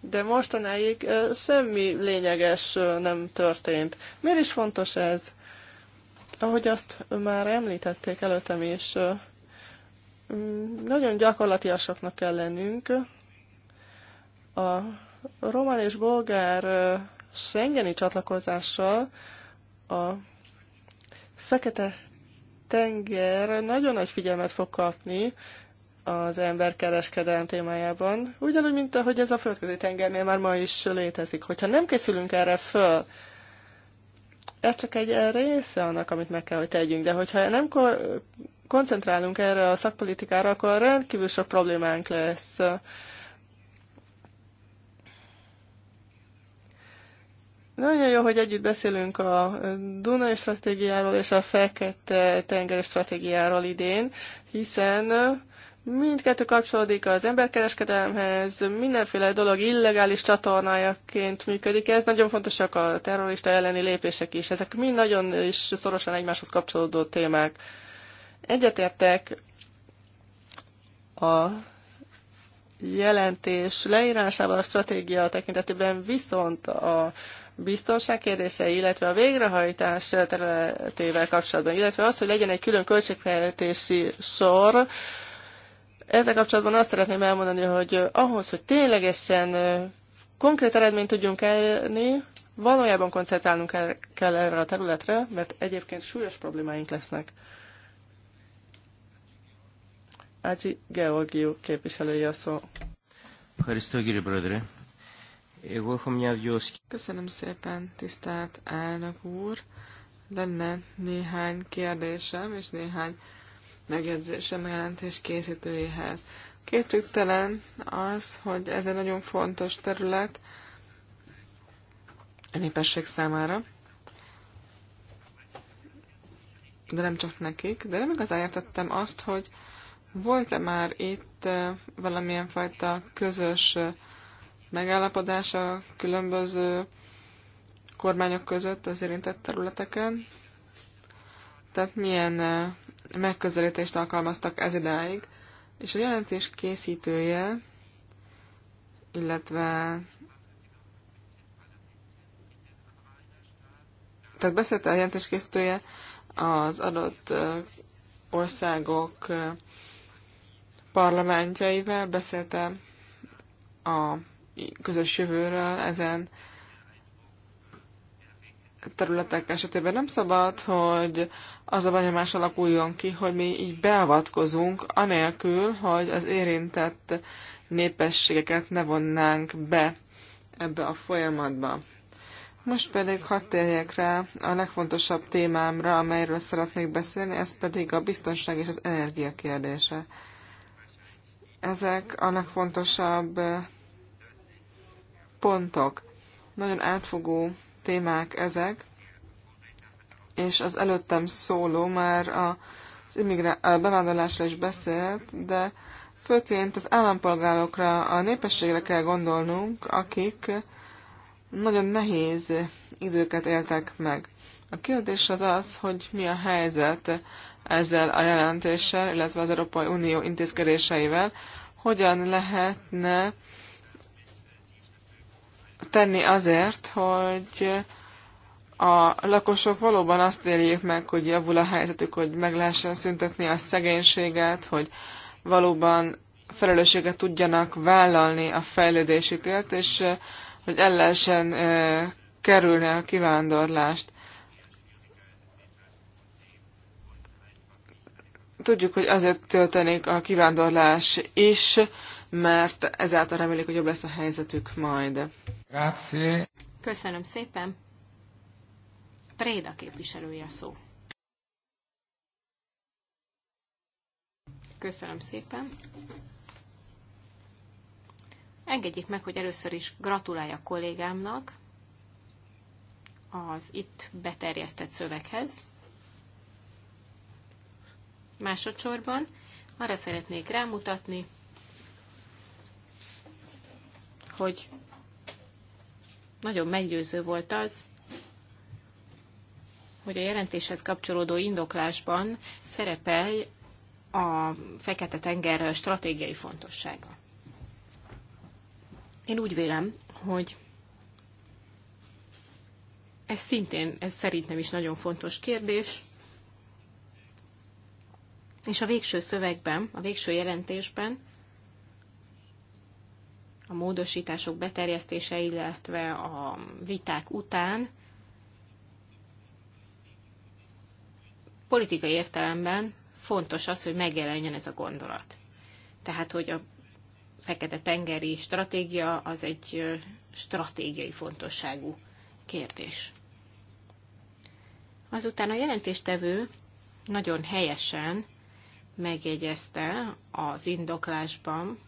de mostanáig semmi lényeges nem történt. Miért is fontos ez? Ahogy azt már említették előttem is, nagyon gyakorlatiasaknak kell lennünk. A román és bolgár Schengeni csatlakozással a fekete tenger nagyon nagy figyelmet fog kapni az emberkereskedelem témájában, ugyanúgy, mint ahogy ez a földközi tengernél már ma is létezik. Hogyha nem készülünk erre föl, ez csak egy része annak, amit meg kell, hogy tegyünk, de hogyha nem koncentrálunk erre a szakpolitikára, akkor rendkívül sok problémánk lesz Nagyon jó, hogy együtt beszélünk a Dunai stratégiáról és a Fekete tengeri stratégiáról idén, hiszen mindkettő kapcsolódik az emberkereskedelemhez, mindenféle dolog illegális csatornájaként működik. Ez nagyon fontosak a terrorista elleni lépések is. Ezek mind nagyon is szorosan egymáshoz kapcsolódó témák. Egyetértek a jelentés leírásával a stratégia tekintetében, viszont a biztonság kérdései, illetve a végrehajtás területével kapcsolatban, illetve az, hogy legyen egy külön költségfejtési sor, ezzel kapcsolatban azt szeretném elmondani, hogy ahhoz, hogy ténylegesen konkrét eredményt tudjunk elni, valójában koncentrálnunk kell erre a területre, mert egyébként súlyos problémáink lesznek. Ágyi Georgiú képviselője a szó. Köszönöm szépen, tisztelt elnök úr! Lenne néhány kérdésem és néhány megjegyzésem jelentés készítőjéhez. Kétségtelen az, hogy ez egy nagyon fontos terület a népesség számára, de nem csak nekik, de nem igazán értettem azt, hogy volt-e már itt eh, valamilyen fajta közös eh, megállapodás a különböző kormányok között az érintett területeken. Tehát milyen eh, megközelítést alkalmaztak ez idáig. És a jelentés készítője, illetve tehát beszélt a jelentés készítője az adott eh, országok eh, parlamentjeivel, beszélte a közös jövőről ezen területek esetében nem szabad, hogy az a benyomás alakuljon ki, hogy mi így beavatkozunk, anélkül, hogy az érintett népességeket ne vonnánk be ebbe a folyamatba. Most pedig hadd térjek rá a legfontosabb témámra, amelyről szeretnék beszélni, ez pedig a biztonság és az energia kérdése. Ezek a legfontosabb pontok. Nagyon átfogó témák ezek, és az előttem szóló már az immigrá- a bevándorlásra is beszélt, de főként az állampolgárokra, a népességre kell gondolnunk, akik nagyon nehéz időket éltek meg. A kérdés az az, hogy mi a helyzet ezzel a jelentéssel, illetve az Európai Unió intézkedéseivel, hogyan lehetne tenni azért, hogy a lakosok valóban azt érjék meg, hogy javul a helyzetük, hogy meg lehessen szüntetni a szegénységet, hogy valóban felelősséget tudjanak vállalni a fejlődésükért, és eh, hogy el lehessen eh, kerülni a kivándorlást. Tudjuk, hogy azért történik a kivándorlás is, mert ezáltal remélik, hogy jobb lesz a helyzetük majd. Grazie. Köszönöm szépen. Préda képviselője szó. Köszönöm szépen. Engedjék meg, hogy először is gratuláljak kollégámnak az itt beterjesztett szöveghez. Másodszorban arra szeretnék rámutatni, hogy nagyon meggyőző volt az, hogy a jelentéshez kapcsolódó indoklásban szerepel a Fekete-tenger stratégiai fontossága. Én úgy vélem, hogy ez szintén, ez szerintem is nagyon fontos kérdés, és a végső szövegben, a végső jelentésben a módosítások beterjesztése, illetve a viták után politikai értelemben fontos az, hogy megjelenjen ez a gondolat. Tehát, hogy a Fekete-tengeri stratégia az egy stratégiai fontosságú kérdés. Azután a jelentéstevő nagyon helyesen megjegyezte az indoklásban,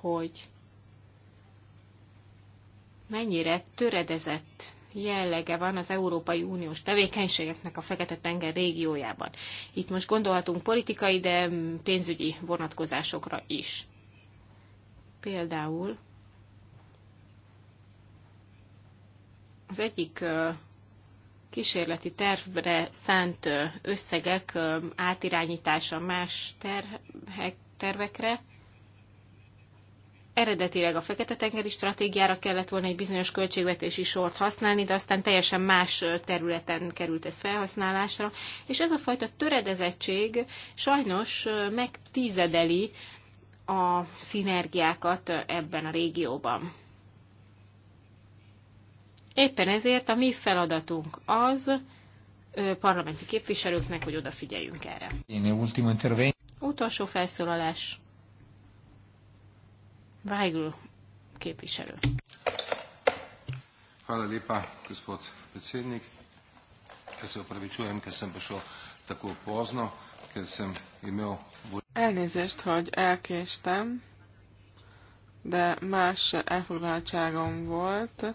hogy mennyire töredezett jellege van az Európai Uniós tevékenységeknek a Fekete-tenger régiójában. Itt most gondolhatunk politikai, de pénzügyi vonatkozásokra is. Például az egyik kísérleti tervre szánt összegek átirányítása más terhek, tervekre, eredetileg a Fekete-tengeri stratégiára kellett volna egy bizonyos költségvetési sort használni, de aztán teljesen más területen került ez felhasználásra, és ez a fajta töredezettség sajnos megtizedeli a szinergiákat ebben a régióban. Éppen ezért a mi feladatunk az, parlamenti képviselőknek, hogy odafigyeljünk erre. Utolsó felszólalás. Weigl képviselő. Hvala lepa, gospod predsednik. Ker se opravičujem, ker sem prišel tako pozno, ker sem imel... Elnézést, hogy elkéstem, de más elfoglaltságom volt.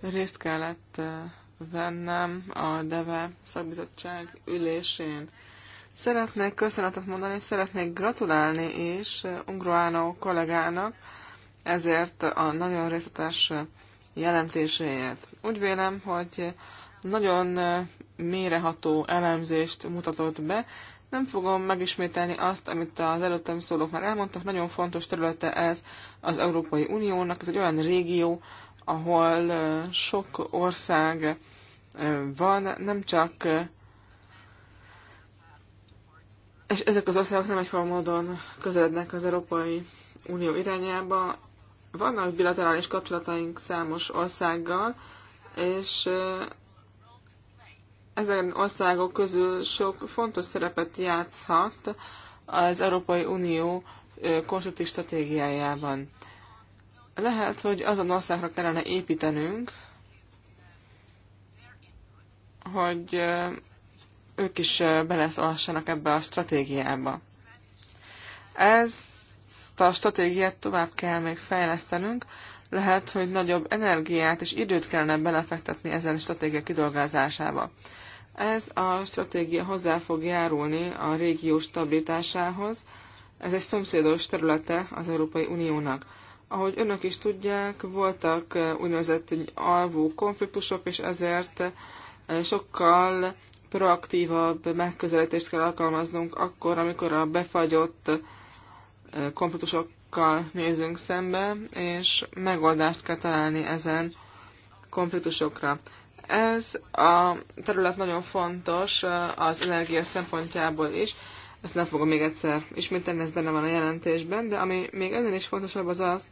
Részt kellett eh, vennem a DEVE szakbizottság ülésén. Szeretnék köszönetet mondani, és szeretnék gratulálni is eh, Ungroánó kollégának, ezért a nagyon részletes jelentéséért. Úgy vélem, hogy nagyon méreható elemzést mutatott be. Nem fogom megismételni azt, amit az előttem szólók már elmondtak. Nagyon fontos területe ez az Európai Uniónak. Ez egy olyan régió, ahol sok ország van, nem csak és ezek az országok nem egyformán módon közelednek az Európai Unió irányába, vannak bilaterális kapcsolataink számos országgal, és ezen országok közül sok fontos szerepet játszhat az Európai Unió konstruktív stratégiájában. Lehet, hogy azon országra kellene építenünk, hogy ők is beleszolhassanak ebbe a stratégiába. Ez ezt a stratégiát tovább kell még fejlesztenünk, lehet, hogy nagyobb energiát és időt kellene belefektetni ezen stratégia kidolgozásába. Ez a stratégia hozzá fog járulni a régió stabilitásához, ez egy szomszédos területe az Európai Uniónak. Ahogy önök is tudják, voltak eh, úgynevezett alvó konfliktusok, és ezért eh, sokkal proaktívabb megközelítést kell alkalmaznunk akkor, amikor a befagyott konfliktusokkal nézünk szembe, és megoldást kell találni ezen konfliktusokra. Ez a terület nagyon fontos az energia szempontjából is, ezt nem fogom még egyszer ismételni, ez benne van a jelentésben, de ami még ennél is fontosabb az az,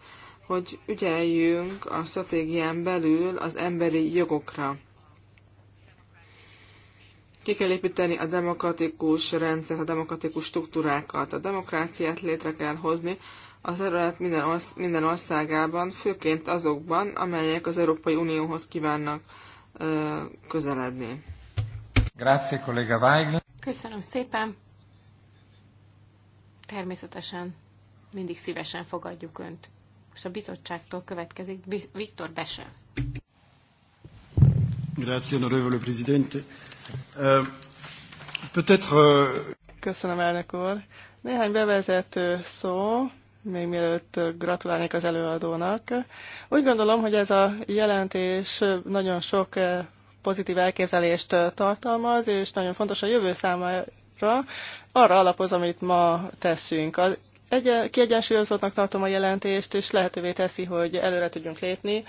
hogy ügyeljünk a stratégián belül az emberi jogokra. Ki kell építeni a demokratikus rendszert, a demokratikus struktúrákat, a demokráciát létre kell hozni az terület minden, orsz- minden országában, főként azokban, amelyek az Európai Unióhoz kívánnak ö, közeledni. Grazie, kollega Weigl. Köszönöm szépen. Természetesen mindig szívesen fogadjuk Önt. Most a bizottságtól következik Viktor Bese. Grazie, onorevole Presidente. Euh, euh, Köszönöm, elnök úr. Néhány bevezető szó, még mielőtt gratulálnék az előadónak. Úgy gondolom, hogy ez a jelentés nagyon sok eh, pozitív elképzelést eh, tartalmaz, és nagyon fontos a jövő számára, arra alapoz, amit ma teszünk. Az egy kiegyensúlyozottnak tartom a jelentést, és lehetővé teszi, hogy előre tudjunk lépni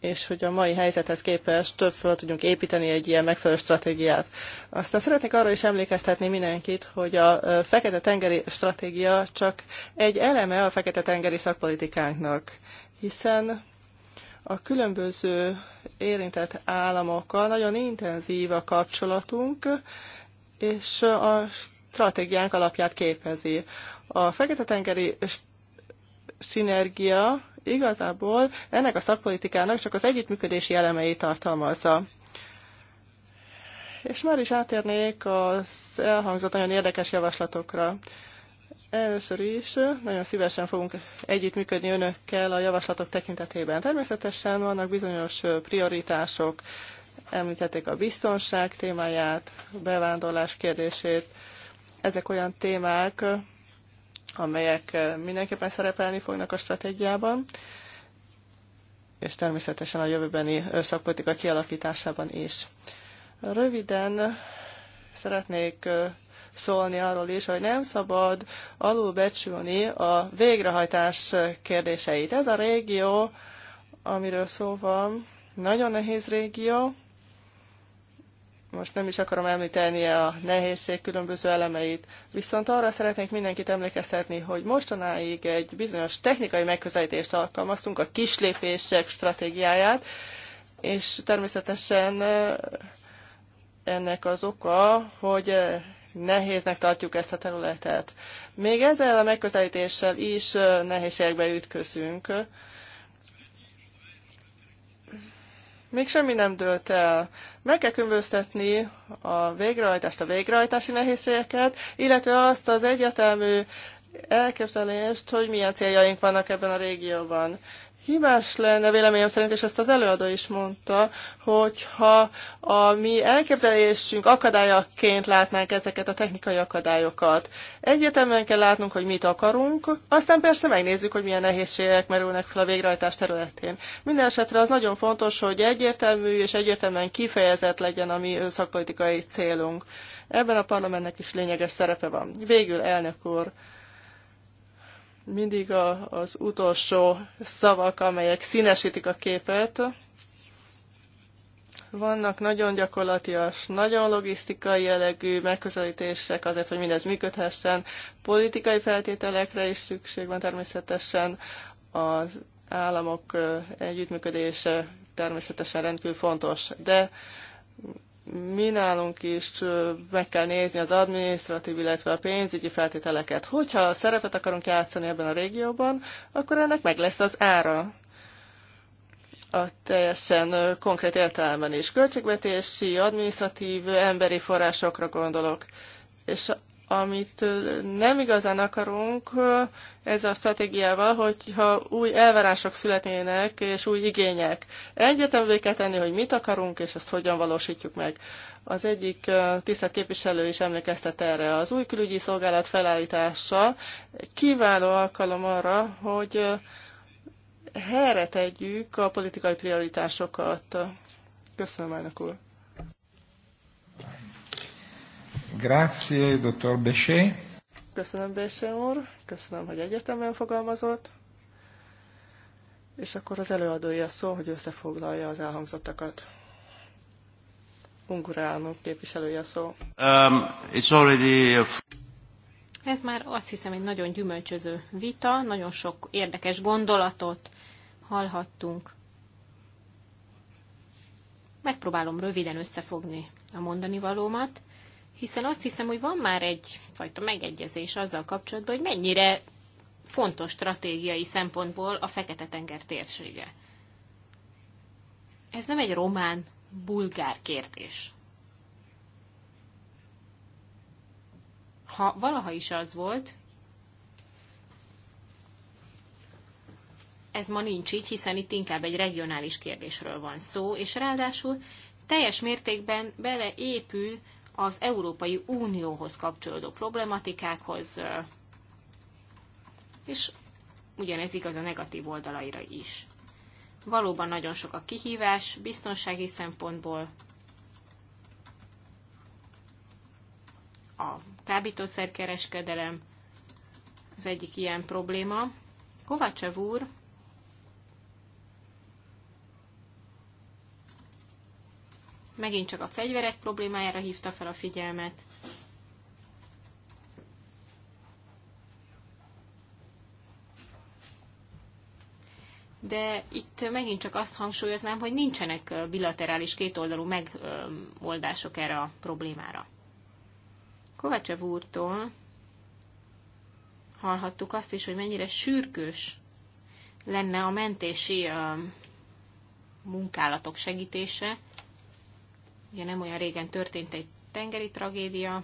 és hogy a mai helyzethez képest több föl tudjunk építeni egy ilyen megfelelő stratégiát. Aztán szeretnék arra is emlékeztetni mindenkit, hogy a Fekete-tengeri stratégia csak egy eleme a Fekete-tengeri szakpolitikánknak, hiszen a különböző érintett államokkal nagyon intenzív a kapcsolatunk, és a stratégiánk alapját képezi. A Fekete-tengeri szinergia igazából ennek a szakpolitikának csak az együttműködési elemei tartalmazza. És már is átérnék az elhangzott nagyon érdekes javaslatokra. Először is nagyon szívesen fogunk együttműködni önökkel a javaslatok tekintetében. Természetesen vannak bizonyos prioritások, említették a biztonság témáját, bevándorlás kérdését. Ezek olyan témák, amelyek mindenképpen szerepelni fognak a stratégiában, és természetesen a jövőbeni szakpolitika kialakításában is. Röviden szeretnék szólni arról is, hogy nem szabad alulbecsülni a végrehajtás kérdéseit. Ez a régió, amiről szó van, nagyon nehéz régió, most nem is akarom említeni a nehézség különböző elemeit, viszont arra szeretnék mindenkit emlékeztetni, hogy mostanáig egy bizonyos technikai megközelítést alkalmaztunk, a kislépések stratégiáját, és természetesen ennek az oka, hogy nehéznek tartjuk ezt a területet. Még ezzel a megközelítéssel is nehézségekbe ütközünk még semmi nem dőlt el. Meg kell különböztetni a végrehajtást, a végrehajtási nehézségeket, illetve azt az egyetemű elképzelést, hogy milyen céljaink vannak ebben a régióban hibás lenne véleményem szerint, és ezt az előadó is mondta, hogyha a mi elképzelésünk akadályaként látnánk ezeket a technikai akadályokat. Egyértelműen kell látnunk, hogy mit akarunk, aztán persze megnézzük, hogy milyen nehézségek merülnek fel a végrehajtás területén. Minden esetre az nagyon fontos, hogy egyértelmű és egyértelműen kifejezett legyen a mi szakpolitikai célunk. Ebben a parlamentnek is lényeges szerepe van. Végül, elnök úr, mindig a, az utolsó szavak, amelyek színesítik a képet. Vannak nagyon gyakorlatias, nagyon logisztikai jellegű megközelítések azért, hogy mindez működhessen. Politikai feltételekre is szükség van természetesen. Az államok együttműködése természetesen rendkívül fontos, de mi nálunk is meg kell nézni az adminisztratív, illetve a pénzügyi feltételeket. Hogyha szerepet akarunk játszani ebben a régióban, akkor ennek meg lesz az ára a teljesen konkrét értelemben is. Költségvetési, adminisztratív, emberi forrásokra gondolok. És amit nem igazán akarunk ez a stratégiával, hogyha új elvárások születnének, és új igények. Egyetemvé kell tenni, hogy mit akarunk, és ezt hogyan valósítjuk meg. Az egyik tisztelt képviselő is emlékeztet erre. Az új külügyi szolgálat felállítása kiváló alkalom arra, hogy helyre tegyük a politikai prioritásokat. Köszönöm, elnök úr! Grazie, Köszönöm, Besé úr. Köszönöm, hogy egyértelműen fogalmazott. És akkor az előadója szó, hogy összefoglalja az elhangzottakat. elnök képviselője szó. Um, it's already a... Ez már azt hiszem egy nagyon gyümölcsöző vita, nagyon sok érdekes gondolatot hallhattunk. Megpróbálom röviden összefogni a mondani valómat hiszen azt hiszem, hogy van már egyfajta megegyezés azzal kapcsolatban, hogy mennyire fontos stratégiai szempontból a Fekete-tenger térsége. Ez nem egy román-bulgár kérdés. Ha valaha is az volt, ez ma nincs így, hiszen itt inkább egy regionális kérdésről van szó, és ráadásul teljes mértékben beleépül az Európai Unióhoz kapcsolódó problematikákhoz, és ugyanez igaz a negatív oldalaira is. Valóban nagyon sok a kihívás biztonsági szempontból, a kábítószerkereskedelem az egyik ilyen probléma. Kovácsev úr megint csak a fegyverek problémájára hívta fel a figyelmet. De itt megint csak azt hangsúlyoznám, hogy nincsenek bilaterális kétoldalú megoldások erre a problémára. Kovacsev úrtól hallhattuk azt is, hogy mennyire sürgős lenne a mentési munkálatok segítése, Ugye nem olyan régen történt egy tengeri tragédia,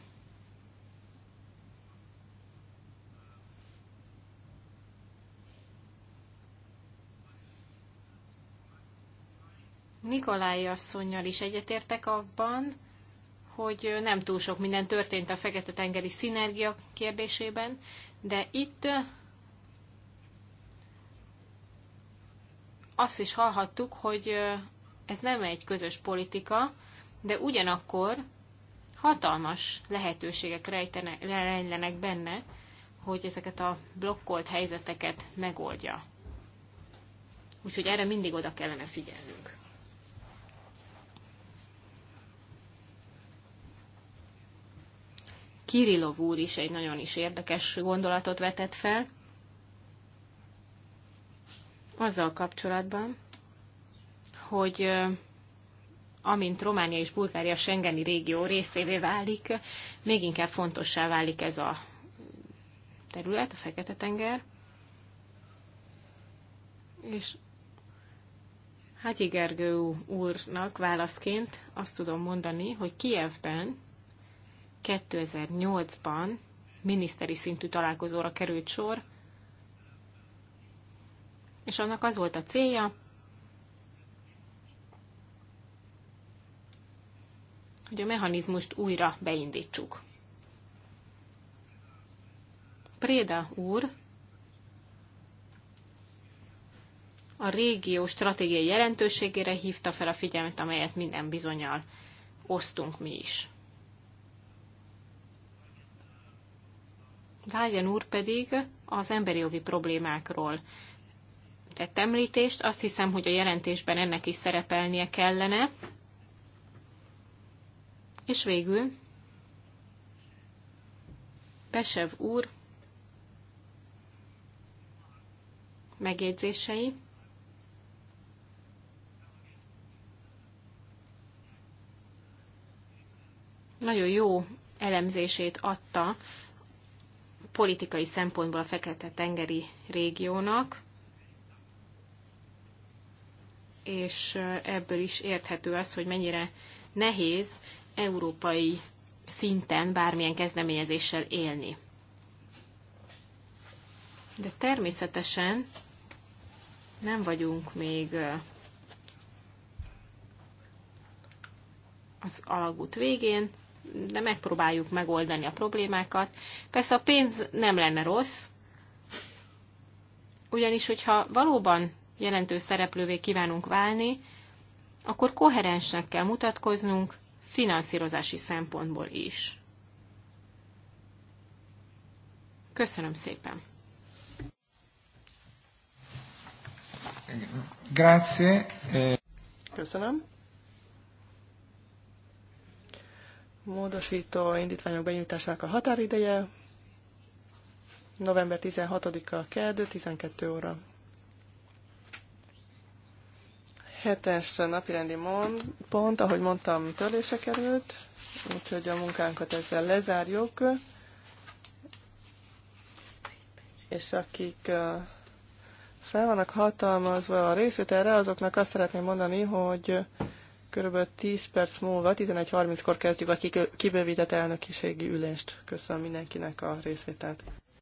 Nikolai asszonynal is egyetértek abban, hogy nem túl sok minden történt a Fekete-tengeri szinergia kérdésében, de itt azt is hallhattuk, hogy ez nem egy közös politika, de ugyanakkor hatalmas lehetőségek rejlenek benne, hogy ezeket a blokkolt helyzeteket megoldja. Úgyhogy erre mindig oda kellene figyelnünk. Kirilov úr is egy nagyon is érdekes gondolatot vetett fel, azzal kapcsolatban, hogy amint Románia és Bulgária Schengeni régió részévé válik, még inkább fontossá válik ez a terület, a Fekete-tenger. És Hátyi Gergő úrnak válaszként azt tudom mondani, hogy Kijevben 2008-ban miniszteri szintű találkozóra került sor, és annak az volt a célja, hogy a mechanizmust újra beindítsuk. Préda úr a régió stratégiai jelentőségére hívta fel a figyelmet, amelyet minden bizonyal osztunk mi is. Vágyan úr pedig az emberi jogi problémákról tett említést. Azt hiszem, hogy a jelentésben ennek is szerepelnie kellene. És végül Pesev úr megjegyzései. Nagyon jó elemzését adta politikai szempontból a Fekete-tengeri régiónak, és ebből is érthető az, hogy mennyire nehéz európai szinten bármilyen kezdeményezéssel élni. De természetesen nem vagyunk még az alagút végén, de megpróbáljuk megoldani a problémákat. Persze a pénz nem lenne rossz, ugyanis, hogyha valóban jelentős szereplővé kívánunk válni, akkor koherensnek kell mutatkoznunk, finanszírozási szempontból is. Köszönöm szépen! Grazie. Köszönöm. Módosító indítványok benyújtásának a határideje november 16-a, kedd, 12 óra. Hetes napirendi pont, ahogy mondtam, törlése került, úgyhogy a munkánkat ezzel lezárjuk. És akik fel vannak hatalmazva a részvételre, azoknak azt szeretném mondani, hogy kb. 10 perc múlva, 11.30-kor kezdjük a kibővített elnökiségi ülést. Köszönöm mindenkinek a részvételt.